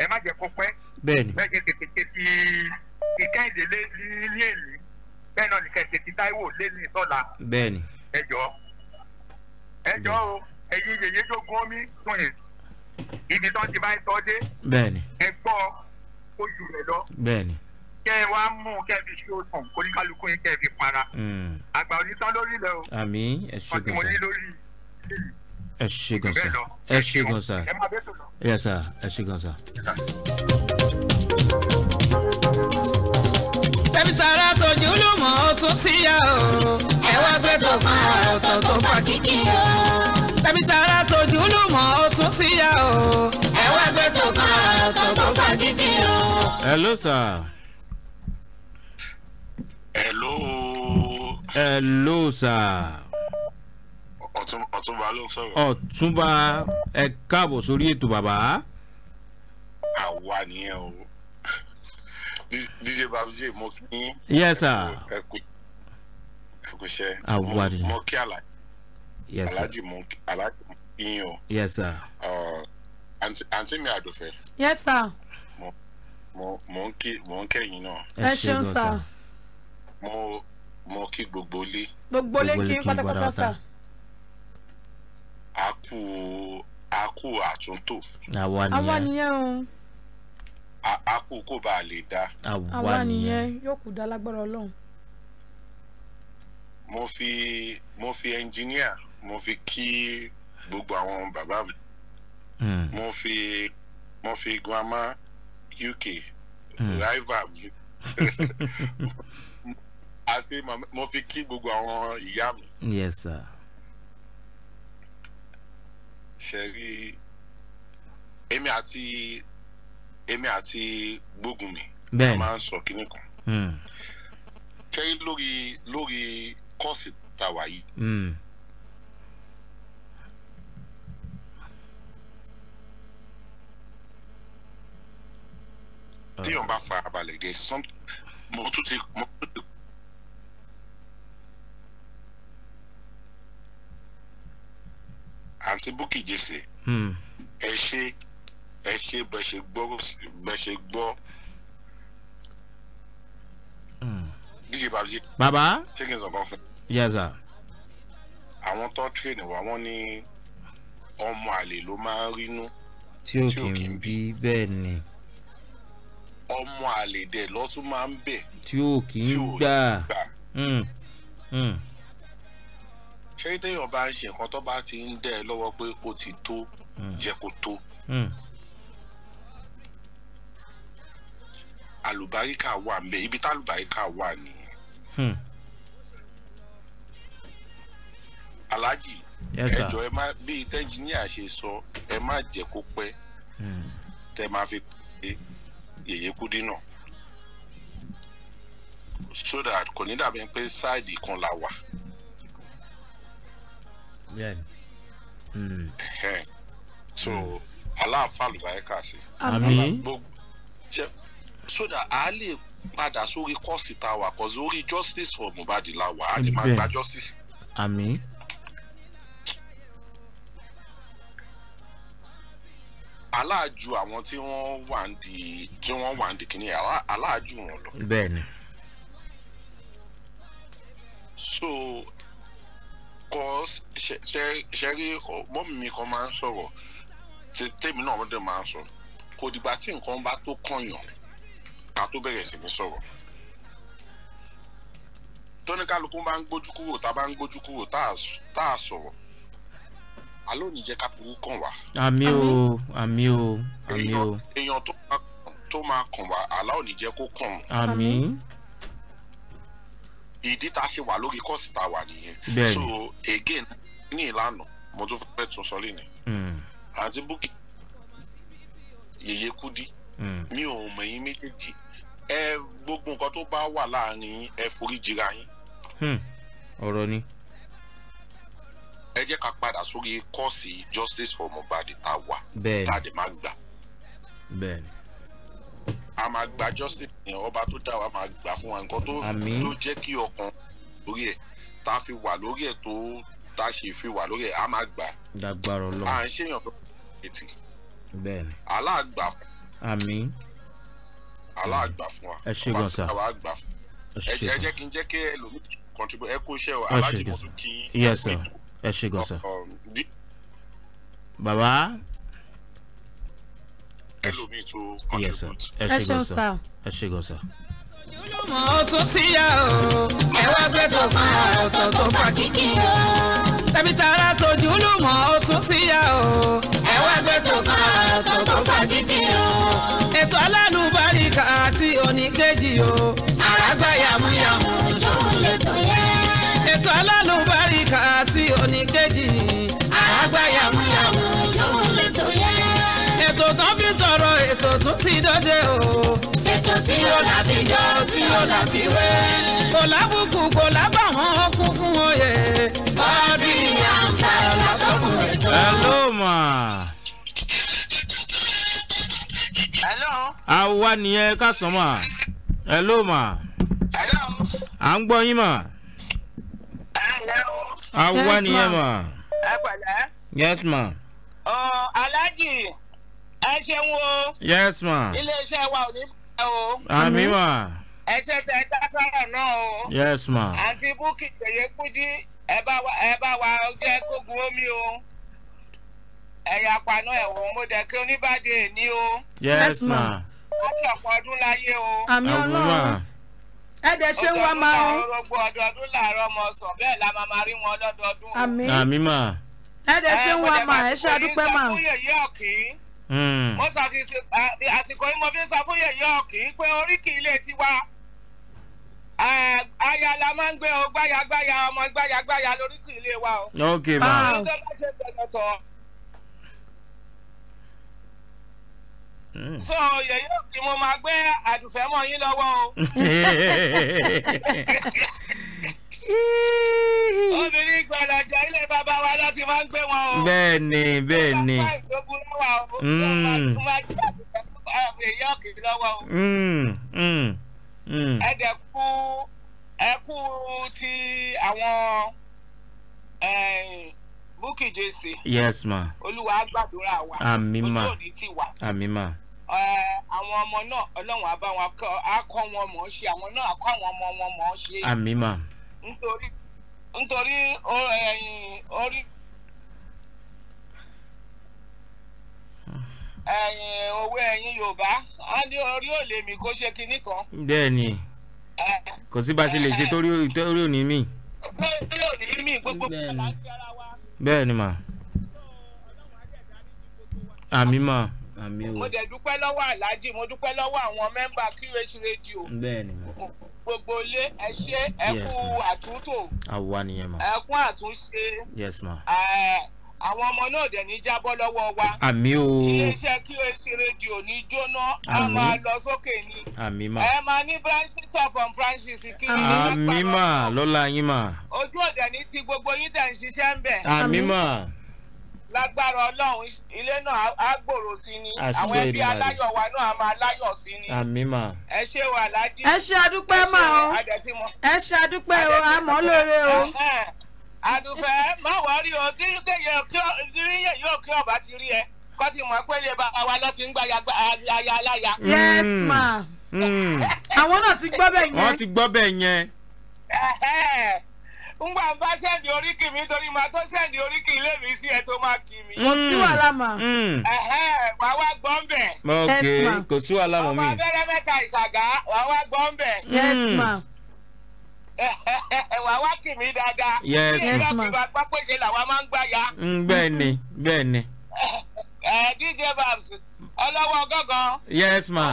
ẹ má jẹ́ kó pẹ́ bẹ́ẹ̀ni bẹ́ẹ̀ jẹ́ tètè ti ìkẹ́hìndé lé ní èlì bẹ́ẹ̀ náà nìkẹ́ tètè táíwò lé ní ìtọ́la bẹ́ẹ̀ni ẹ jọ ẹ jọ o ẹ̀yin yèyé tó gún omi tún yìí ibi tó ti máa ń tọ́ dé bẹ́ẹ̀ni ẹ gbọ́ kó jù lọ bẹ́ẹ̀ni kẹ́ ẹ wá mú kẹ́ ẹ fi ṣe òsàn kó ní kálukú yín kẹ́ ẹ fi para hmm. àgbà onítàn lórí ilẹ̀ o àmì ẹ̀ ṣùgbọ́n ọtí mo ní lórí ilé yìí ẹ ṣe gan sa ẹ ṣe gan sa ẹ sa ẹ ṣe gan sa. tẹ́bí tààrà tójú lùmọ̀ ó tún sí yá o. ẹ wá gbé tó kan ọ̀rọ̀ tó fa kíkì o. tẹ́bí tààrà tójú lùmọ̀ ó tún sí yá o. ẹ wá gbé tó kan ọ̀rọ̀ tó fa kíkì o. hello sir. hello. hello sir ọ̀túnba ló ń sọ̀rọ̀. ọ̀túnba ẹ káàbọ̀ sórí ètò bàbá. àwa nìyẹn o dj babuji mo kí ní. yes sir. ẹ kú ẹ àwa nìyẹn. mo kí àlàjì. yes sir. àlàjì mo kí àlàjì mo kí yín o. yes sir. àǹtí mi àdùfẹ́. yes sir. mo mo ń kẹ́yìn náà. ẹ ṣeun sir. mo mo kí gbogbo ilé. gbogbo ilé kí pátápátá sir. Aku aku a kú àtúntò. àwa nìyẹn àwa nìyẹn a kú kó bá a lè dá. àwa nìyẹn yóò kú dá lágbára ọlọ́run. mo fi mo fi ẹnjìníà mo fi kí gbogbo àwọn bàbá mi. Mm. mo fi mo fi guama uk mm. rival mi àti mo fi kí gbogbo àwọn ìyá mi. yes sir ṣẹ̀rí èmi àti èmi àti gbógunmi a máa ń sọ kínní kan hmm. ṣẹ́rí lórí lórí kọ́ọ̀sì tá a wà yìí. Hmm. téèyàn bá farabalẹ̀ gẹ̀ mo tún ti àǹtí Bukky Jesse hmm. ẹ ṣe ẹ ṣe bẹ ṣe gbọ́ bẹ ṣe hmm. díje babaji. baba ṣé kí n sọ̀kan fún. yes sir. àwọn tó tírèèdì wa wọ́n ní ọmọ àlè ló máa ń rínú. tí ò kì í bí bẹ́ẹ̀ ni. ọmọ àlè dẹ̀ lọ́tún máa ń bẹ̀. tí ò kì í gbà. tí ṣé téèyàn bá ń ṣe nǹkan tó bá ti ń dẹ́ ẹ lọ́wọ́ pé ó ti tó hmm. jẹ́ kó tó hmm. àlùbáríkà wà mbẹ ibi tá àlùbáríkà wà nìyẹn. Hmm. aláàjì ẹjọ ẹ má bí tẹnjiníà ṣe sọ ẹ má jẹ́ kó pẹ́ tẹ máa fi pé yèyé Kúdí náà so that kò ní dàbí pé sáìdì kan la wà. Hmm. Hmm. so hmm. aláàfáà lùbáyé kà sí. àmín. so that a lè padà sórí kọ́ọ̀sì tá a wà kọ́ sórí justice for Mohbad la wà á lè máa gba justice. àmín. aláàjù àwọn tí wọ́n wà ń di tí wọ́n wà ń di kìnìyà aláàjù wọn lọ. bẹ́ẹ̀ni. so because ṣẹ́rí mọ́mì mi kan máa ń sọ̀rọ̀ tèmi náà ọmọdé máa ń sọ kò dìgbà tí nǹkan bá tó kànyàn ká tó bẹ̀rẹ̀ sí ní sọ̀rọ̀ tóníkàlùkù bá ń gbójú kúrò tá a bá ń gbójú kúrò tá a sọ̀rọ̀ àló ní jẹ́ ká burú kàn wá. àmì o àmì o àmì o. èèyàn tó máa kàn wá àlá ò ní jẹ́ kó kàn. àmì ìdí tá a ṣe wà lórí kọ́ọ̀sì tá a wà nìyẹn so again ní ìlànà mo tún fẹ́ tún sọ lẹ́nu hmm. àti búkì yèyé kudi hmm. mi ò mọ̀ yín méjèèjì ẹ gbogbo nǹkan tó bá wà láàrin yín ẹ forí jìra yín. Hmm. ọ̀rọ̀ ni. ẹ jẹ́ ká padà sórí kọ́ọ̀sì justice for mohbad tá a wà tá a dẹ̀ máa gbà. bẹ́ẹ̀ni a máa gba justice yẹn ọba tó dá wa máa gbà fún wa nǹkan tó ló jẹ́ kí ọkàn lórí ẹ̀ tá a fi wà lórí ẹ̀ tó tá a ṣe fi wà lórí ẹ̀ a máa gbà. dàgbàrọ lọ à ń ṣèyàn tó kọ ètì. bẹ́ẹ̀ni. aláàgbà fún. àmín. aláàgbà fún wa. ẹ ṣe gan sa ọba tó dá wa gbà fún. ẹ jẹ́ kí n jẹ́ kí ẹlòmíì contribute ẹ kó iṣẹ́ o aláàjì mọ́tò kí n. yes sir ẹ ṣe gan sa. baba. Yes, sir. contribute. ẹ ṣeun sá ẹ ṣeun sá. ẹ wá gbé tó kan ọ̀rọ̀ tó fa kíkì o. tẹ̀bí tara tójú olùmọ̀ ó tún ti yá o ẹ wá gbé tó kan ọ̀rọ̀ tó fa kíkì o. ètò alálùbáríkà àti oníkejì o. àràgbá yàmúyàmú. tuntun ti dọ́dẹ o. ètò tí ó làbíjọ́ tí ó làbíwé. kò lábùkù kò lábà wọn kún fún oyè. bọ́ọ̀dì àǹtà látọkùn ètò. hello ma. hello. àwa nìyẹn ká sọ ma. hello ma. hello. à ń gbọ́ yín ma. hello. àwa nìyẹn ma. ẹ pẹ̀lẹ́. yes ma. ọ̀ alájì ẹ ṣeun o. yes ma. iléeṣẹ́ wa ò ní bẹ̀rẹ̀ o. àmì ma. ẹ ṣe tẹ dására náà o. yes ma. àti búkì tẹ̀yẹ kúdí ẹ bá wa ẹ bá wa jẹ́ kógun omi o. ẹ̀yà paná ẹ̀wọ̀n mo dẹ̀ kí oníbàdí èní o. yes ma. a ṣe ọ̀pọ̀ ọdún láyé o. àmì ọlọ́run ẹ dẹ̀ ṣe wá máa o. ọgbọ̀n ọdọọdún làárọ̀ ọmọ sọ bẹ́ẹ̀ la máa rí wọn lọ́dọọdún. àmì ma. ẹ dẹ̀ ṣe wá máa ẹ ṣe àdúpẹ́ máa. ẹ mo dẹ̀ máa kó yẹ̀yẹ́ ọ̀kìn mo hmm. àsìkò yìí mo fi sọ fún yẹ̀yọ́ kì í pé oríkì ilé tiwa ayala máa ń gbé o gbáyagbáya ọmọ gbáyagbáya lóríkì ilé wa o. ok ma. báwo ló bá ṣe gbẹdọ̀ tọ̀. Hmm. so yẹ̀yọ́ kì í mo máa gbé àdùfẹ́ mọ́ yín lọ́wọ́ o. (laughs) obìnrin gbàdàjà ilé bàbá wa ló ti máa ń gbé wọn o. bẹ́ẹ̀ ni bẹ́ẹ̀ ni. ẹ dẹ̀ kú ẹ kú ti àwọn eh, Bukky Jesse. yes ma. olúwa gbàdúrà wa. àmín ma ojú òní ti wà. àmín ma eh, àwọn ọmọ náà ọlọ́run á bá wọn mọ̀ ọ́ ṣe àwọn náà á àwọn ọmọ wọn mọ̀ ọ́ ṣe. àmín mà nítorí nítorí ẹ̀yìn orí ẹ̀yìn òwe ẹ̀yìn Yorùbá á ní orí òlè mi kó ṣe kinní kan. bẹ́ẹ̀ni kò sí bá a ṣe lè ṣe torí òní mi. torí òní mi gbogbo bẹ́ẹ̀ni ma àmì ma mo dẹ̀ dúpẹ́ lọ́wọ́ aláàjì mo dúpẹ́ lọ́wọ́ àwọn mẹ́mbà QH radio gbogbo ilé ẹ ṣe ẹ àtúntò ẹ kú àtúnṣe àwọn ọmọ náà dẹ̀ ní jábọ́ lọ́wọ́ wa àmì QH radio ní jóná a máa lọ sókè ni ẹ máa ní branches of on branches kí ni àmì mà lọ́la ojú ọ̀dẹ̀ ní ti gbogbo yín tẹ̀ ń ṣiṣẹ́ ń bẹ̀ lágbára ọlọ́run ilé náà á gbòòrò sí ni àwọn ẹbí aláyọ̀ wa náà á máa láyọ̀ sí ni. àmì mà. ẹ ṣe wà lájí. ẹ ṣe àdúpẹ́ mà o ẹ ṣe àdúpẹ́ o àmọ́ lóore o. àdùfẹ́ má wọ́n rí o tí yíyẹ yóò kí ọba ti rí ẹ kọ́ ti mọ̀ pé lè bá wa lọ ti gba aya aláya. yes ma mm. Mm. àwọn náà ti gbọ́ bẹ́ẹ̀ yẹn. wọ́n ti gbọ́ bẹ́ẹ̀ yẹn ngbà bá sẹ́ndì oríkì mi torí màá tó sẹ́ndì oríkì ilé mi sí ẹ tó máa kì mí. Mm, mm. kò sí wàhálà mà. wà á wá gbọ́n bẹ̀. ok kò sí wàhálà mọ̀ mi. ọmọ abẹ́rẹ́ mẹ́ta ìṣàgá wà á wá gbọ́n bẹ̀. yes mm. ma. wà á wá kì mí dáadáa. yes ma. ìgbà tí wàá gbọ́ pèsè làwọn máa ń gbà bẹ́ẹ̀ ni bẹ́ẹ̀ ni. (laughs) Eh, eh, eh, DJ Babs ọlọ́wọ́ gángan. yes ma.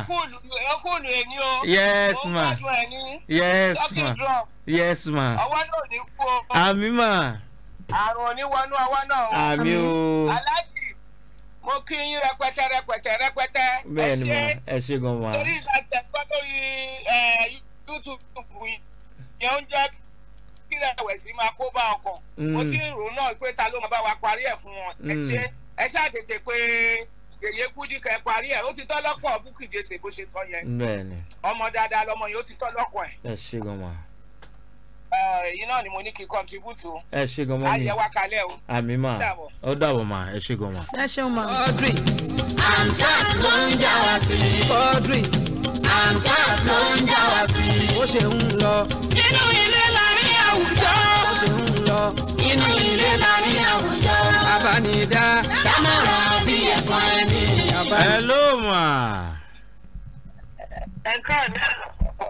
okùnlù ẹni o. yes ma. okùnlù ẹni. yes ma. talking drum. yes ma. ọwọ́ náà ní kú o. àmì ma. àrùn ò ní wọnú ọwọ́ náà o. àmì o. aláàjì mo kí yín rẹpẹtẹ rẹpẹtẹ rẹpẹtẹ. bẹ́ẹ̀ni ma ẹ ṣe gan ma. torí ìlànà ẹ̀kọ́ lórí youtube yẹn ń jẹ́ kí rẹ̀wẹ̀sì máa kó bá ọkàn. mo mm. ti rò náà pé ta ló máa bá wa parí ẹ̀ fún wọn. ẹ mm. ṣe ẹ ṣáà tètè pé yèyé kudi kẹ parí ẹ ó ti tọ́ lọ́kọ̀ bó ṣe sọ yẹn ọmọ dáadáa lọmọ yìí ó ti tọ́ lọ́kọ̀ ẹ ṣe gan èyí náà ni mo ní kí contribute o. ẹ ṣe gan ma mi ayẹwo akalẹ o. àmì ma ó dàbọ̀ ma ẹ ṣe gan ẹ ṣeun ma. Quadri Hamzat ló ń já wa sí i. Quadri Hamzat ló ń já wa sí i. ó ṣe ń lọ. inú ilé la rí àwùjọ. ó ṣe ń lọ. inú ilé la rí àwùjọ. abánidá. dámọ̀ràn hello ma. ẹ káàdà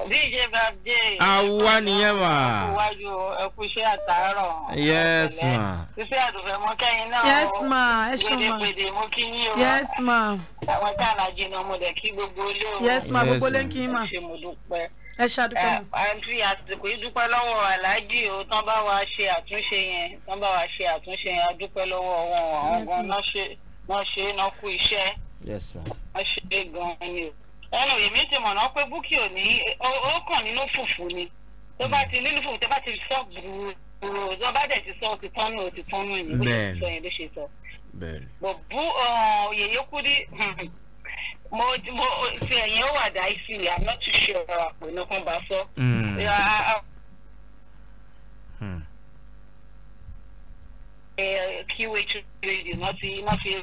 bíjẹ bá dé. àwa nìyẹn ma. iwájú ẹkú iṣẹ́ àtàárọ̀. yes ma. iṣẹ́ àdùfẹ́ mọ́ kẹ́yìn náà. yes ma ẹ ṣe ma. gbèdégbèdé mo kí yín o. yes ma. àwọn tá a la jìnnà mo dẹ̀ kí gbogbo ilé o. yes ma gbogbo ilé ń kí ma. ṣe mo dúpẹ́ ẹ ṣàdúpẹ́ mọ́. àǹtí àsìkò yìí dúpẹ́ lọ́wọ́ aláàjì o tán bá wa ṣe àtúnṣe yẹn tán bá wa ṣe àtúnṣe yẹn a dúpẹ́ lọ́wọ́ wọn àwọn gan náà ṣe wọ́n ṣe é náà kú iṣẹ́ wọ́n ṣe é gan-an ni o ẹnu èmi ti mọ̀nà pé búkì ò ní ó kàn nínú fùfù ni tó bá ti nínú fùfù tó bá ti sọ gbùrù tó bá dẹ̀ ti sọ ó ti tọ́nù ó ti tọ́nù ẹ̀ ní bó ti sọ yẹn ló ṣe sọ bọ̀ bú yèyé kú dí mo mo ti ẹ̀yìn ó wà dá sí i i'm not too sure àpò iná kan bá sọ. QH hmm. hmm. eh, radio náà ti náà fi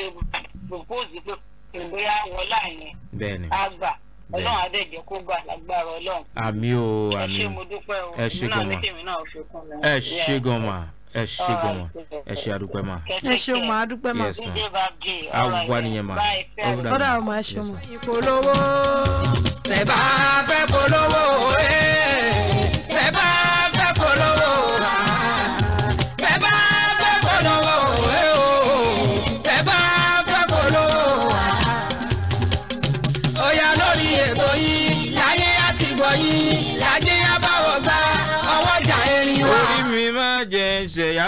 ṣe propose pé ìgbéyà wọlá yẹn bẹ́ẹ̀ni á gbà ọlọ́run adẹ́jẹ́ kó gbà lágbára ọlọ́run. àmì o àmì o ẹ ṣe mo dúpẹ́ ẹ ṣe gọmọ ẹ ṣe gọmọ ẹ ẹ ṣe adúpẹ́ ma. ẹ ṣe ma adúpẹ́ ma. yes ma a wà nìyẹn ma ọ̀dà àwọn ma ṣe ma. ìpolówó tẹ̀ bá fẹ́ polówó ẹ̀. Eh.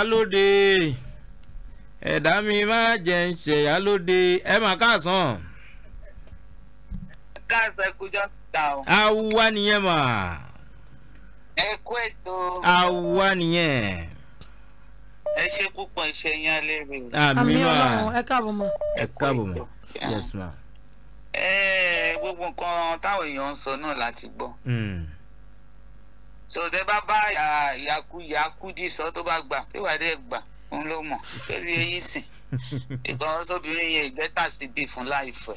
ṣèyálóde ẹ̀dá mi má jẹ́ ń ṣèyálóde ẹ mà káàsán. káàsán kújọ́ ta o. àwa nìyẹn mà. ẹ kú ètò. àwa nìyẹn. ẹ ṣe púpọ̀ ṣe yan lérè. àmì ọlọ́run ẹ káàbọ̀ mọ́. ẹ káàbọ̀ mọ́ yes ma. ẹ gbogbo nǹkan táwọn èèyàn ń sọ náà láti gbọ́. Hmm so tẹ bá bá yaku yakudi sọ tó bá gbà tí wàá dé gbà òun ló mọ tó ti yẹ yìí sìn (laughs) ìkànnì sóbìnrin yẹn ìgbẹ́ta sí bí fún láìfẹ́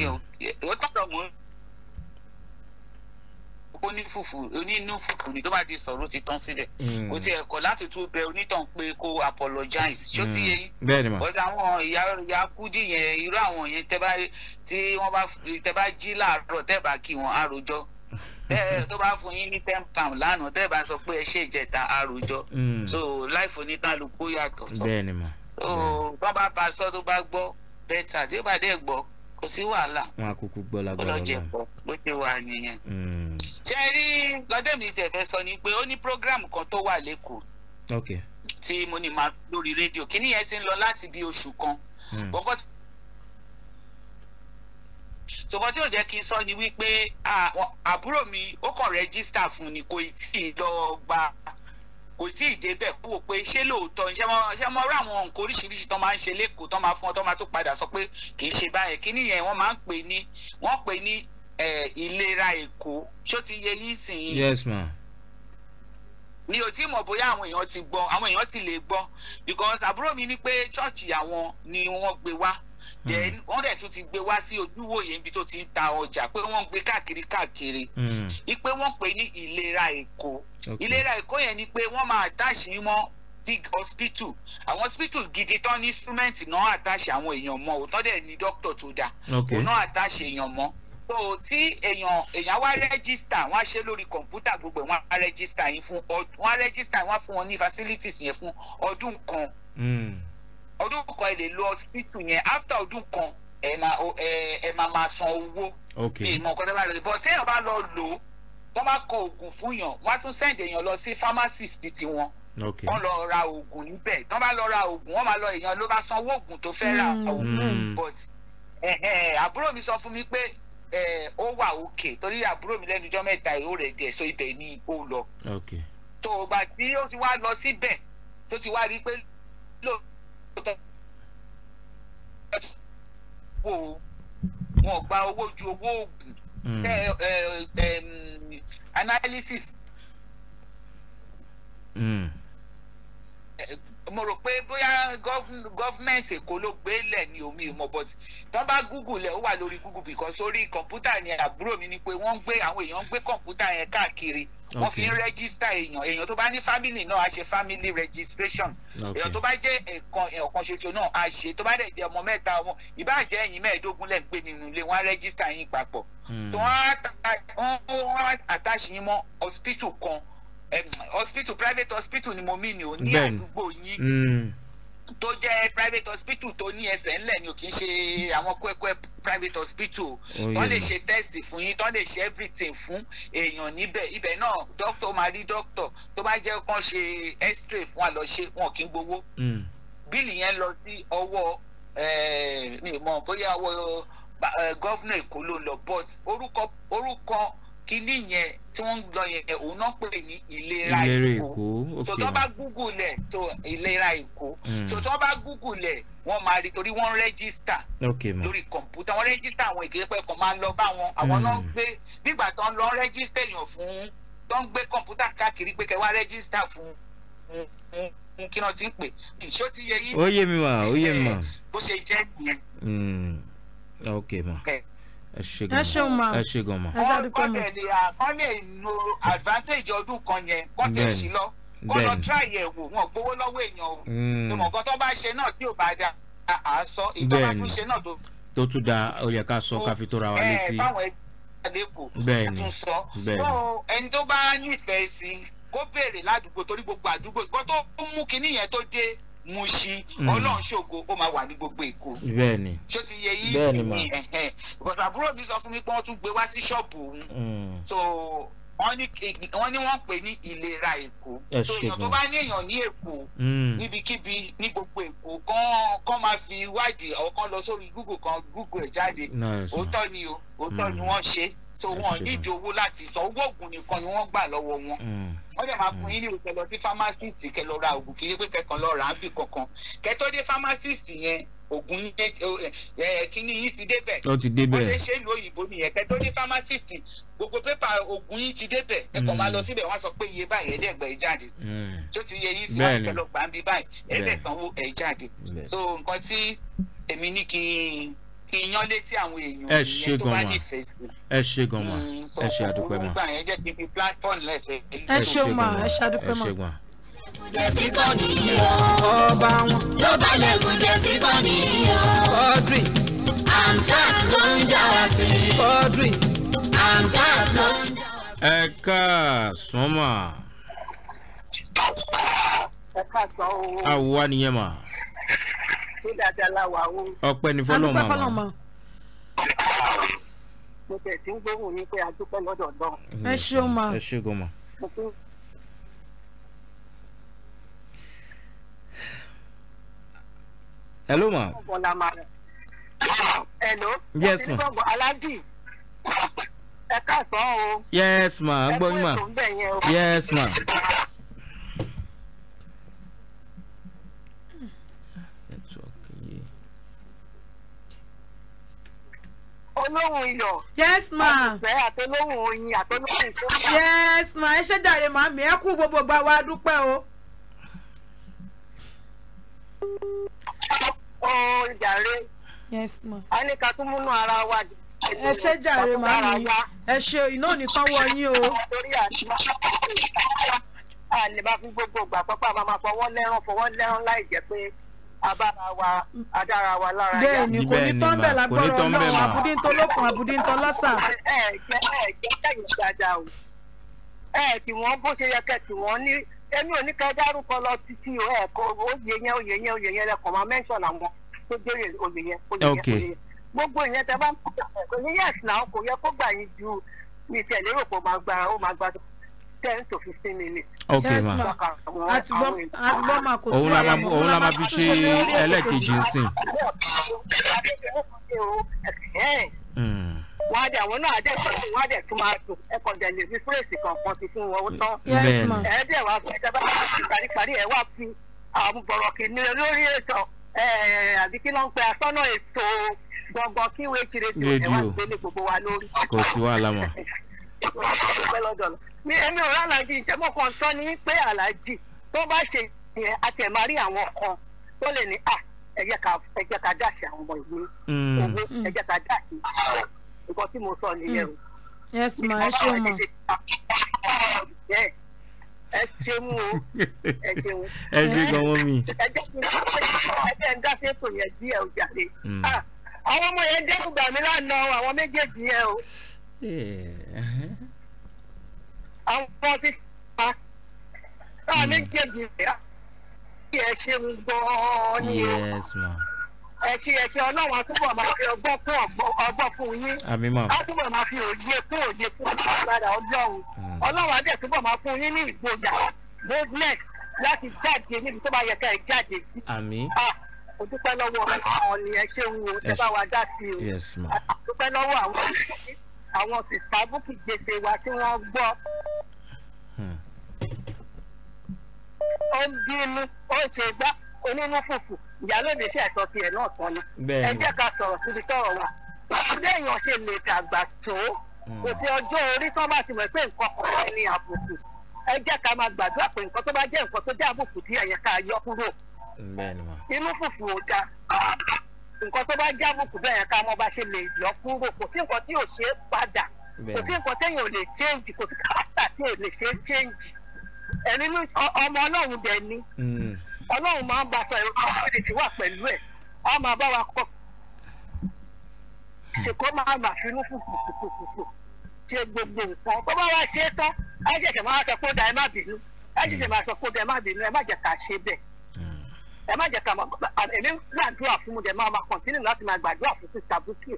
yóò hmm. tọ̀tọ̀ mú onífùfù onínúfùfù ni tó bá ti sọ̀rọ̀ ti tán sílẹ̀ kò hmm. tí ẹ̀ kọ̀ láti tún bẹ onítàn pé kó apologize ṣó ti yẹ hmm. yín bọ́dà àwọn ìyá ìyá kúdì yẹn irú àwọn yẹn tẹ́ bá jí láàárọ̀ tẹ́ bá kí wọn àròjọ tẹ tó bá fún yín ní ten pound lánàá tẹ bá sọ pé ẹ ṣe ìjẹta àròjọ mm. so láìfò ní kálukú yàtọ̀ tọ̀ so tó bá bá sọ tó bá gbọ́ bẹ́tà tí ó bá dẹ̀ gbọ́ kò sí wàhálà wọn àkókò gbọ́ lágbára ọlọ́jẹ̀ pọ̀ bó ṣe wà nìyẹn. Mm. ṣe rí lọ́dẹ̀ mi tẹ̀fẹ́ sọ ni pé ó ní program kan tó wà lẹ́kọ̀ọ́ tí mo ní máa lórí rédíò kíní ti ń lọ láti bí oṣù kan mm. bọ́kọ́ ṣùgbọ́n tí ò jẹ́ kí n sọ ni wípé àbúrò mi ó kàn rẹ́gísítà fún ni kò tí ì lọ gba kò tí ì débẹ̀ kó wò pé ṣé lóòótọ́ ṣé mo ṣé mo rí àwọn nǹkan oríṣiríṣi tó máa ń ṣe lẹ́kọ̀ọ́ tó máa fún ọ tó máa tó padà sọ pé kì í ṣe báyẹn kíní yẹn wọ́n máa ń pè ní wọ́n pè ní ìlera èkó ṣó ti yẹ yín sìn yín. yes ma. mi ò tí mọ̀ bóyá àwọn èèyàn ti gbọ́ àwọn èèyàn ti lè gbọ́ because àbúrò mi ní pé ṣọ́ọ̀ṣì àwọn ni wọ́n gbé wá then wọ́n dẹ̀ tún ti gbé wá sí ojúwòye ibi tó ti ń ta ọjà pé wọ́n ń gbé káàkiri káàkiri ipe hmm. wọ́n pè ní ìlera èkó ìlera èkó yẹn ni pé wọ́n máa dáṣì mọ́ big hospital àwọn hospital gidi tán ní instrument náà àtàṣe àwọn èèyàn mọ́ òótọ́ dẹ̀ ní doctor tó dáa òun náà àtàṣe èèyàn mọ́ so tí èèyàn èèyàn wá rẹ́gísítà wọ́n á ṣe lórí kọ̀ǹpútà gbogbo wọ́n á rẹ́gísítà yín fún wọ́n á rẹ́gísítà wọ́n á fún wọn ní facilities yẹn fún ọdún kan. Hmm ọdún kan ẹ lè lọ hospital yẹn after ọdún kan ẹ máa ẹ ẹ máa máa san owó. ok ní ìmọ̀ nǹkan tó bá but téèyàn bá lọ lò ó wọ́n bá kọ oògùn fún yàn wọ́n á tún send èèyàn lọ sí pharmacist tiwọn. ok wọ́n lọ ra oògùn níbẹ̀ tó bá lọ ra oògùn wọ́n máa lọ èèyàn ló bá san owó oògùn tó fẹ́ ra oògùn hmm. but hmm. Eh, eh, àbúrò mi sọ fún mi pé eh, ó wà òkè torí àbúrò mi lẹ́nu ọjọ́ mẹ́ta ìhó rẹ̀ díẹ̀ so ibẹ̀ ni ó lọ. ok tó o gbà tí ó ti wá lọ síbẹ̀ tó ti wá rí pé lóòótọ́ owó wọn gba owó ju owó oògùn hmm. ẹ ẹ analysis. Hmm mo rò pé bóyá gọ́fìmẹ̀ntì èkó ló gbé lẹ̀ ní omi ìmọ̀ but tán bá google ẹ̀ ó wà lórí google because orí kọ̀ǹpútà ni àbúrò mi ni pé wọ́n ń gbé àwọn èèyàn ń gbé kọ̀ǹpútà yẹn káàkiri wọ́n fi ń rẹ́gísítà èèyàn èèyàn tó bá ní family náà á ṣe family registration èèyàn tó bá jẹ́ ẹ̀kan ẹ̀kan ṣoṣo náà á ṣe tó bá dẹ̀ jẹ́ ọmọ mẹ́ta ọmọ ìbáàjẹ́ ẹ̀yìn mẹ́ẹ̀ẹ́dógún lẹ̀ ń gbé nínú ilé wọ́n á rẹ́gísítà yín papọ̀ hmm. so wọ́n á àtàṣe yín mọ́ hospital kan hospital private hospital ni mo mí ni o ní àdúgbò yín mm. tó jẹ́ private hospital tó ní ẹsẹ̀ ńlẹ̀ ni ò kì í ṣe àwọn kwẹ́kwẹ́ private hospital tó lè ṣe test fún yín tó lè ṣe everything fún èèyàn níbẹ̀ ibẹ̀ náà doctor máa rí doctor tó bá jẹ́ kán ṣe x-ray fún wa lọ ṣe wọn kì í gbowó mm. bíìlì yẹn lọ sí ọwọ́ eh, mi mọ̀ bóyá ọwọ́ eh, gọ́vnà èkó ló lọ but orúkọ kínní yẹn tí wọ́n ń lọ yẹn òun náà pè ní ìlera èkó so tó bá google ẹ̀ tó ìlera èkó hmm. so tó bá google ẹ̀ wọ́n máa rí torí wọ́n rẹ́gísítà lórí kọ̀ǹpútà wọ́n rẹ́gísítà àwọn ìkéèpẹ́ kan máa ń lọ bá wọn àwọn hmm. náà ń gbé nígbà tó ń lọ rẹ́gísítà èèyàn fún tó ń gbé kọ̀ǹpútà káàkiri pé kẹ́ rẹ́gísítà fún n kí náà ti ń pè ṣó ti yẹ yìí. ó yé mi wá ó yé mi wá. bó ṣe jẹ́ nìyẹn. Hmm. ok ma. Okay ẹ ṣe gan ma ẹ ṣe gan ma. wọ́n lè wọ́n lè lo advantage ọdún kan yẹn kọ́tẹ̀sì lọ wọ́n lọ try ẹ̀ wò wọ́n gbowó lọ́wọ́ èèyàn o tòmọ̀gán hmm. tó bá ṣe náà tí ò bá da à á sọ ìtọ́ba tún ṣe náà tó. tó tún da ó ká sọ ká fi tóra wa létí. bẹ́ẹ̀ni bẹ́ẹ̀ni. ẹni tó bá nífẹ̀ẹ́ sí kó béèrè ládùúgbò torí gbogbo àdúgbò ìgbọ́ tó mú kinní yẹn tó dé Muṣin mm. Ọlọ́run ṣògo ó máa wà ní gbogbo Èkó ṣó ti yẹ yí ẹ̀hẹ̀ bọ̀dọ̀ àbúrò mi sọ fún mi pé wọ́n tún gbé wá sí ṣọ́ọ̀bù òun mm. so wọ́n ní wọ́n pè ní ìlera Èkó so èèyàn tó bá ní èèyàn ní Èkó mm. níbikíbi ní gbogbo Èkó kán máa fi wádìí ọ̀kan lọ sórí Google kan Google ẹ̀ jáde òótọ́ ni o òótọ́ ni wọ́n ṣe so wọn nídìí owó láti sọ owó oògùn nìkan ni wọ́n gbà lọ́wọ́ wọn hmm. wọ́n dẹ̀ máa fún hmm. yín ní òkè lọ sí pharmacist kẹ́ lọ ra oògùn kì í pé kẹkàn lọ rà á bì kankan kẹ́ tó dé pharmacist yẹn oògùn kíní yìí ti débẹ̀ ó ti débẹ̀ ó ṣe ṣe ìlú òyìnbó nìyẹn kẹ́ tó dé pharmacist gbogbo pépà oògùn yìí ti débẹ̀ ẹ kàn máa lọ hmm. síbẹ̀ wọ́n sọ pé iye báyìí ẹ̀ẹ́dẹ́gbẹ̀ ẹ̀ jáde tó ti yẹ yín sí wọn kẹ́ lọ gbà ń bí báyìí ẹ̀ẹ́dẹ́gbẹ̀ ẹ̀ jáde so nǹkan tí èmi ní kí n ìyan létí àwọn èèyàn ìyẹn tó bá nífẹ̀ẹ́ sí. ẹ ṣe gan ma mm, ẹ ṣe àdúpẹ́ ma. ẹ ṣe ma ẹ ṣe àdúpẹ́ ma. ẹ ṣe gan. desi kan nìyí o. ọba wọn. ló bá lẹ́gùn desi kan nìyí o. Quadri. Hamzat ló ń dá wa sí. Quadri. Hamzat ló ń dá wa sí. ẹ ká sọmọ. ẹ ká sọ owó. àwa nìyẹn ma ṣé dáadáa la wà o. ọpẹ́ ní fọlọ́mọ wa mo tẹ̀ sí ń gbóhùn ní pé a dúpẹ́ lọ́dọ̀ náà. ẹ ṣeun ma ẹ ṣeun ma. hello ma. hello. yes ma. aláàjì ẹ káàsán o. yes ma gbọ́ yín ma. yes ma. àtọlóhùn iyọ̀. yes ma. ọ̀sẹ̀ àtọlóhùn oyin àtọlóhùn ìkókò. yes ma ẹ ṣe jàre màmí ẹ kú gbogbo gba wa dúpẹ́ o. ó jàre. yes ma. a ní ká tún múnú ara wa dùn ẹ ṣe jàre màmí ẹ ṣe iná nìkan wọ yín o. àlè bá fún gbogbo ìgbà pápá máa fọwọ́ lẹ́rán fọwọ́ lẹ́rán láì jẹ́ pé abárawa adárawa lára yá. ya ni kò ní tán bẹ́ẹ̀ lágbọ́rọ̀ ọlọ́run àbúdíntàn lókun àbúdíntàn lọ́sà. ẹ ẹ jẹ ẹ jẹ kẹyìn dáadáa o ẹ tí wọn bó ṣe yẹ kẹ tí wọn ní èmi ò dárúkọ lọ títí o ẹ kọ oyè yẹn oyè yẹn oyè yẹn lẹkọọ máa àwọn gbogbo ìyẹn tẹ bá ń yẹ kó gbà yín ju mi máa ó máa ten to fifteen minutes. ok yes, ma àtìgbọ́ máa kò sí ọ̀rọ̀ òun la máa fi ṣe ẹlẹ́ẹ̀kejì nsìn. Hmm. wọ́n á dẹ̀ àwọn náà dẹ̀ sọ̀rọ̀ wọ́n á dẹ̀ tún máa tún ẹ̀kọ́ dẹ̀ lè fi fúrèsì kankan ti fún wọn tán. ẹ̀ dẹ̀ wá fún ẹ̀dá bá ti paríparí ẹ̀ wá fi àwọn bọ̀rọ̀ kìíní lórí ètò àbí kí ló ń pe asọ́nà ètò gbọ̀ngàn kí wọ́n ti rédíò ẹ̀ wá gbélé gbogbo wa lórí. kò sí wàhálà mọ́. ìpínlẹ̀ mi èmi ò kan tọ́ ní pé alájì tó bá ṣe yẹn àwọn kan tó lè ní à ah, ẹ̀jẹ̀ ká ẹ̀jẹ̀ ká dáṣì àwọn ọmọ ìlú mm. ẹ̀jẹ̀ ká nǹkan tí mo sọ nìyẹn o. ẹ ṣe mọ. ẹ ṣe mú o ẹ ṣe mú. ẹ ṣe gan wọn mi. dá àwọn ti fa náà ní hmm. kejì rẹ̀ kí ẹ ṣe ń gbọ́ o ẹ ṣe ẹ ṣe ọlọ́run àtúbọ̀ máa fi ọgbọ́n fún ọgbọ́n fún yín àtúbọ̀ máa fi òye fún òye fún ọ̀padà ọlọ́run hmm. ọlọ́run àdé àtúbọ̀ máa fún yín ní ìgboyà boldness láti jáde níbi tó bá yẹ ká ẹ jáde sí o dúpẹ́ lọ́wọ́ àwọn ni ẹ ṣe ń bá wa dá sí o a dúpẹ́ lọ́wọ́ àwọn àwọn sìsà búkì gbèsè wa tí wọ́n gbọ́. Hmm. ó ń bínú ó ń ṣe gbá onínú fùfù ìyálóde ṣe ẹ̀tọ́ tiẹ̀ náà tán ni ẹ jẹ́ ká sọ̀rọ̀ síbi tọ́rọ̀ wa bẹ́ẹ̀yàn ṣe lè dàgbà tó hmm. kò sí ọjọ́ orí tán bá ti mọ̀ pé nǹkan kan ní àbùkù ẹ jẹ́ ká máa gbàdúrà pé nǹkan tó bá jẹ́ nǹkan tó jẹ́ àbùkù tí ẹ̀yẹ ká yọ kúrò inú fùfù ò dáa. nǹkan tó bá jábùkù bẹ́ẹ̀ yẹn ká mọ̀ bá ṣe lè yọ kúrò kò sí nǹkan tí ò ṣe é padà kò sí nǹkan change kò sí káàtà tí ò lè ṣe change ẹni ní ọmọ ọlọ́run dẹ̀ ni hmm. ọlọ́run máa ń bá sọ ẹ̀rọ káwọn ti wà pẹ̀lú ẹ̀ máa bá wa kọ́ gbogbo nǹkan tó bá wá ṣe é tán ṣẹ̀ṣẹ̀ máa sọ ẹ má bínú ẹ má jẹ́ ká èmi gbàdúrà fún mu dẹ̀ máa máa kọ̀ntínú láti máa gbàdúrà fún sísá búkì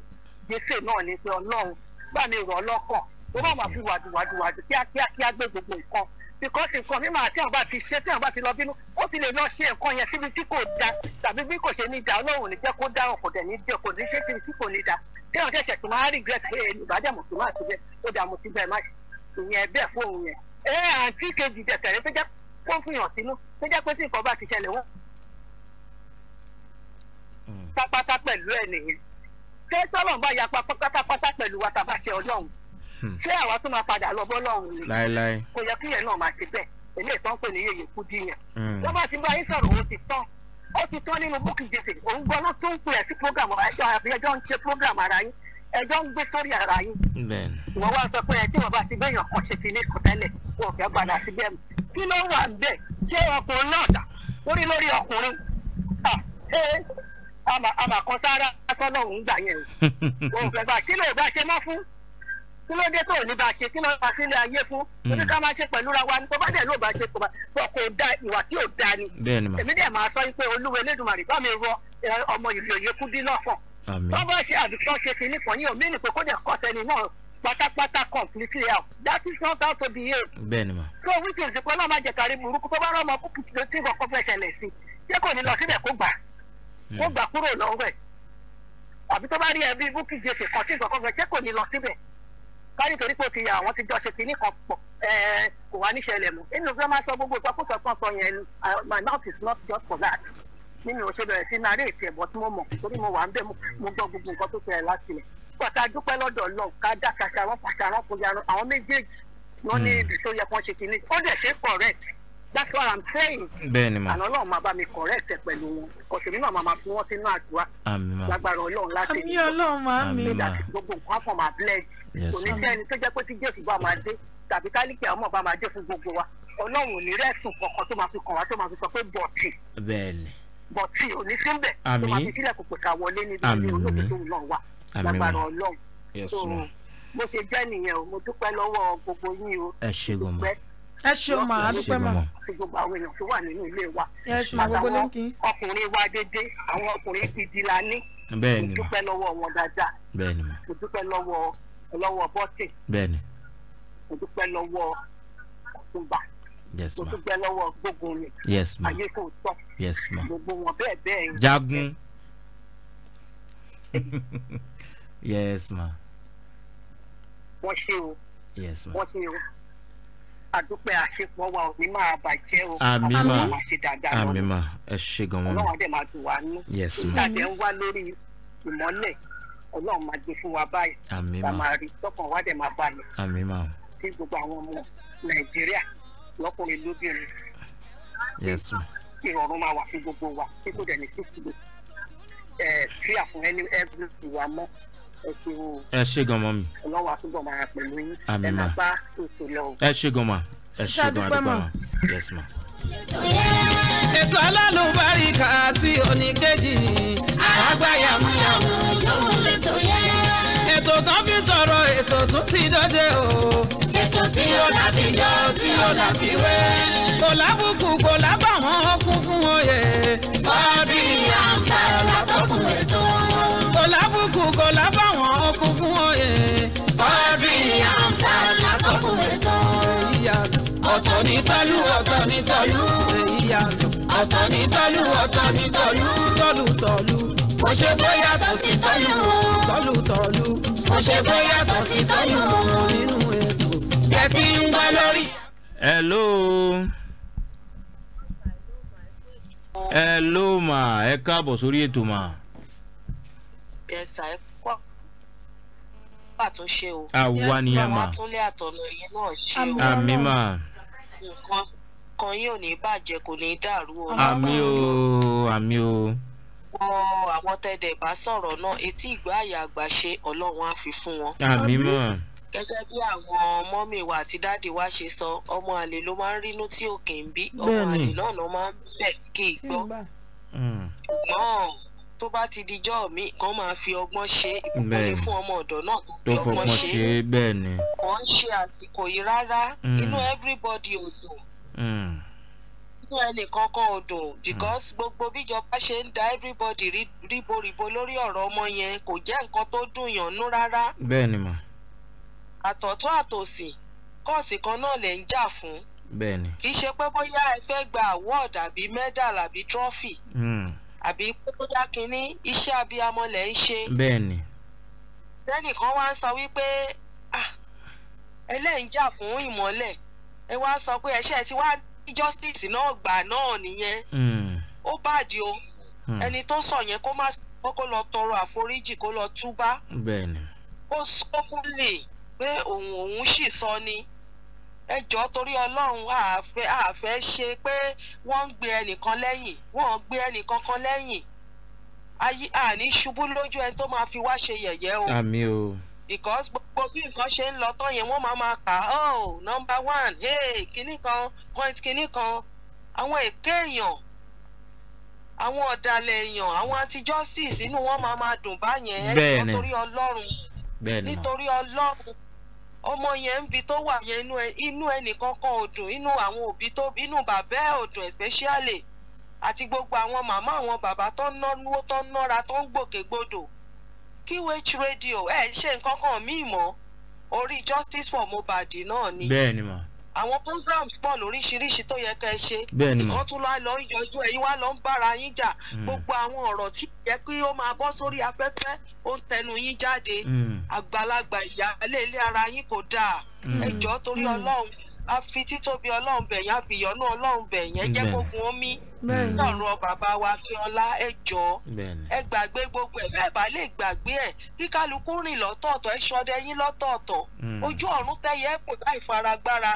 gbèsè náà ni pé ọlọ́run gbà mí rọ̀ lọ́kàn ó bá máa fi wàdùwàdùwàdù kíákíá kíá gbé gbogbo nǹkan because nǹkan mímọ àti àwọn bá ti ṣe tí àwọn bá ti lọ bínú ó ti lè lọ ṣe nǹkan yẹn síbi tí kò da tàbí bí kò ṣe ní da ọlọ́run ní jẹ́ kó dá ọkọ̀ dẹ̀ ní jẹ́ kò ní ṣe síbi tí kò ní da tí àwọn ṣẹ̀ṣẹ̀ tó máa regret pé ìbàdàn mo ti máa ṣe bẹ́ẹ̀ ó dà mo ti bẹ́ẹ̀ má ìyẹn bẹ́ẹ̀ fóun yẹn ẹ àǹtí kejì dẹ̀ tẹ̀lé tó jẹ́ kó fìyàn sínú tó jẹ́ pé tí nǹkan bá ti ṣẹlẹ̀ wọ́n pátápátá pẹ̀lú ẹ̀ nìyẹn ṣé tọ́lọ̀ bá yapa pátápátá pẹ̀lú wa tàbá ṣe ọlọ́run hmm. ṣé àwa tó máa padà lọ bọ́lọ́run ni láéláé kò yẹ kí yẹn náà máa ṣe bẹ́ẹ̀ èmi ìtàn pè ní yèyè kú díyàn wọ́n hmm. bá ti bá yín sọ̀rọ̀ ó ti tán o ti tán nínú búkì gbèsè òun gbọ́ ló tó ń pè ẹ́ sí program ẹjọ́ àbí ẹjọ́ ń ṣe program ara yín ẹjọ́ ń gbé sórí ara yín ìwọ wá sọ pé ẹ tí wọ́n bá ti gbẹ̀yàn kan ṣe ti ní kò tẹ́lẹ̀ wọn ò fẹ́ padà sí bẹ́ẹ̀ kí ló wà ń bẹ̀ ṣé ọkùnrin náà dà orí lórí ọkùnrin àmàkọ́ sára tọ́lọ́run gbà yẹn o (laughs) òun fẹ́ bá kí ló bá ṣe mọ́ fún kí ló dé tó ní bá ṣe kí ló bá sílé ayé fún hmm. oní ká máa ṣe pẹ̀lú ra wa ni tó bá dẹ̀ ló bá ṣe pọ̀ pọ̀ kò da ìwà tí ò da ni èmi dẹ̀ máa sọ pé olúwe lẹ́dùnmarì bá mi rọ ọmọ ìròyè kú bí lọ́fọ̀n tó bá ṣe àdùsọ́ ṣe kìíní kan yìí omi ni pé kó dẹ̀ kọ́ sẹ́ni náà pátápátá completely out that is not how to behave. bẹ́ẹ̀ni ma. so which is the problem ajẹkari burúkú tó bá rọ ọmọ kúkú tí kò kọ́ fẹ́ ṣẹlẹ̀ sí ṣé kò ní lọ síbẹ̀ kó gbà kó gbà kúrò lọ́wọ́ ẹ̀ àbí tó bá rí ẹbí búkì jèsè kan tí nǹkan kan fẹ́ jẹ́ kò ní lọ síbẹ̀ káyọ̀ torí pé ó ti yà àwọn ti jọ ṣe kínní kan pọ̀ kò wá níṣẹ̀lẹ̀ mọ́ inú fẹ́ máa sọ gbogbo ìsọkúsọ kan sọ yẹn uh, my mouth is not just for that nínú òṣèlú bẹ̀rẹ̀ sí náà réètì ẹ̀bọ̀ tí mo mọ̀ torí mo wà ń bẹ̀ mo gbọ́ gbogbo nǹkan tó ṣẹlẹ̀ láti lẹ̀ pàtà dúpẹ́ lọ́dọ̀ lọ ká dáka ṣàrán pàṣàrán kò yàrá àwọn méjèèjì ló ní hmm. ibi tó yẹ kán ṣe kínní ó dẹ̀ ṣe correct that's what i'm saying. bẹ́ẹ̀ni ma àná Ọlọ́run máa bá mi correct ẹ pẹ̀lú wọn ọsẹmi náà máa ma fún wọn sínú àdúrà lágbára Ọlọ́run láti ní Ọlọ́run máa mi ma gbogbo nǹkan fún ma bless oníṣẹ́ni tó jẹ́ pé tí Jésù bá máa dé tàbí kálíkì àwọn ọba máa dé fún gbogbo wa Ọlọ́run ò ní rẹ́sùn kankan tó máa fi kàn wá tó máa fi sọ pé bọ̀tì bọ̀tì ò ní síbẹ̀ tó máa fi sílẹ̀ kòkòtà wọlé níbi olóògbé tó ń lọ wa lágbára Ọlọ́run bó ẹ ṣeun ma adúpẹ́ ma. gbogbo àwọn èèyàn tó wà nínú ilé wa. ẹ ṣeun gbogbo lẹ́ńkì. ọkùnrin wa dédé àwọn ọkùnrin gidi la ní. bẹ́ẹ̀ni ma ìdúpẹ́ lọ́wọ́ wọn dáadáa. bẹ́ẹ̀ni ma ìdúpẹ́ lọ́wọ́ lọ́wọ́ bọ́tì. bẹ́ẹ̀ni. ìdúpẹ́ lọ́wọ́ ọ̀túnba. yes ma ìdúpẹ́ lọ́wọ́ gbógunrin. yes ma ayé kò tọ́. yes ma gbogbo wọn bẹ́ẹ̀ bẹ́ẹ̀. jagun. (laughs) yes ma. wọ́n ṣe o. yes ma wọ́n ṣe o àdúpẹ́ àṣepọ̀ wa ò ní máa bàjẹ́ o àmì mà àmì mà ẹ ṣe gan wọn. ọlọ́run àdè máa dùn wá nú ìdájẹ́ ń wá lórí ìmọ́lẹ̀ ọlọ́run máa gbé fún wa báyìí àmì mà máa rí tọkàn wá dẹ̀ máa balẹ̀ àmì mà tí gbogbo àwọn ọmọ nàìjíríà lọ́kùnrin lóbìnrin tí ìrọ̀rùn máa wà fún gbogbo wa tí kò dẹ̀ ní sí ẹ̀ fí àfún ẹni ẹ̀ bí wà mọ́ ẹ ṣe o. ẹ ṣe gan mọ mi. àmì ma ẹ ṣe gan ma ẹ ṣe gan adúpẹ́ ma yes ma. ètò alálùbáríkà àti oníkejì. àràgbá yàmúyàmú ṣòwò lẹ́tọ̀ yẹ. ètò kan fi tọrọ ètò tún ti dọ́jẹ́ o. ètò tí o láfijọ́ tí o láfiwé. kò lábùkù kò lábàwọ́n kún fún oyè. bọ́ọ̀dì yàrá. tọ́lú ọ̀tọ̀ ní tọ́lú. èyí yàtọ̀. ọ̀tọ̀ ní tọ́lú ọ̀tọ̀ ní tọ́lú. tọ́lú tọ́lú. kò ṣe bó yàtọ̀ sí tọ́lú tọ́lú tọ́lú. kò ṣe bó yàtọ̀ sí tọ́lú nínú ètò. ẹ ń gbọ́ lórí. hello. hello ma ẹ káàbọ̀ sórí ètò ma. kẹsà ẹ kọ́ àtúnṣe o. àwa àtúnlé àtọ̀nà yẹn náà ṣe o. àmì mà nǹkan kan yóò ní bàjẹ́ kò ní dàrú o. àmì o àmì o. wọ àwọn tẹ́dẹ̀ bá sọ̀rọ̀ náà etí ìgbà àgbà ṣe ọlọ́run á fi fún wọn. àmì mọ̀. gẹ́gẹ́ bí àwọn mọ́mì wa àti dáàdì wa ṣe sọ ọmọ àlè ló máa ń rínú tí òkè ń bí ọmọ àlè náà ló máa ń bẹ̀ kí ì tó bá ti di jọ́ mi kàn máa fi ọgbọ́n ṣe ìpínlẹ̀ fún ọmọ ọ̀dọ́ náà tó fi ọgbọ́n ṣe bẹ́ẹ̀ ni. kàn ń ṣe àsìkò yìí rárá hmm. inú everybody ò dùn hmm. inú ẹnìkan kan ò dùn hmm. because gbogbo bíjọba ṣe ń da everybody ríboríbo lórí ọ̀rọ̀ ọmọ yẹn kò jẹ́ nǹkan tó dùn yàn rárá. bẹ́ẹ̀ ni mà. àtọ̀tún àtòsì kọ́ọ̀sì kan náà lè ń jà fún. bẹ́ẹ̀ ni. kì í ṣe pé bóyá ẹ gba award àbí medal àbí trophy. Mm àbí kókóyá kínní iṣẹ́ abiyamọ lẹ̀ ń ṣe. bẹ́ẹ̀ni. lẹ́nìkan wá ń sọ wípé ẹlẹ́yìn jà fún ìmọ́lẹ̀ ẹ wá sọ pé ẹṣẹ́ ti wá justice náà gbà náà nìyẹn hmm. ó bàdí o hmm. ẹni tó sọ yẹn kó má kó lọ tọrọ àforíjì kó lọ túbá. bẹ́ẹ̀ni. ó sọ fún mi pé òun òun sì sọ ni ẹ jọ̀ọ́ torí Ọlọ́run àfẹ́ ṣe pé wọ́n ń gbé ẹnìkan lẹ́yìn wọ́n ń gbé ẹnìkan kan lẹ́yìn àní ṣubú lójú ẹni tó máa fi wá ṣe yẹ̀yẹ́ o. àmín o. because gbogbo bí nǹkan ṣe ń lọ tán yẹn wọ́n máa máa kà oh number one hey kinní kan point kinní kan àwọn èké èèyàn àwọn ọ̀dàlẹ̀ èèyàn àwọn anti-justice inú wọn máa máa dùn báyẹn ẹ nítorí Ọlọ́run nítorí Ọlọ́run ọmọ yẹn ń bi tó wà yẹn inú ẹnìkankan ò dùn inú àwọn òbí tó inú bàbá ẹ̀ especially àti gbogbo àwọn màmá àwọn bàbá tó ń náwó tó ń nọ́ra tó ń gbòkègbodò QH radio ẹ ṣe nǹkan kan míì mọ́ orí justice for Mohbad náà ni. bẹ́ẹ̀ ni àwọn programs pọ̀ lóríṣiríṣi tó yẹ kẹ́ ẹ ṣe ìkan tún láì lọ ń yọjú ẹ̀yin wá lọ ń bára yín jà hmm. gbogbo àwọn ọ̀rọ̀ tí yẹ kí ó máa bọ́ sórí afẹ́fẹ́ ó ń tẹnu yín jáde hmm. àgbàlagbà ìyáálé ilé ara yín kò dáa hmm. ẹjọ́ torí Ọlọ́run a fi títóbi ọlọ́run bẹ̀ yẹn a fi ìyọ́nú ọlọ́run bẹ̀ yẹn jẹ́ gbógun omi lọ́rùn bàbá wa kí ọlá ẹ jọ ẹ gbàgbé gbogbo ẹ bẹ́ẹ̀ bá lè gbàgbé ẹ kí kálukú rìn lọ́tọ̀ọ̀tọ̀ ẹ ṣọdẹ yín lọ́tọ̀ọ̀tọ̀ hmm. ojú ọ̀run tẹ́yẹ ẹ pò láì faragbára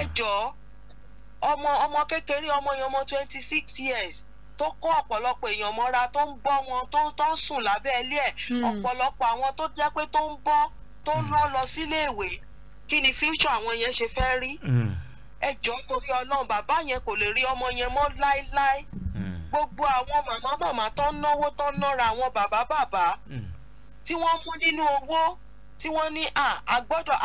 ẹ jọ ọmọ ọmọ kékeré ọmọ yẹn ọmọ twenty six years tó kó ọ̀pọ̀lọpọ̀ èèyàn mọ́ra tó ń bọ́ wọn tó ń sùn lábẹ́ ilé ẹ̀ hmm. ọ̀pọ̀lọpọ̀ àwọn tó jẹ́ pé tó ń bọ́ tó ń hmm. rán lọ sílé ìwé kí ni future àwọn yẹn ṣe fẹ́ rí mm. ẹ jọ torí ọlọ́run bàbá yẹn kò lè rí ọmọ yẹn mọ́ láéláé mm. gbogbo àwọn màmá màmá tó ń náwó tó ń nára àwọn bàbá bàbá mm. tí wọ́n mú nínú owó tí wọ́n ní àgbọ́dọ̀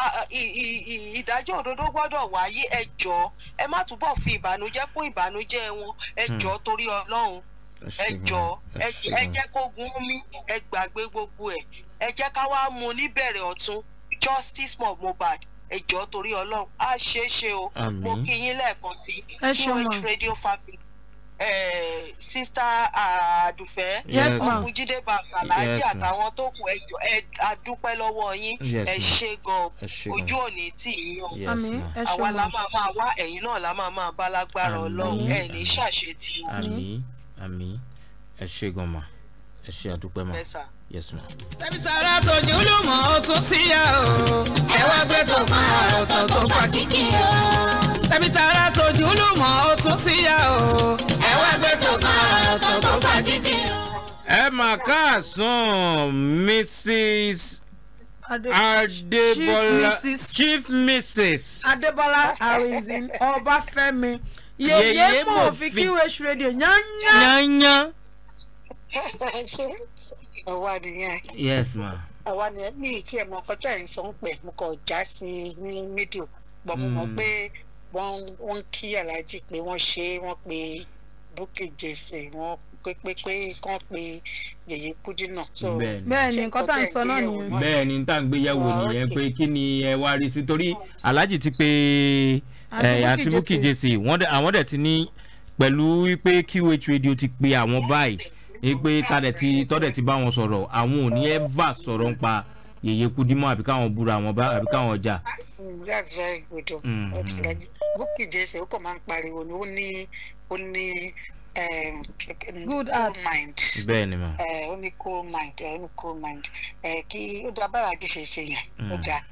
ìdájọ́ òdodo gbọ́dọ̀ wáyé ẹ jọ ẹ má túbọ̀ fi ìbànújẹ́ kún ìbànújẹ́ wọn ẹ jọ torí ọlọ́run ẹ jọ ẹ jẹ́ kógun omi ẹ gbàgbé gbogbo ẹ̀ ẹ jẹ́ ká wá mú níbẹ̀rẹ̀ ọ̀tun justice Mohbad ẹjọ torí Ọlọ́run á ṣeé ṣe o mo kí yín lẹ́ẹ̀kan sí QH radio family sista àdùfẹ́ ọkùnjídé bàbá àtàwọn tó kù ẹjọ ẹ adúpẹ́ yín ẹ ṣe gan ojú òní tì yín o àwa la máa máa wá ẹ̀yin náà la máa máa bá lágbára Ọlọ́run ẹ ní ṣàṣetì o. àmín ẹ ṣe gan ma ẹ ṣe àdúpẹ́ ma yes ma. tẹ̀bí tààrà tòjú ló mọ̀ ó tún sí yá o. ẹ wá gbé tó kan ọ̀rọ̀ tó tó fa kíkì o. tẹ̀bí tààrà tòjú ló ó tún sí yá o. ẹ wá gbé tó kan ọ̀rọ̀ tó fa kíkì o. ẹ mà káàsán Mrs. Adébọ́lá Chief Mrs. Adébọ́lá Arinzin Ọbáfẹ́mi yèyé mọ̀ fi kí wéṣu rédíò yányán. yányán ọwọ́ adìyẹn. yes ma. ọwọ́ adìyẹn mi kí ẹ mọ ọkọjọ ẹ̀ ń sọ ń pẹ̀ mo kọ̀ já sí i ní mídíò bọ́ mo mọ̀ mm. pé wọ́n ń kí aláàjì pé wọ́n ṣe é wọ́n pe Bukky Jesse wọ́n pépépé kán pe yèyé kúdí náà. bẹ́ẹ̀ ni nǹkan tá à ń sọ náà nìyẹn. bẹ́ẹ̀ ni tá à ń gbéyàwó ah, nìyẹn pé kí ni ẹ wá rí sí torí ah, aláàjì ti pe àti Bukky Jesse àwọn dẹ̀ ti ní pẹ̀lú wípé QH radio ti pe àwọn báyìí pé tadẹ̀ ti tọ́dẹ̀ ti bá wọn sọ̀rọ̀ àwọn ò ní ẹ́fà sọ̀rọ̀ ń pa yèyé kudimọ́ àbí káwọn búra àwọn bá àbí káwọn jà. Mm, that's very good o. Mm, mm. bókì ó kàn máa ń pariwo ni ó ní ó ní um, good heart bẹ́ẹ̀ ni ma. Eh, ó ní cool mind eh, ó ní cool mind eh, kí ó da bára kí ṣe ṣe yẹn ó hmm. da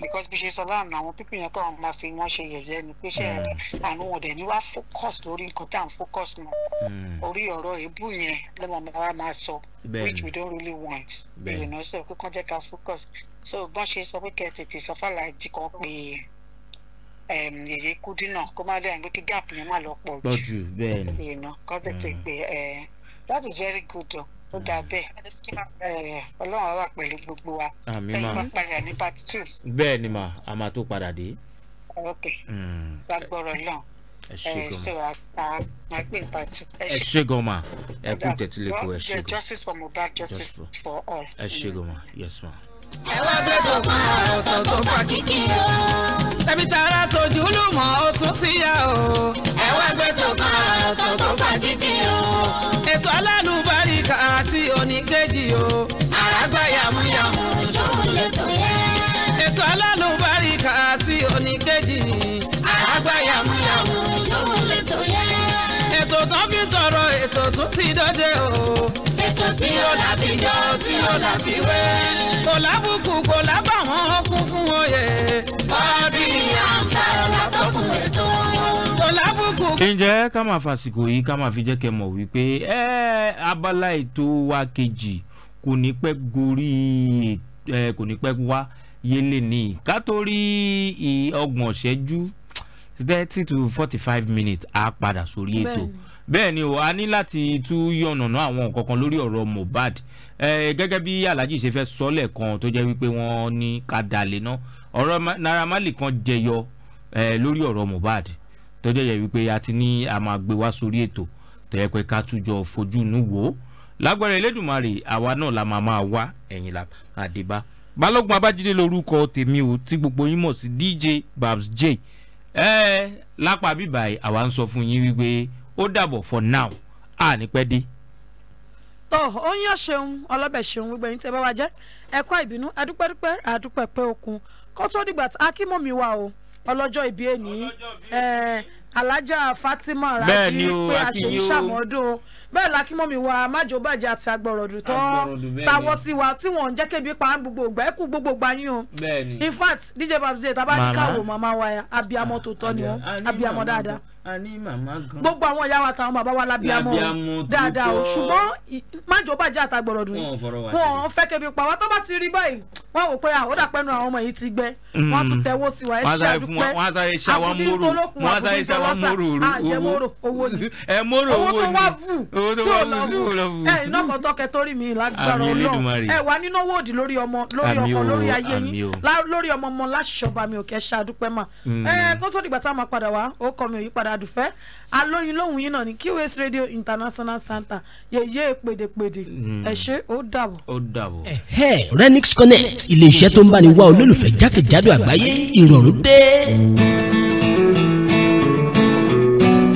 because bí ṣe sọ láàmú àwọn pípín yẹn kọ́ àwọn máa fi wọ́n ṣe yẹ̀yẹ́ ni pé ṣe rẹ̀ hmm. àánú wọn dẹ̀ wá focus lórí nǹkan tá à ń focus mọ́ hmm. orí ọ̀rọ̀ èébú yẹn ló máa wá máa sọ which we don't really want you know so kíkan jẹ́ ká focus so bọ́n ṣe sọ pé kẹ́ tètè sọ fàlàjì kan pé yèyé kudi náà kó má dẹ́yìn pé kí gap yẹn má lọ pọ̀ jù bẹ́ẹ̀ ni ìnà kọ́ tètè gbé hmm. that is very good o ó dà hmm. bẹ́ẹ̀ ọlọ́run wà pẹ̀lú gbogbo wa tẹ́yìn bá padà ní part two. bẹ́ẹ̀ ni mà á máa tó padà dé. ok gbàgbọ́rọ̀ hmm. náà ẹ ṣe gan ẹ kú tẹ̀tí lẹ́kọ̀ọ́ ẹ ṣe gan. ẹ ṣe gan yes ma ẹ wá gbé tó fún ọ̀rọ̀ tó tó fà kíkì o. ẹbí tara tójú ló mọ̀ ọ́ tún síyá o. ẹ wá gbé tó fún ọ̀rọ̀ tó tó fà kíkì o. ètò alánú baríkà àti oníkejì o. àràgbá yàmúyàmú ṣòwò lè tó yẹ. ètò alánú baríkà àti oníkejì. àràgbá yàmúyàmú ṣòwò lè tó yẹ. ètò tán fi tọrọ ètò tún ti dọ́dẹ o tí ó là fi jọ tí ó là fi wé. kò lábùkù kò lábàwọ́n ó kún fún oyè. bọ́ọ̀dì àǹtà látọkùn ètò. kò lábùkù. ǹjẹ́ ká máa fàsìkò yìí ká máa fi jẹ́ kẹ́ mọ̀ wípé ẹ abala ètò wa kejì kò ní pẹ́ gorí kò ní pẹ́ wá yẹlẹ ní ká tó ọgbọ̀n ṣẹ́jú thirty to forty five minutes á padà sórí ètò bẹ́ẹ̀ ni o a ní láti tú yànnàná àwọn nǹkan kan lórí ọ̀rọ̀ Mohbad gẹ́gẹ́ bí Alhaji ṣe fẹ́ sọ lẹ́ẹ̀kan tó jẹ́ wípé wọ́n ní ká dalẹ̀ ná ọ̀rọ̀ Naira Marley kan jẹyọ lórí ọ̀rọ̀ Mohbad tó jẹ́ wípé a ti ní a máa gbé wá sórí ètò tó yẹ pé ká tún fojú inú wò ó lágbára Elédùmarè àwa náà la máa máa wá ẹ̀yìn la àdébá Balógun Abájídé lórúkọ tèmi o tí gbogbo yín mọ̀ sí DJ Babs J ẹ lápá bíbáyìí àwa ń ó dàbọ̀ for now a ní pẹ́ dé. tó ó yàn ṣeun ọlọ́bẹ̀ ṣeun gbogbo ẹ̀yin tẹ́ bá wa jẹ́ ẹ̀kọ́ ìbínú adúpẹ́dúpẹ́ àdúpẹ́ pé okun kó tó dìgbà tí akínmọ̀mí wa o ọlọ́jọ́ ìbí ẹni alájà Fatima rájí pé a ṣe ń ṣàmọ́dún bẹ́ẹ̀ lakímọ́mi wa májòbàjẹ́ àti agbọ̀rọ̀dù tó tawọ́ sí wa tí wọ́n ń jẹ́ kébi pa gbogbo ògbà ẹ̀kú gbogbo ògbà yín o in fact DJ Babzee tàbá ní káwọ́ màmá wa abiyamọ tòótọ́ ni wọ́n abiyamọ dáadáa a ní màmá gan. gbogbo àwọn ìyá wa táwọn bàbá wa lábíàmọ dáadáa o ṣùgbọ́n májò bàjẹ́ àtàgbọ̀rọ̀ dùn yìí wọn fẹ́ kébi pa wá tó bá ti rí báyìí wọn wò pé àwọn dàpẹ́nu àwọn ọmọ yìí ti gbẹ mm. wọn tún tẹ̀wọ́ sí wa ẹ ṣe àdúpẹ́ àbúdí tolókun àbúdí tọlọ́sà àyẹ mòrò owó ni (laughs) owó tó wá bù tí ò lọ bù ẹ iná kan tọkẹ torí mi lágbára Ọlọ́run ẹ wà nínú owó òdì lórí ọmọ lórí ọkọ lórí ayé yín lórí ọmọ ọmọ láṣìṣọba mi ò kẹ ṣe àdúpẹ́ mà mm. ẹ kó tó dìgbà tá a máa padà wá ó kọ mi ò padà àdùfẹ́ alóyin lóhùn yín náà ní QS Radio International Center yeye pèdèpèdè hmm. ẹ ṣé ó dàbọ̀. ó dàbọ̀. ẹ̀hẹ́ Renix Connect ilé iṣẹ́ tó ń bá ni wá olólùfẹ́ jákèjádò àgbáyé ìrọ̀rùn dé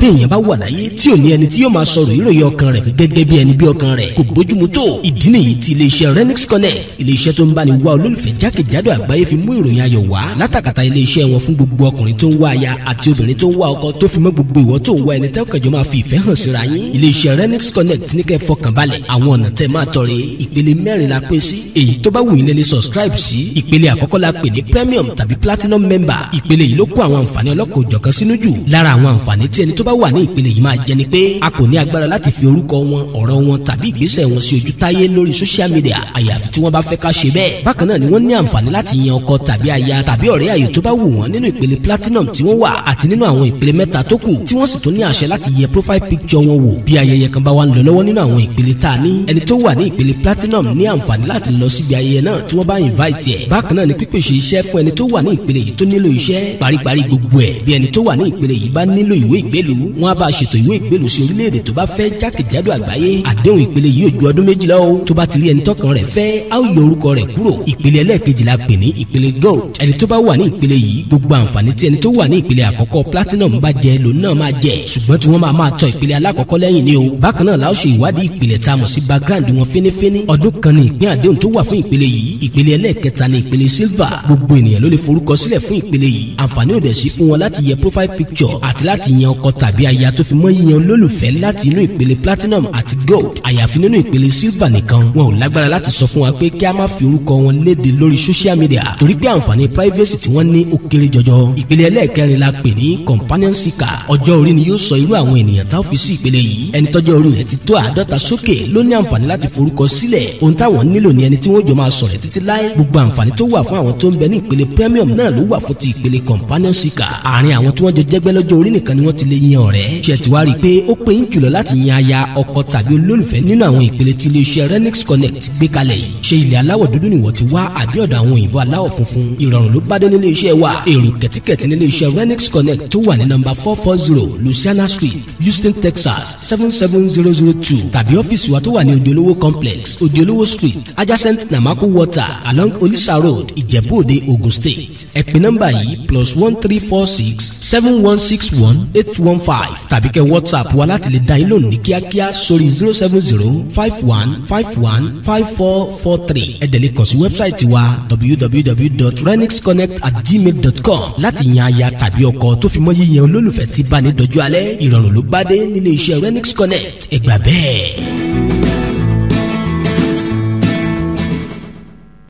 bí èèyàn bá wà láyé tí ò ní ẹni tí yóò máa sọ̀rọ̀ yìí lóye ọkàn rẹ̀ gẹ́gẹ́ bí ẹni bí ọkàn rẹ̀ kò bójúmu tó ìdí nìyí ti iléeṣẹ́ Renix Connect iléeṣẹ́ tó ń bá ní wá olólùfẹ́ jákèjádò àgbáyé fi mú ìròyìn ayọ̀ wá látàkàtà iléeṣẹ́ wọn fún gbogbo ọkùnrin tó ń wá aya àti obìnrin tó ń wá ọkọ tó fi mọ́ gbogbo ìwọ tó ń wá ẹni tẹ́wọ́ kẹjọ máa fi ìfẹ́ hàn síra yín iléeṣẹ́ Renix Connect ní kẹ́ fọkànbalẹ̀ àwọn ọ̀nà tẹ́ máa tọrẹ ìpele mẹ́rin la pín sí èyí tó bá wù yín lẹ subscribe sí ìpele àkọ́kọ́ la pè ní premium tàbí platinum member ìpele yìí ló kó àwọn àǹfààní ọlọ́kọ̀ọ́jọ̀kan sínú jù lára àwọn àǹfààní tí ẹni tó bá wà ní ìpele yìí máa jẹ́ ni pé a kò ní agbára láti fi orúkọ wọn ọ̀rọ̀ wọn tàbí ìgbésẹ̀ wọn sí ojú táyé lórí social media àyàfi tí wọ́n bá fẹ́ ká ṣe bẹ́ẹ̀ bákan náà ni wọ́n ní àǹfààní láti yan ọkọ tàbí aya tàbí ọ̀rẹ́ àyè tó bá wù wọ́n nínú ìpele platinum tí wọ́n wà àti nínú àwọn ìpele mẹ́ta tó kù tí wọ́n sì tún ní àṣẹ láti yẹ profile picture wọn wò bí ayẹyẹ kan bá wà ń lọ lọ́wọ́ nínú àwọn ìpele tá a ní ẹni platinum ní àǹfààní láti lọ síbi ayẹyẹ náà tí wọ́n invite ẹ̀ ni pípèsè iṣẹ́ fún ẹni tó wà ní ìpele yìí tó nílò iṣẹ́ paríparí gbogbo ẹ̀ bí ẹni tó wà ní ìpele wọ́n á bá a ṣètò ìwé ìgbélù sí orílẹ̀-èdè tó bá fẹ́ jákèjádò àgbáyé àdéhùn ìpele yìí ò ju ọdún méjìlá o tó bá ti rí ẹni tọkàn rẹ̀ fẹ́ a ó yọ orúkọ rẹ̀ kúrò ìpele ẹlẹ́ẹ̀kejì la pè ní ìpele gold ẹni tó bá wà ní ìpele yìí gbogbo àǹfààní tí ẹni tó wà ní ìpele àkọ́kọ́ platinum bá jẹ lòun náà máa jẹ ṣùgbọ́n tí wọ́n máa máa tọ ìpele alákọ̀ọ́kọ́ lẹ́yìn ni o bákan náà la ó ṣe ìwádìí ìpele tá a mọ̀ sí background wọn fínífíní ọdún kan ní ìpín àdéhùn tó wà fún ìpele yìí ìpele ẹlẹ́ẹ̀kẹta ní ìpele silver gbogbo ènìyàn ló lè forúkọ sílẹ̀ fún ìpele yìí àǹfààní ò dẹ̀ sí fún wọn láti yẹ profile picture àti láti yan ọkọ tàbí tàbí aya tó fi mọ́ yíyan olólùfẹ́ láti inú ìpele platinum àti gold àyàfi nínú ìpele silver nìkan wọn ò lágbára láti sọ fún wa pé kí a má fi orúkọ wọn léde lórí social media torí pé àǹfààní privacy tí wọ́n ní ó kéré jọjọ ìpele ẹlẹ́ẹ̀kẹrin la pè ní companion seeker ọjọ́ orí ni yóò sọ irú àwọn ènìyàn tá ó fi sí ìpele yìí ẹni tọ́jọ́ orí rẹ̀ ti tó àádọ́ta sókè ló ní àǹfààní láti forúkọ sílẹ̀ ohun táwọn nílò ni ẹni tí wọ́n jọ máa sọ̀rọ̀ títí láé gbogbo àǹfààní tó wà fún àwọn tó ń bẹ ní ìpele premium náà ló wà fún ti ìpele companion seeker àárín àwọn tí wọ́n jọ jẹ́gbẹ́ lọ́jọ́ orí nìkan ni wọ́n ti lè yan ọ̀rẹ́ ṣe ti wá rí i pé ó pé ń jùlọ láti yan aya ọkọ tàbí olólùfẹ́ nínú àwọn ìpele tí iléeṣẹ́ Renix Connect gbé kalẹ̀ yìí ṣe ilẹ̀ aláwọ̀ dúdú nìwọ ti wá àbí ọ̀dọ̀ àwọn òyìnbó aláwọ̀ funfun ìrọ̀rùn ló bá dé nílé iṣẹ́ wa èrò kẹ̀tíkẹ̀tí nílé iṣẹ́ Renix Connect tó wà ní nọ́mbà four four zero Louisiana Street Houston Texas seven seven zero zero two tàbí ọ́fíìsì wa tó wà ní Odiolówó complex Odiolówó street adjacent Namako water along Olisa road Ìjẹ̀bú-Òde Ogun State ẹ pè yìí plus one three four six seven one six one eight one five tàbí kẹ́ whatsapp wa láti lè dá yín lónìí ní kíákíá sórí zero seven zero five one five one five four four three ẹ̀dẹ̀lẹ̀ kàn sí wẹ́bsáìtì wa www.renixconnect@gmail.com láti yan aya tàbí ọkọ tó fi mọ́ yíyan olólùfẹ́ tí bá ní dọjú alẹ́ ìrọ̀rùn ló bá dé nílé iṣẹ́ renix connect ẹgbà bẹ́ẹ̀.